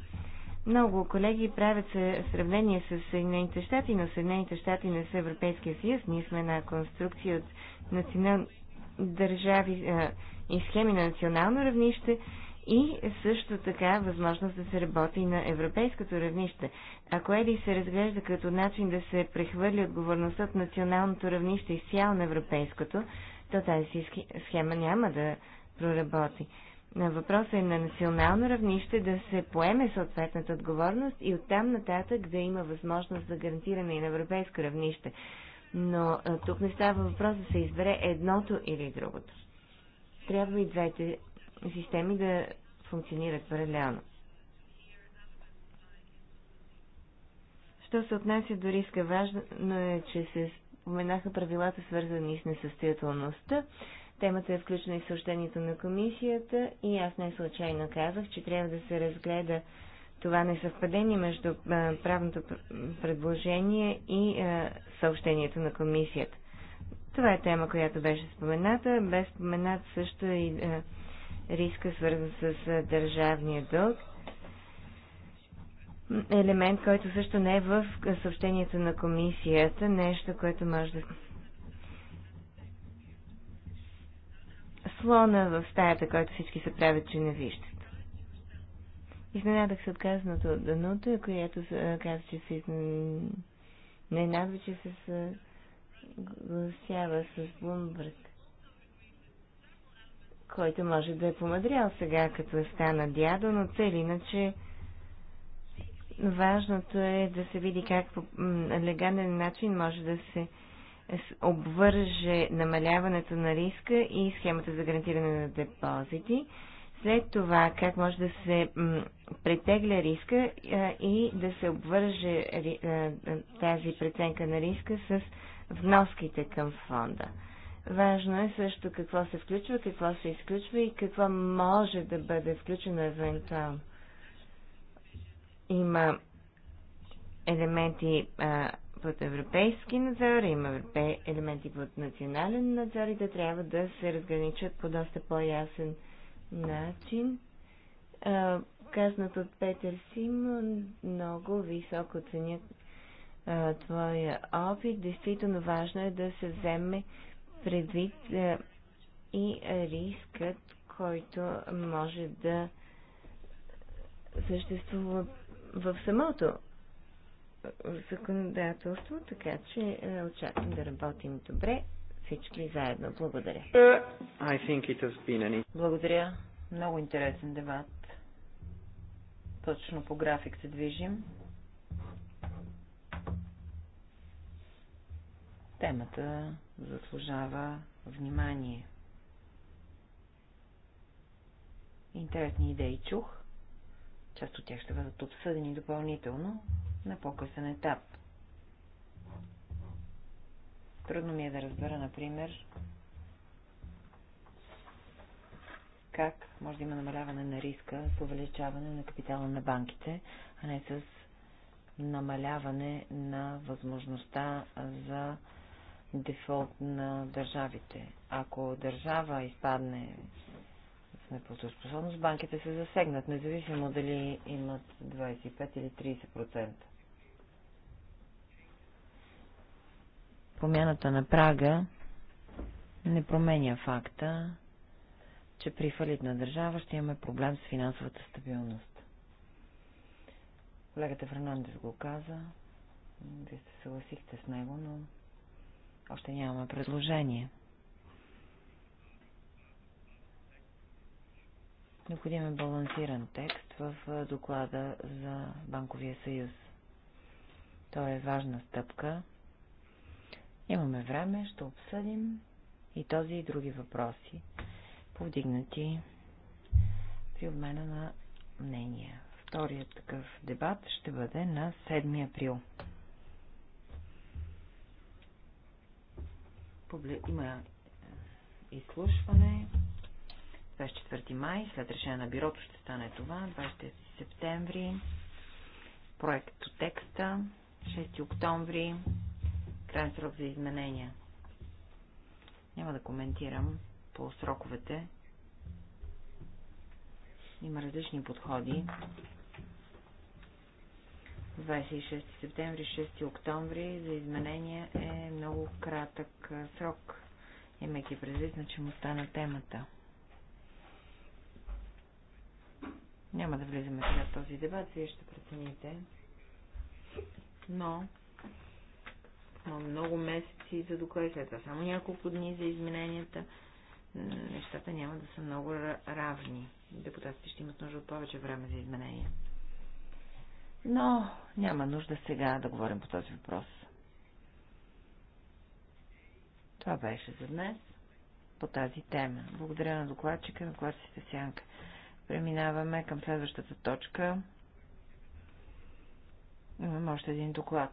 Много колеги правят се сравнение с Съединените щати, но Съединените щати не са Европейския съюз. Ние сме на конструкция от национал... държави а, и схеми на национално равнище и също така възможност да се работи на европейското равнище. Ако ЕДИ се разглежда като начин да се прехвърли отговорността от националното равнище изцяло на европейското, то тази схема няма да проработи. На въпроса е на национално равнище да се поеме съответната отговорност и оттам нататък да има възможност за гарантиране и на европейско равнище. Но тук не става въпрос да се избере едното или другото. Трябва и двете системи да функционират паралелно. Що се отнася до риска, важно е, че се споменаха правилата, свързани с несъстоятелността. Темата е включена и в съобщението на комисията и аз не случайно казах, че трябва да се разгледа това несъвпадение между правното предложение и съобщението на комисията. Това е тема, която беше спомената. Без споменат също и риска, свързан с държавния дълг. Елемент, който също не е в съобщението на комисията, нещо, което може да слона в стаята, който всички се правят, че не виждат. Изненадах се от казаното от Данута, която каза, че се изненадва, че се гласява с Блумбърг, който може да е помадрял сега, като е стана дядо, но цели иначе важното е да се види как по леганен начин може да се обвърже намаляването на риска и схемата за гарантиране на депозити. След това как може да се претегля риска и да се обвърже тази преценка на риска с вноските към фонда. Важно е също какво се включва, какво се изключва и какво може да бъде включено евентуално. Има елементи а, под европейски надзор, има европе... елементи под национален надзор и да трябва да се разграничат по доста по-ясен начин. А, казнат от Петър Симон, много високо ценя а, твоя опит. Действително важно е да се вземе предвид а, и рискът, който може да съществува в самото законодателство, така че е, очаквам да работим добре всички заедно. Благодаря. I think it has been an... Благодаря. Много интересен дебат. Точно по график се движим. Темата заслужава внимание. Интересни идеи чух. Част от тях ще бъдат обсъдени допълнително, на по-късен етап. Трудно ми е да разбера, например, как може да има намаляване на риска с увеличаване на капитала на банките, а не с намаляване на възможността за дефолт на държавите. Ако държава изпадне неплатоспособност, банките се засегнат, независимо дали имат 25 или 30%. Промяната на прага не променя факта, че при фалитна държава ще имаме проблем с финансовата стабилност. Колегата Фернандес го каза, вие се съгласихте с него, но още нямаме предложение. Необходим е балансиран текст в доклада за Банковия съюз. Той е важна стъпка. Имаме време, ще обсъдим и този и други въпроси, повдигнати при обмена на мнения. Вторият такъв дебат ще бъде на 7 април. Има изслушване, 24 май, след решение на бюрото ще стане това, 20 септември, проект от текста, 6 октомври, крайен срок за изменения. Няма да коментирам по сроковете. Има различни подходи. 26 септември, 6 октомври за изменения е много кратък срок, имайки предвид значимостта на темата. Няма да влизаме сега в този дебат, вие ще прецените. Но има много месеци за доклади, след това само няколко дни за измененията. Нещата няма да са много равни. Депутатите ще имат нужда от повече време за изменения. Но няма нужда сега да говорим по този въпрос. Това беше за днес по тази тема. Благодаря на докладчика, на класите Сянка. Преминаваме към следващата точка. Имаме още един доклад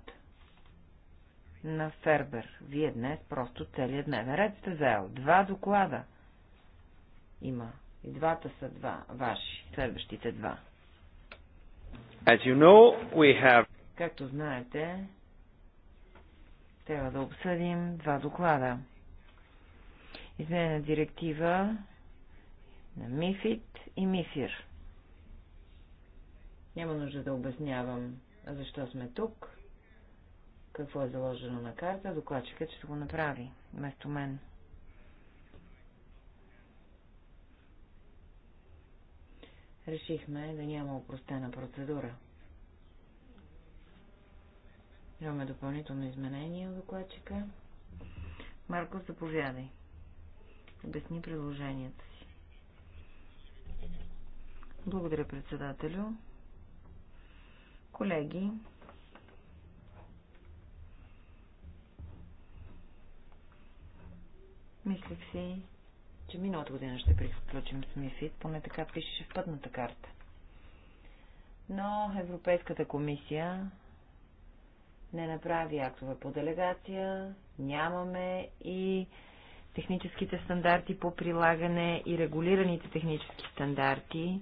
на Фербер. Вие днес просто целият дневен ред сте заел. Два доклада има. И двата са два ваши, следващите два. As you know, we have... Както знаете, трябва да обсъдим два доклада. Изменена директива на МИФИД и Мифир. Няма нужда да обяснявам защо сме тук, какво е заложено на карта, докладчика, че ще го направи, вместо мен. Решихме да няма упростена процедура. Имаме допълнително изменение от докладчика. Марко, заповядай. Обясни предложението си. Благодаря, председателю. Колеги, мислих си, че миналата година ще приключим с МИФИД, поне така пишеше в пътната карта. Но Европейската комисия не направи актове по делегация, нямаме и техническите стандарти по прилагане и регулираните технически стандарти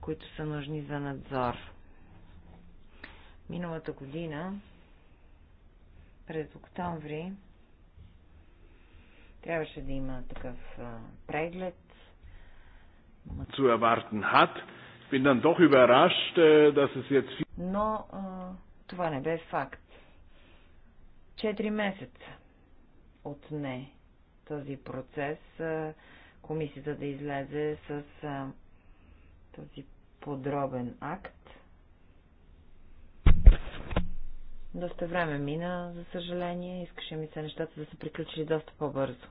които са нужни за надзор. Миналата година, през октомври, трябваше да има такъв преглед. Zu erwarten hat. Bin dann doch überrascht, äh, dass es jetzt... Но това не бе факт. Четири месеца отне този процес комисията да излезе с този подробен акт. Доста време мина, за съжаление. Искаше ми се нещата да са приключили доста по-бързо.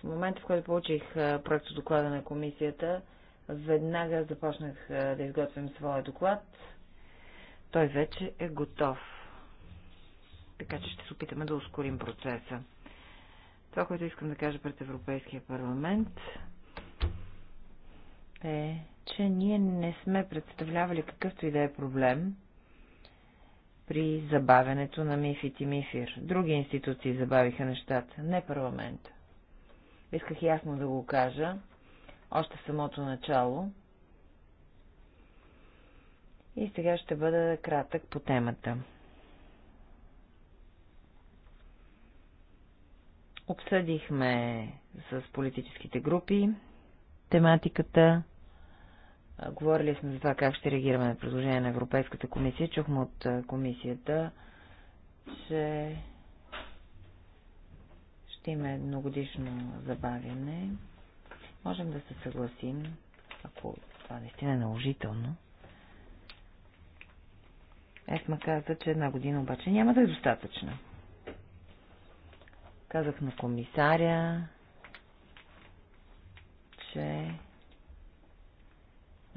В момента, в който получих от доклада на комисията, веднага започнах да изготвям своя доклад. Той вече е готов. Така че ще се опитаме да ускорим процеса. Това, което искам да кажа пред Европейския парламент, е, че ние не сме представлявали какъвто и да е проблем при забавянето на МИФИТ и МИФИР. Други институции забавиха нещата, не парламент. Исках ясно да го кажа, още в самото начало. И сега ще бъда кратък по темата. Обсъдихме с политическите групи тематиката Говорили сме за това как ще реагираме на предложение на Европейската комисия. Чухме от комисията, че ще има едногодишно забавяне. Можем да се съгласим, ако това наистина е наложително. Есма каза, че една година обаче няма да е достатъчна. Казах на комисаря, че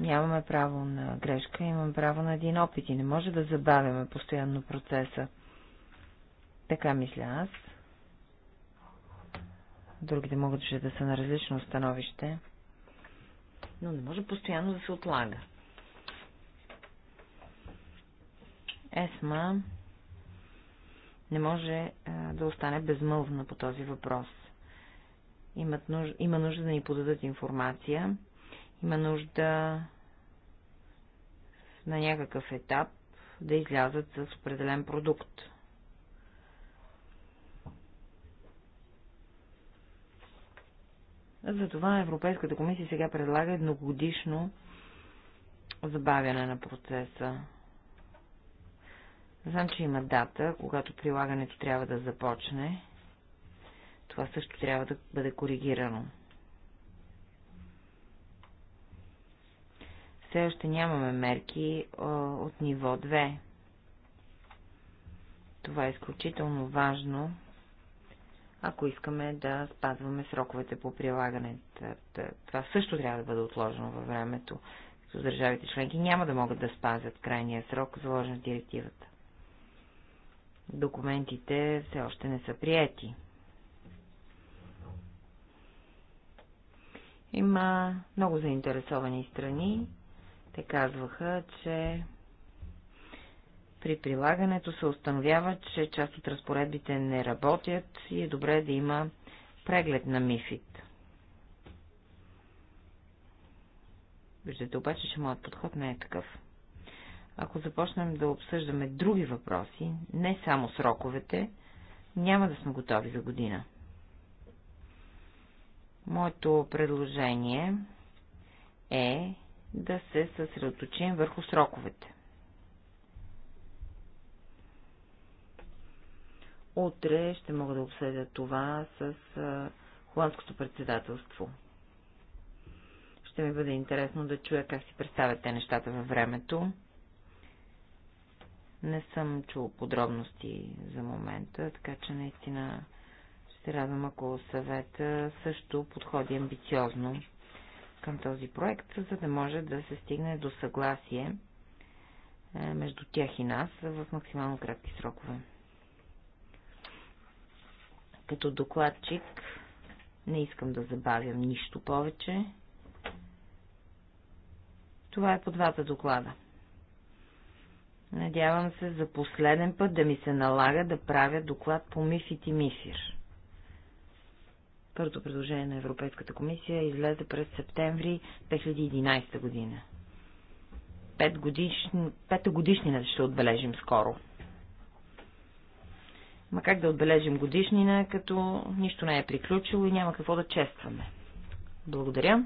Нямаме право на грешка, имаме право на един опит и не може да забавяме постоянно процеса. Така мисля аз. Другите могат ще да са на различно становище, но не може постоянно да се отлага. Есма не може да остане безмълвна по този въпрос. Имат нуж... Има нужда да ни подадат информация има нужда на някакъв етап да излязат с определен продукт. Затова Европейската комисия сега предлага едногодишно забавяне на процеса. Знам, че има дата, когато прилагането трябва да започне. Това също трябва да бъде коригирано. все още нямаме мерки от ниво 2. Това е изключително важно, ако искаме да спазваме сроковете по прилагане. Това също трябва да бъде отложено във времето, като държавите членки няма да могат да спазят крайния срок, заложен в директивата. Документите все още не са приети. Има много заинтересовани страни, те казваха, че при прилагането се установява, че част от разпоредбите не работят и е добре да има преглед на МИФИД. Виждате обаче, че моят подход не е такъв. Ако започнем да обсъждаме други въпроси, не само сроковете, няма да сме готови за година. Моето предложение е да се съсредоточим върху сроковете. Утре ще мога да обсъдя това с холандското председателство. Ще ми бъде интересно да чуя как си представят те нещата във времето. Не съм чул подробности за момента, така че наистина се радвам, ако съвета също подходи амбициозно към този проект, за да може да се стигне до съгласие е, между тях и нас в максимално кратки срокове. Като докладчик не искам да забавям нищо повече. Това е по двата доклада. Надявам се за последен път да ми се налага да правя доклад по Мифит и Мифир. Първото предложение на Европейската комисия излезе през септември 2011 година. Пет годишни, пета годишнина ще отбележим скоро. Ма как да отбележим годишнина, като нищо не е приключило и няма какво да честваме? Благодаря.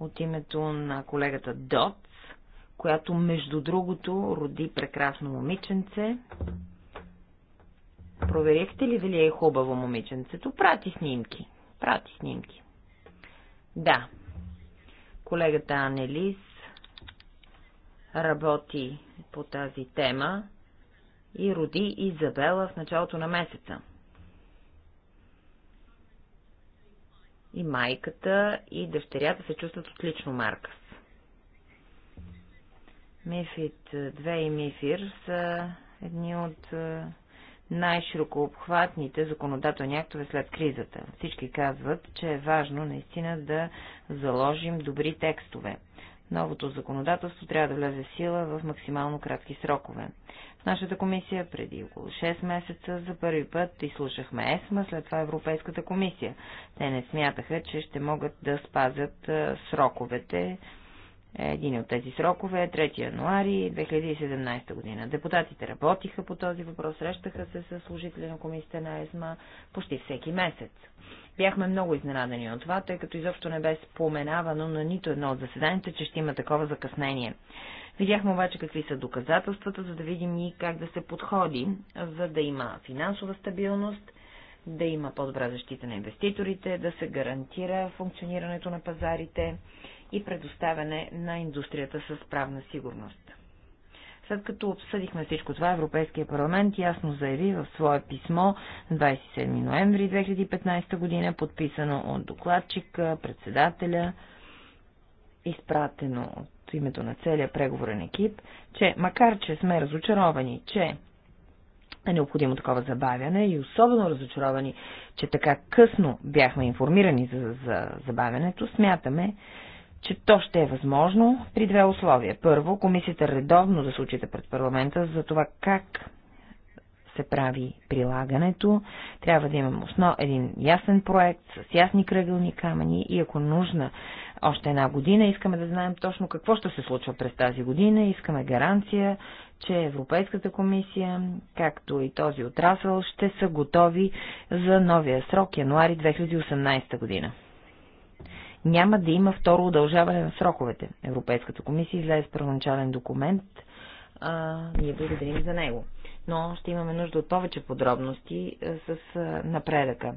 От името на колегата Дот, която между другото роди прекрасно момиченце, Проверихте ли дали е хубаво момиченцето? Прати снимки. Прати снимки. Да. Колегата Анелис работи по тази тема и роди Изабела в началото на месеца. И майката, и дъщерята се чувстват отлично, маркас. Мифит 2 и Мифир са едни от най-широко обхватните законодателни актове след кризата. Всички казват, че е важно наистина да заложим добри текстове. Новото законодателство трябва да влезе в сила в максимално кратки срокове. В нашата комисия преди около 6 месеца за първи път изслушахме ЕСМА, след това Европейската комисия. Те не смятаха, че ще могат да спазят сроковете, един от тези срокове е 3 януари 2017 година. Депутатите работиха по този въпрос, срещаха се с служители на комисията на ЕСМА почти всеки месец. Бяхме много изненадани от това, тъй като изобщо не бе споменавано на нито едно от заседанията, че ще има такова закъснение. Видяхме обаче какви са доказателствата, за да видим и как да се подходи, за да има финансова стабилност, да има по-добра защита на инвеститорите, да се гарантира функционирането на пазарите и предоставяне на индустрията с правна сигурност. След като обсъдихме всичко това, Европейския парламент ясно заяви в свое писмо 27 ноември 2015 година, подписано от докладчика, председателя, изпратено от името на целия преговорен екип, че макар, че сме разочаровани, че е необходимо такова забавяне и особено разочаровани, че така късно бяхме информирани за, за забавянето, смятаме, че то ще е възможно при две условия. Първо, комисията редовно да случите пред парламента за това как се прави прилагането. Трябва да имам основ, един ясен проект с ясни кръгълни камъни и ако нужна още една година, искаме да знаем точно какво ще се случва през тази година. Искаме гаранция, че Европейската комисия, както и този отрасъл, ще са готови за новия срок януари 2018 година няма да има второ удължаване на сроковете. Европейската комисия излезе с първоначален документ. А, ние благодарим за него. Но ще имаме нужда от повече подробности а, с а, напредъка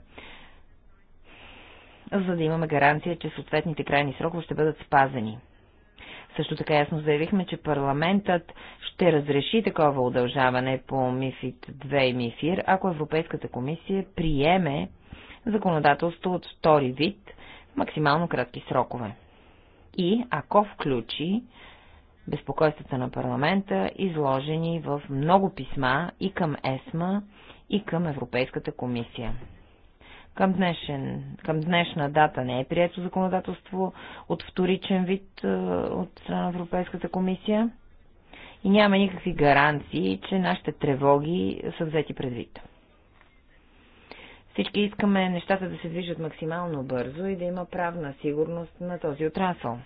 за да имаме гаранция, че съответните крайни срокове ще бъдат спазени. Също така ясно заявихме, че парламентът ще разреши такова удължаване по мифит 2 и МИФИР, ако Европейската комисия приеме законодателство от втори вид, максимално кратки срокове. И ако включи безпокойствата на парламента, изложени в много писма и към ЕСМА, и към Европейската комисия. Към, днешен, към днешна дата не е прието законодателство от вторичен вид е, от страна на Европейската комисия и няма никакви гаранции, че нашите тревоги са взети предвид. Всички искаме нещата да се движат максимално бързо и да има правна сигурност на този отрасъл,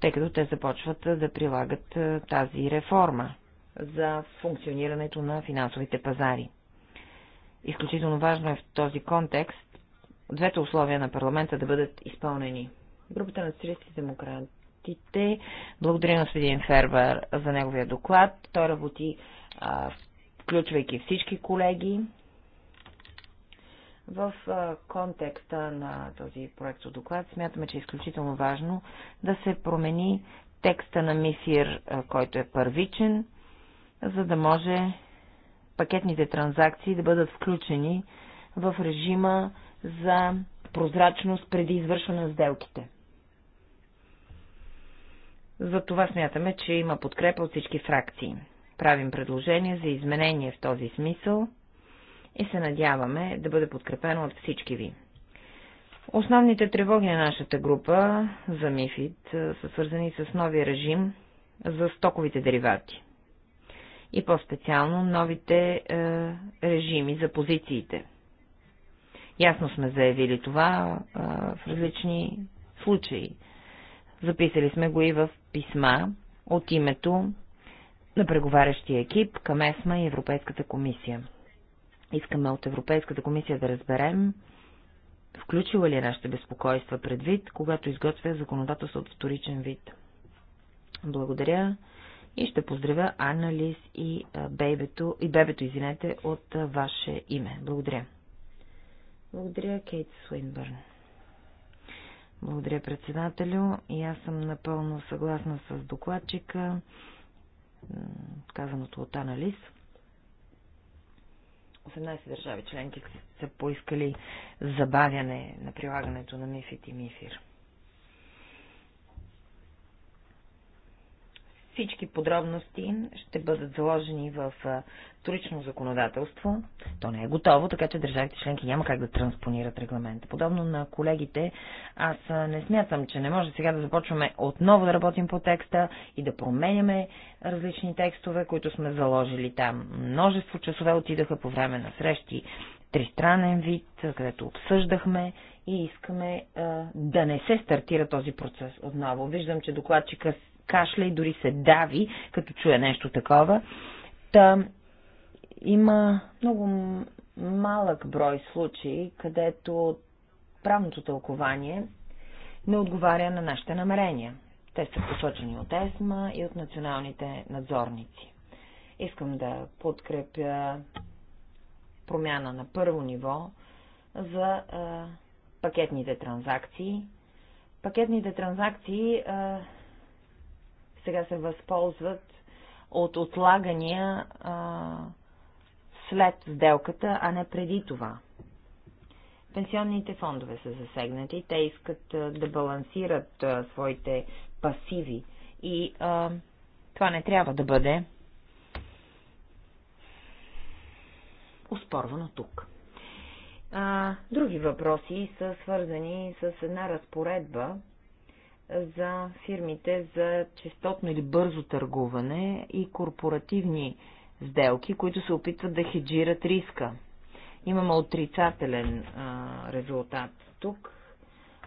тъй като те започват да прилагат тази реформа за функционирането на финансовите пазари. Изключително важно е в този контекст двете условия на парламента да бъдат изпълнени. Групата на социалистите демократите благодаря на Свидин Фербър за неговия доклад. Той работи включвайки всички колеги в контекста на този проект от доклад смятаме, че е изключително важно да се промени текста на мисир, който е първичен, за да може пакетните транзакции да бъдат включени в режима за прозрачност преди извършване на сделките. За това смятаме, че има подкрепа от всички фракции. Правим предложение за изменение в този смисъл и се надяваме да бъде подкрепено от всички ви. Основните тревоги на нашата група за МИФИД са свързани с новия режим за стоковите деривати и по-специално новите е, режими за позициите. Ясно сме заявили това е, в различни случаи. Записали сме го и в писма от името на преговарящия екип към ЕСМА и Европейската комисия. Искаме от Европейската комисия да разберем, включила ли е нашите безпокойства предвид, когато изготвя законодателство от вторичен вид. Благодаря и ще поздравя Анна Лис и бебето, и бебето извинете, от ваше име. Благодаря. Благодаря, Кейт Суинбърн. Благодаря, председателю. И аз съм напълно съгласна с докладчика, казаното от Анна Лис. 18 държави членки са поискали забавяне на прилагането на МИФИТ и МИФИР. Всички подробности ще бъдат заложени в вторично законодателство. То не е готово, така че държавите членки няма как да транспонират регламента. Подобно на колегите, аз не смятам, че не може сега да започваме отново да работим по текста и да променяме различни текстове, които сме заложили там. Множество часове отидаха по време на срещи тристранен вид, където обсъждахме и искаме а, да не се стартира този процес отново. Виждам, че докладчика кашля и дори се дави, като чуя нещо такова. Та има много малък брой случаи, където правното тълкование не отговаря на нашите намерения. Те са посочени от ЕСМА и от националните надзорници. Искам да подкрепя промяна на първо ниво за а, пакетните транзакции. Пакетните транзакции а, сега се възползват от отлагания а, след сделката, а не преди това. Пенсионните фондове са засегнати. Те искат а, да балансират а, своите пасиви. И а, това не трябва да бъде успорвано тук. А, други въпроси са свързани с една разпоредба, за фирмите за честотно или бързо търгуване и корпоративни сделки, които се опитват да хеджират риска. Имаме отрицателен а, резултат тук,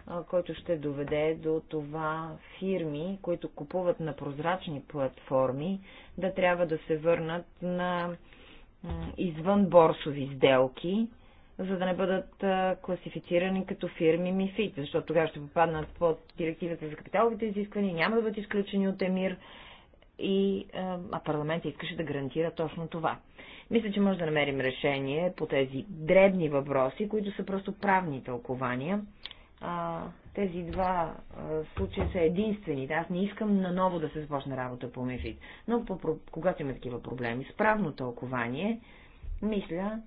а, който ще доведе до това фирми, които купуват на прозрачни платформи, да трябва да се върнат на извън борсови сделки, за да не бъдат класифицирани като фирми Мифит, защото тогава ще попаднат под директивата за капиталовите изисквания, няма да бъдат изключени от ЕМИР, и, а парламентът искаше да гарантира точно това. Мисля, че може да намерим решение по тези дребни въпроси, които са просто правни тълкования. А, тези два а, случая са единствени. Аз не искам наново да се започне работа по МИФИТ, Но по, когато има такива проблеми с правно тълкование, мисля,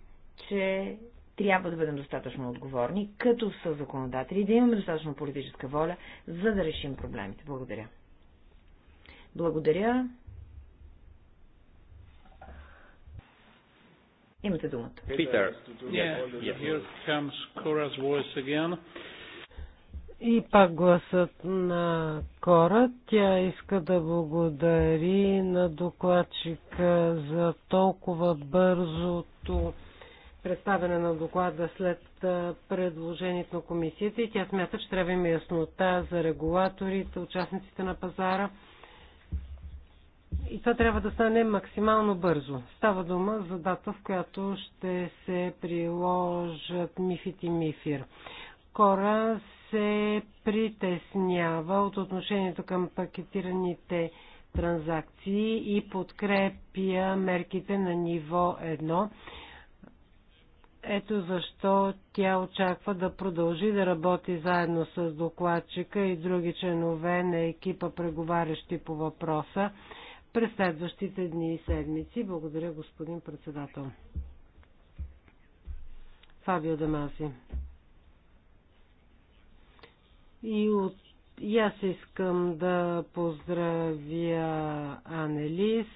че трябва да бъдем достатъчно отговорни, като са законодатели, да имаме достатъчно политическа воля, за да решим проблемите. Благодаря. Благодаря. Имате думата. Питър. И пак гласът на Кора. Тя иска да благодари на докладчика за толкова бързото представяне на доклада след предложението на комисията и тя смята, че трябва има яснота за регулаторите, участниците на пазара. И това трябва да стане максимално бързо. Става дума за дата, в която ще се приложат мифит и мифир. Кора се притеснява от отношението към пакетираните транзакции и подкрепя мерките на ниво 1 ето защо тя очаква да продължи да работи заедно с докладчика и други членове на екипа преговарящи по въпроса през следващите дни и седмици. Благодаря, господин председател. Фабио Дамази. И, от... и аз искам да поздравя Анелис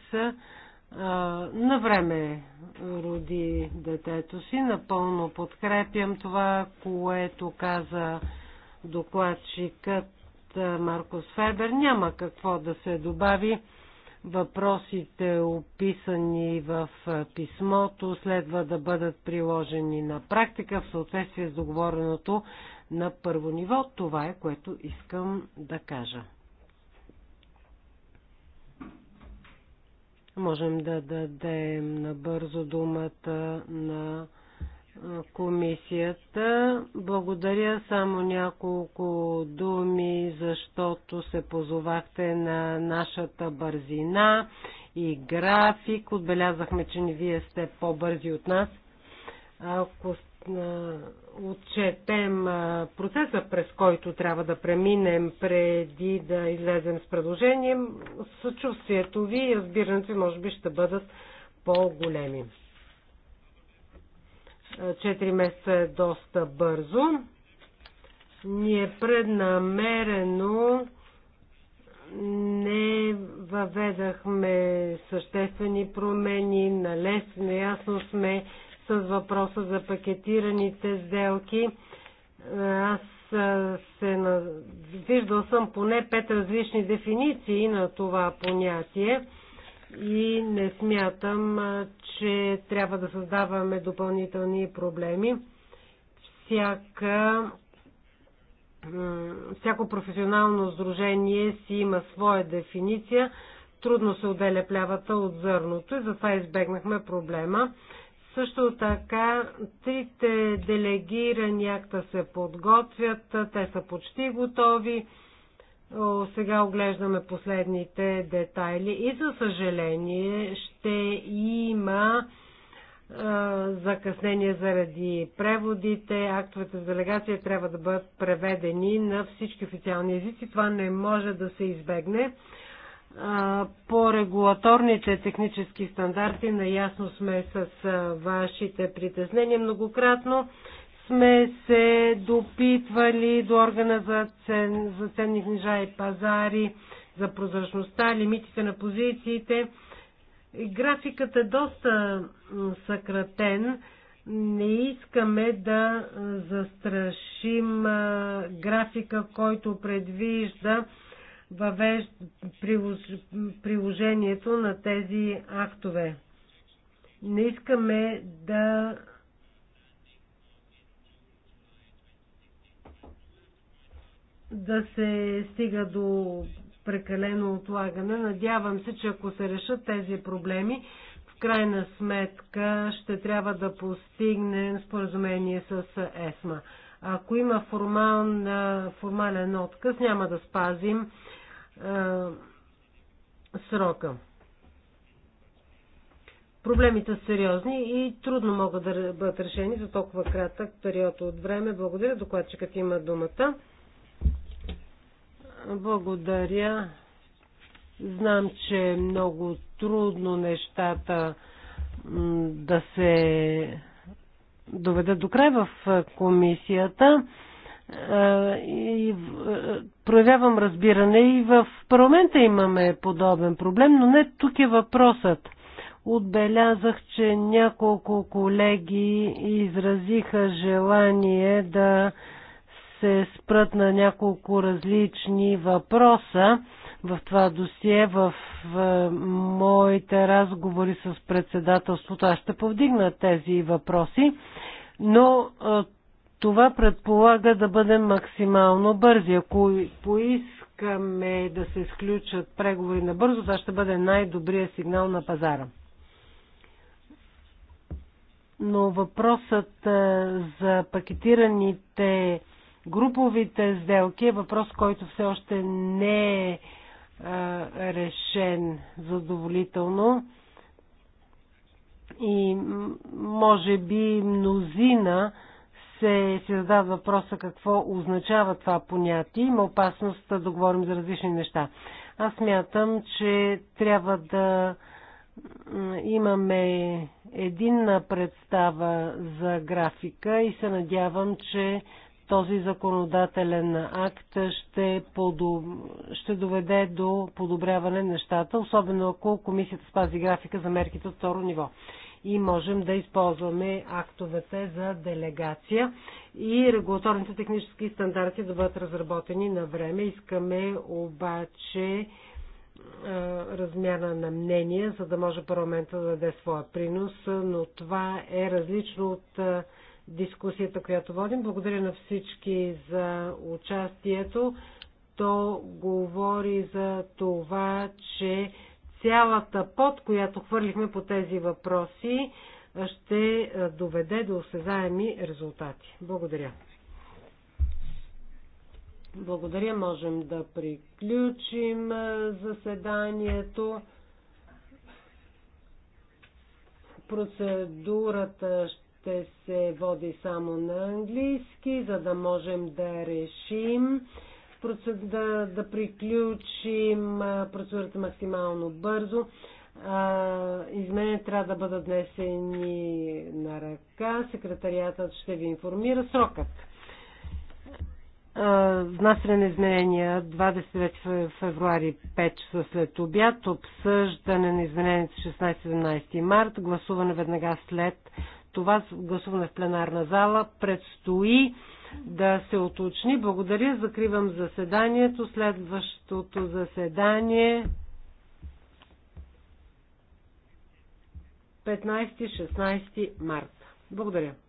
на време роди детето си. Напълно подкрепям това, което каза докладчикът Маркос Фебер. Няма какво да се добави. Въпросите, описани в писмото, следва да бъдат приложени на практика в съответствие с договореното на първо ниво. Това е което искам да кажа. Можем да дадем набързо думата на комисията. Благодаря само няколко думи, защото се позовахте на нашата бързина и график. Отбелязахме, че ни вие сте по-бързи от нас. Ако отчетем процеса, през който трябва да преминем преди да излезем с предложение, съчувствието ви и разбирането ви може би ще бъдат по-големи. Четири месеца е доста бързо. Ние преднамерено не въведахме съществени промени, налесно ясно сме, с въпроса за пакетираните сделки. Е, аз е, се виждал съм поне пет различни дефиниции на това понятие и не смятам, е, че трябва да създаваме допълнителни проблеми. Всяка, всяко професионално сдружение си има своя дефиниция. Трудно се отделя плявата от зърното и затова избегнахме проблема. Също така, трите делегирани акта се подготвят, те са почти готови. Сега оглеждаме последните детайли и за съжаление ще има закъснение заради преводите. Актовете за делегация трябва да бъдат преведени на всички официални езици. Това не може да се избегне по регулаторните технически стандарти наясно сме с вашите притеснения. Многократно сме се допитвали до органа за, цен, за ценни книжа и пазари, за прозрачността, лимитите на позициите. Графикът е доста съкратен. Не искаме да застрашим графика, който предвижда въвеж... прилож... приложението на тези актове. Не искаме да да се стига до прекалено отлагане. Надявам се, че ако се решат тези проблеми, в крайна сметка ще трябва да постигнем споразумение с ЕСМА. Ако има формална, формален отказ, няма да спазим а, срока. Проблемите са сериозни и трудно могат да бъдат решени за толкова кратък период от време. Благодаря. Докладчикът има думата. Благодаря. Знам, че е много трудно нещата да се доведат до край в комисията. Е, и е, проявявам разбиране и в парламента имаме подобен проблем, но не тук е въпросът. Отбелязах, че няколко колеги изразиха желание да се спрат на няколко различни въпроса в това досие, в е, моите разговори с председателството. Аз ще повдигна тези въпроси, но това предполага да бъдем максимално бързи. Ако поискаме да се изключат преговори на бързо, това ще бъде най-добрият сигнал на пазара. Но въпросът е, за пакетираните груповите сделки е въпрос, който все още не е, е решен задоволително и може би мнозина се, се задава въпроса какво означава това понятие. Има опасност да говорим за различни неща. Аз мятам, че трябва да имаме единна представа за графика и се надявам, че този законодателен акт ще, подо... ще доведе до подобряване нещата, особено ако комисията спази графика за мерките от второ ниво и можем да използваме актовете за делегация и регулаторните технически стандарти да бъдат разработени на време. Искаме обаче е, размяна на мнения, за да може парламента да даде своя принос, но това е различно от е, дискусията, която водим. Благодаря на всички за участието. То говори за това, че цялата пот, която хвърлихме по тези въпроси, ще доведе до осезаеми резултати. Благодаря. Благодаря. Можем да приключим заседанието. Процедурата ще се води само на английски, за да можем да решим да, да приключим процедурата максимално бързо. Изменения трябва да бъдат днесени на ръка. Секретариатът ще ви информира срокът. Внасяне на изменения 29 февруари 5 часа след обяд, обсъждане на измененията 16-17 март, гласуване веднага след това, гласуване в пленарна зала, предстои да се уточни. Благодаря. Закривам заседанието. Следващото заседание 15-16 марта. Благодаря.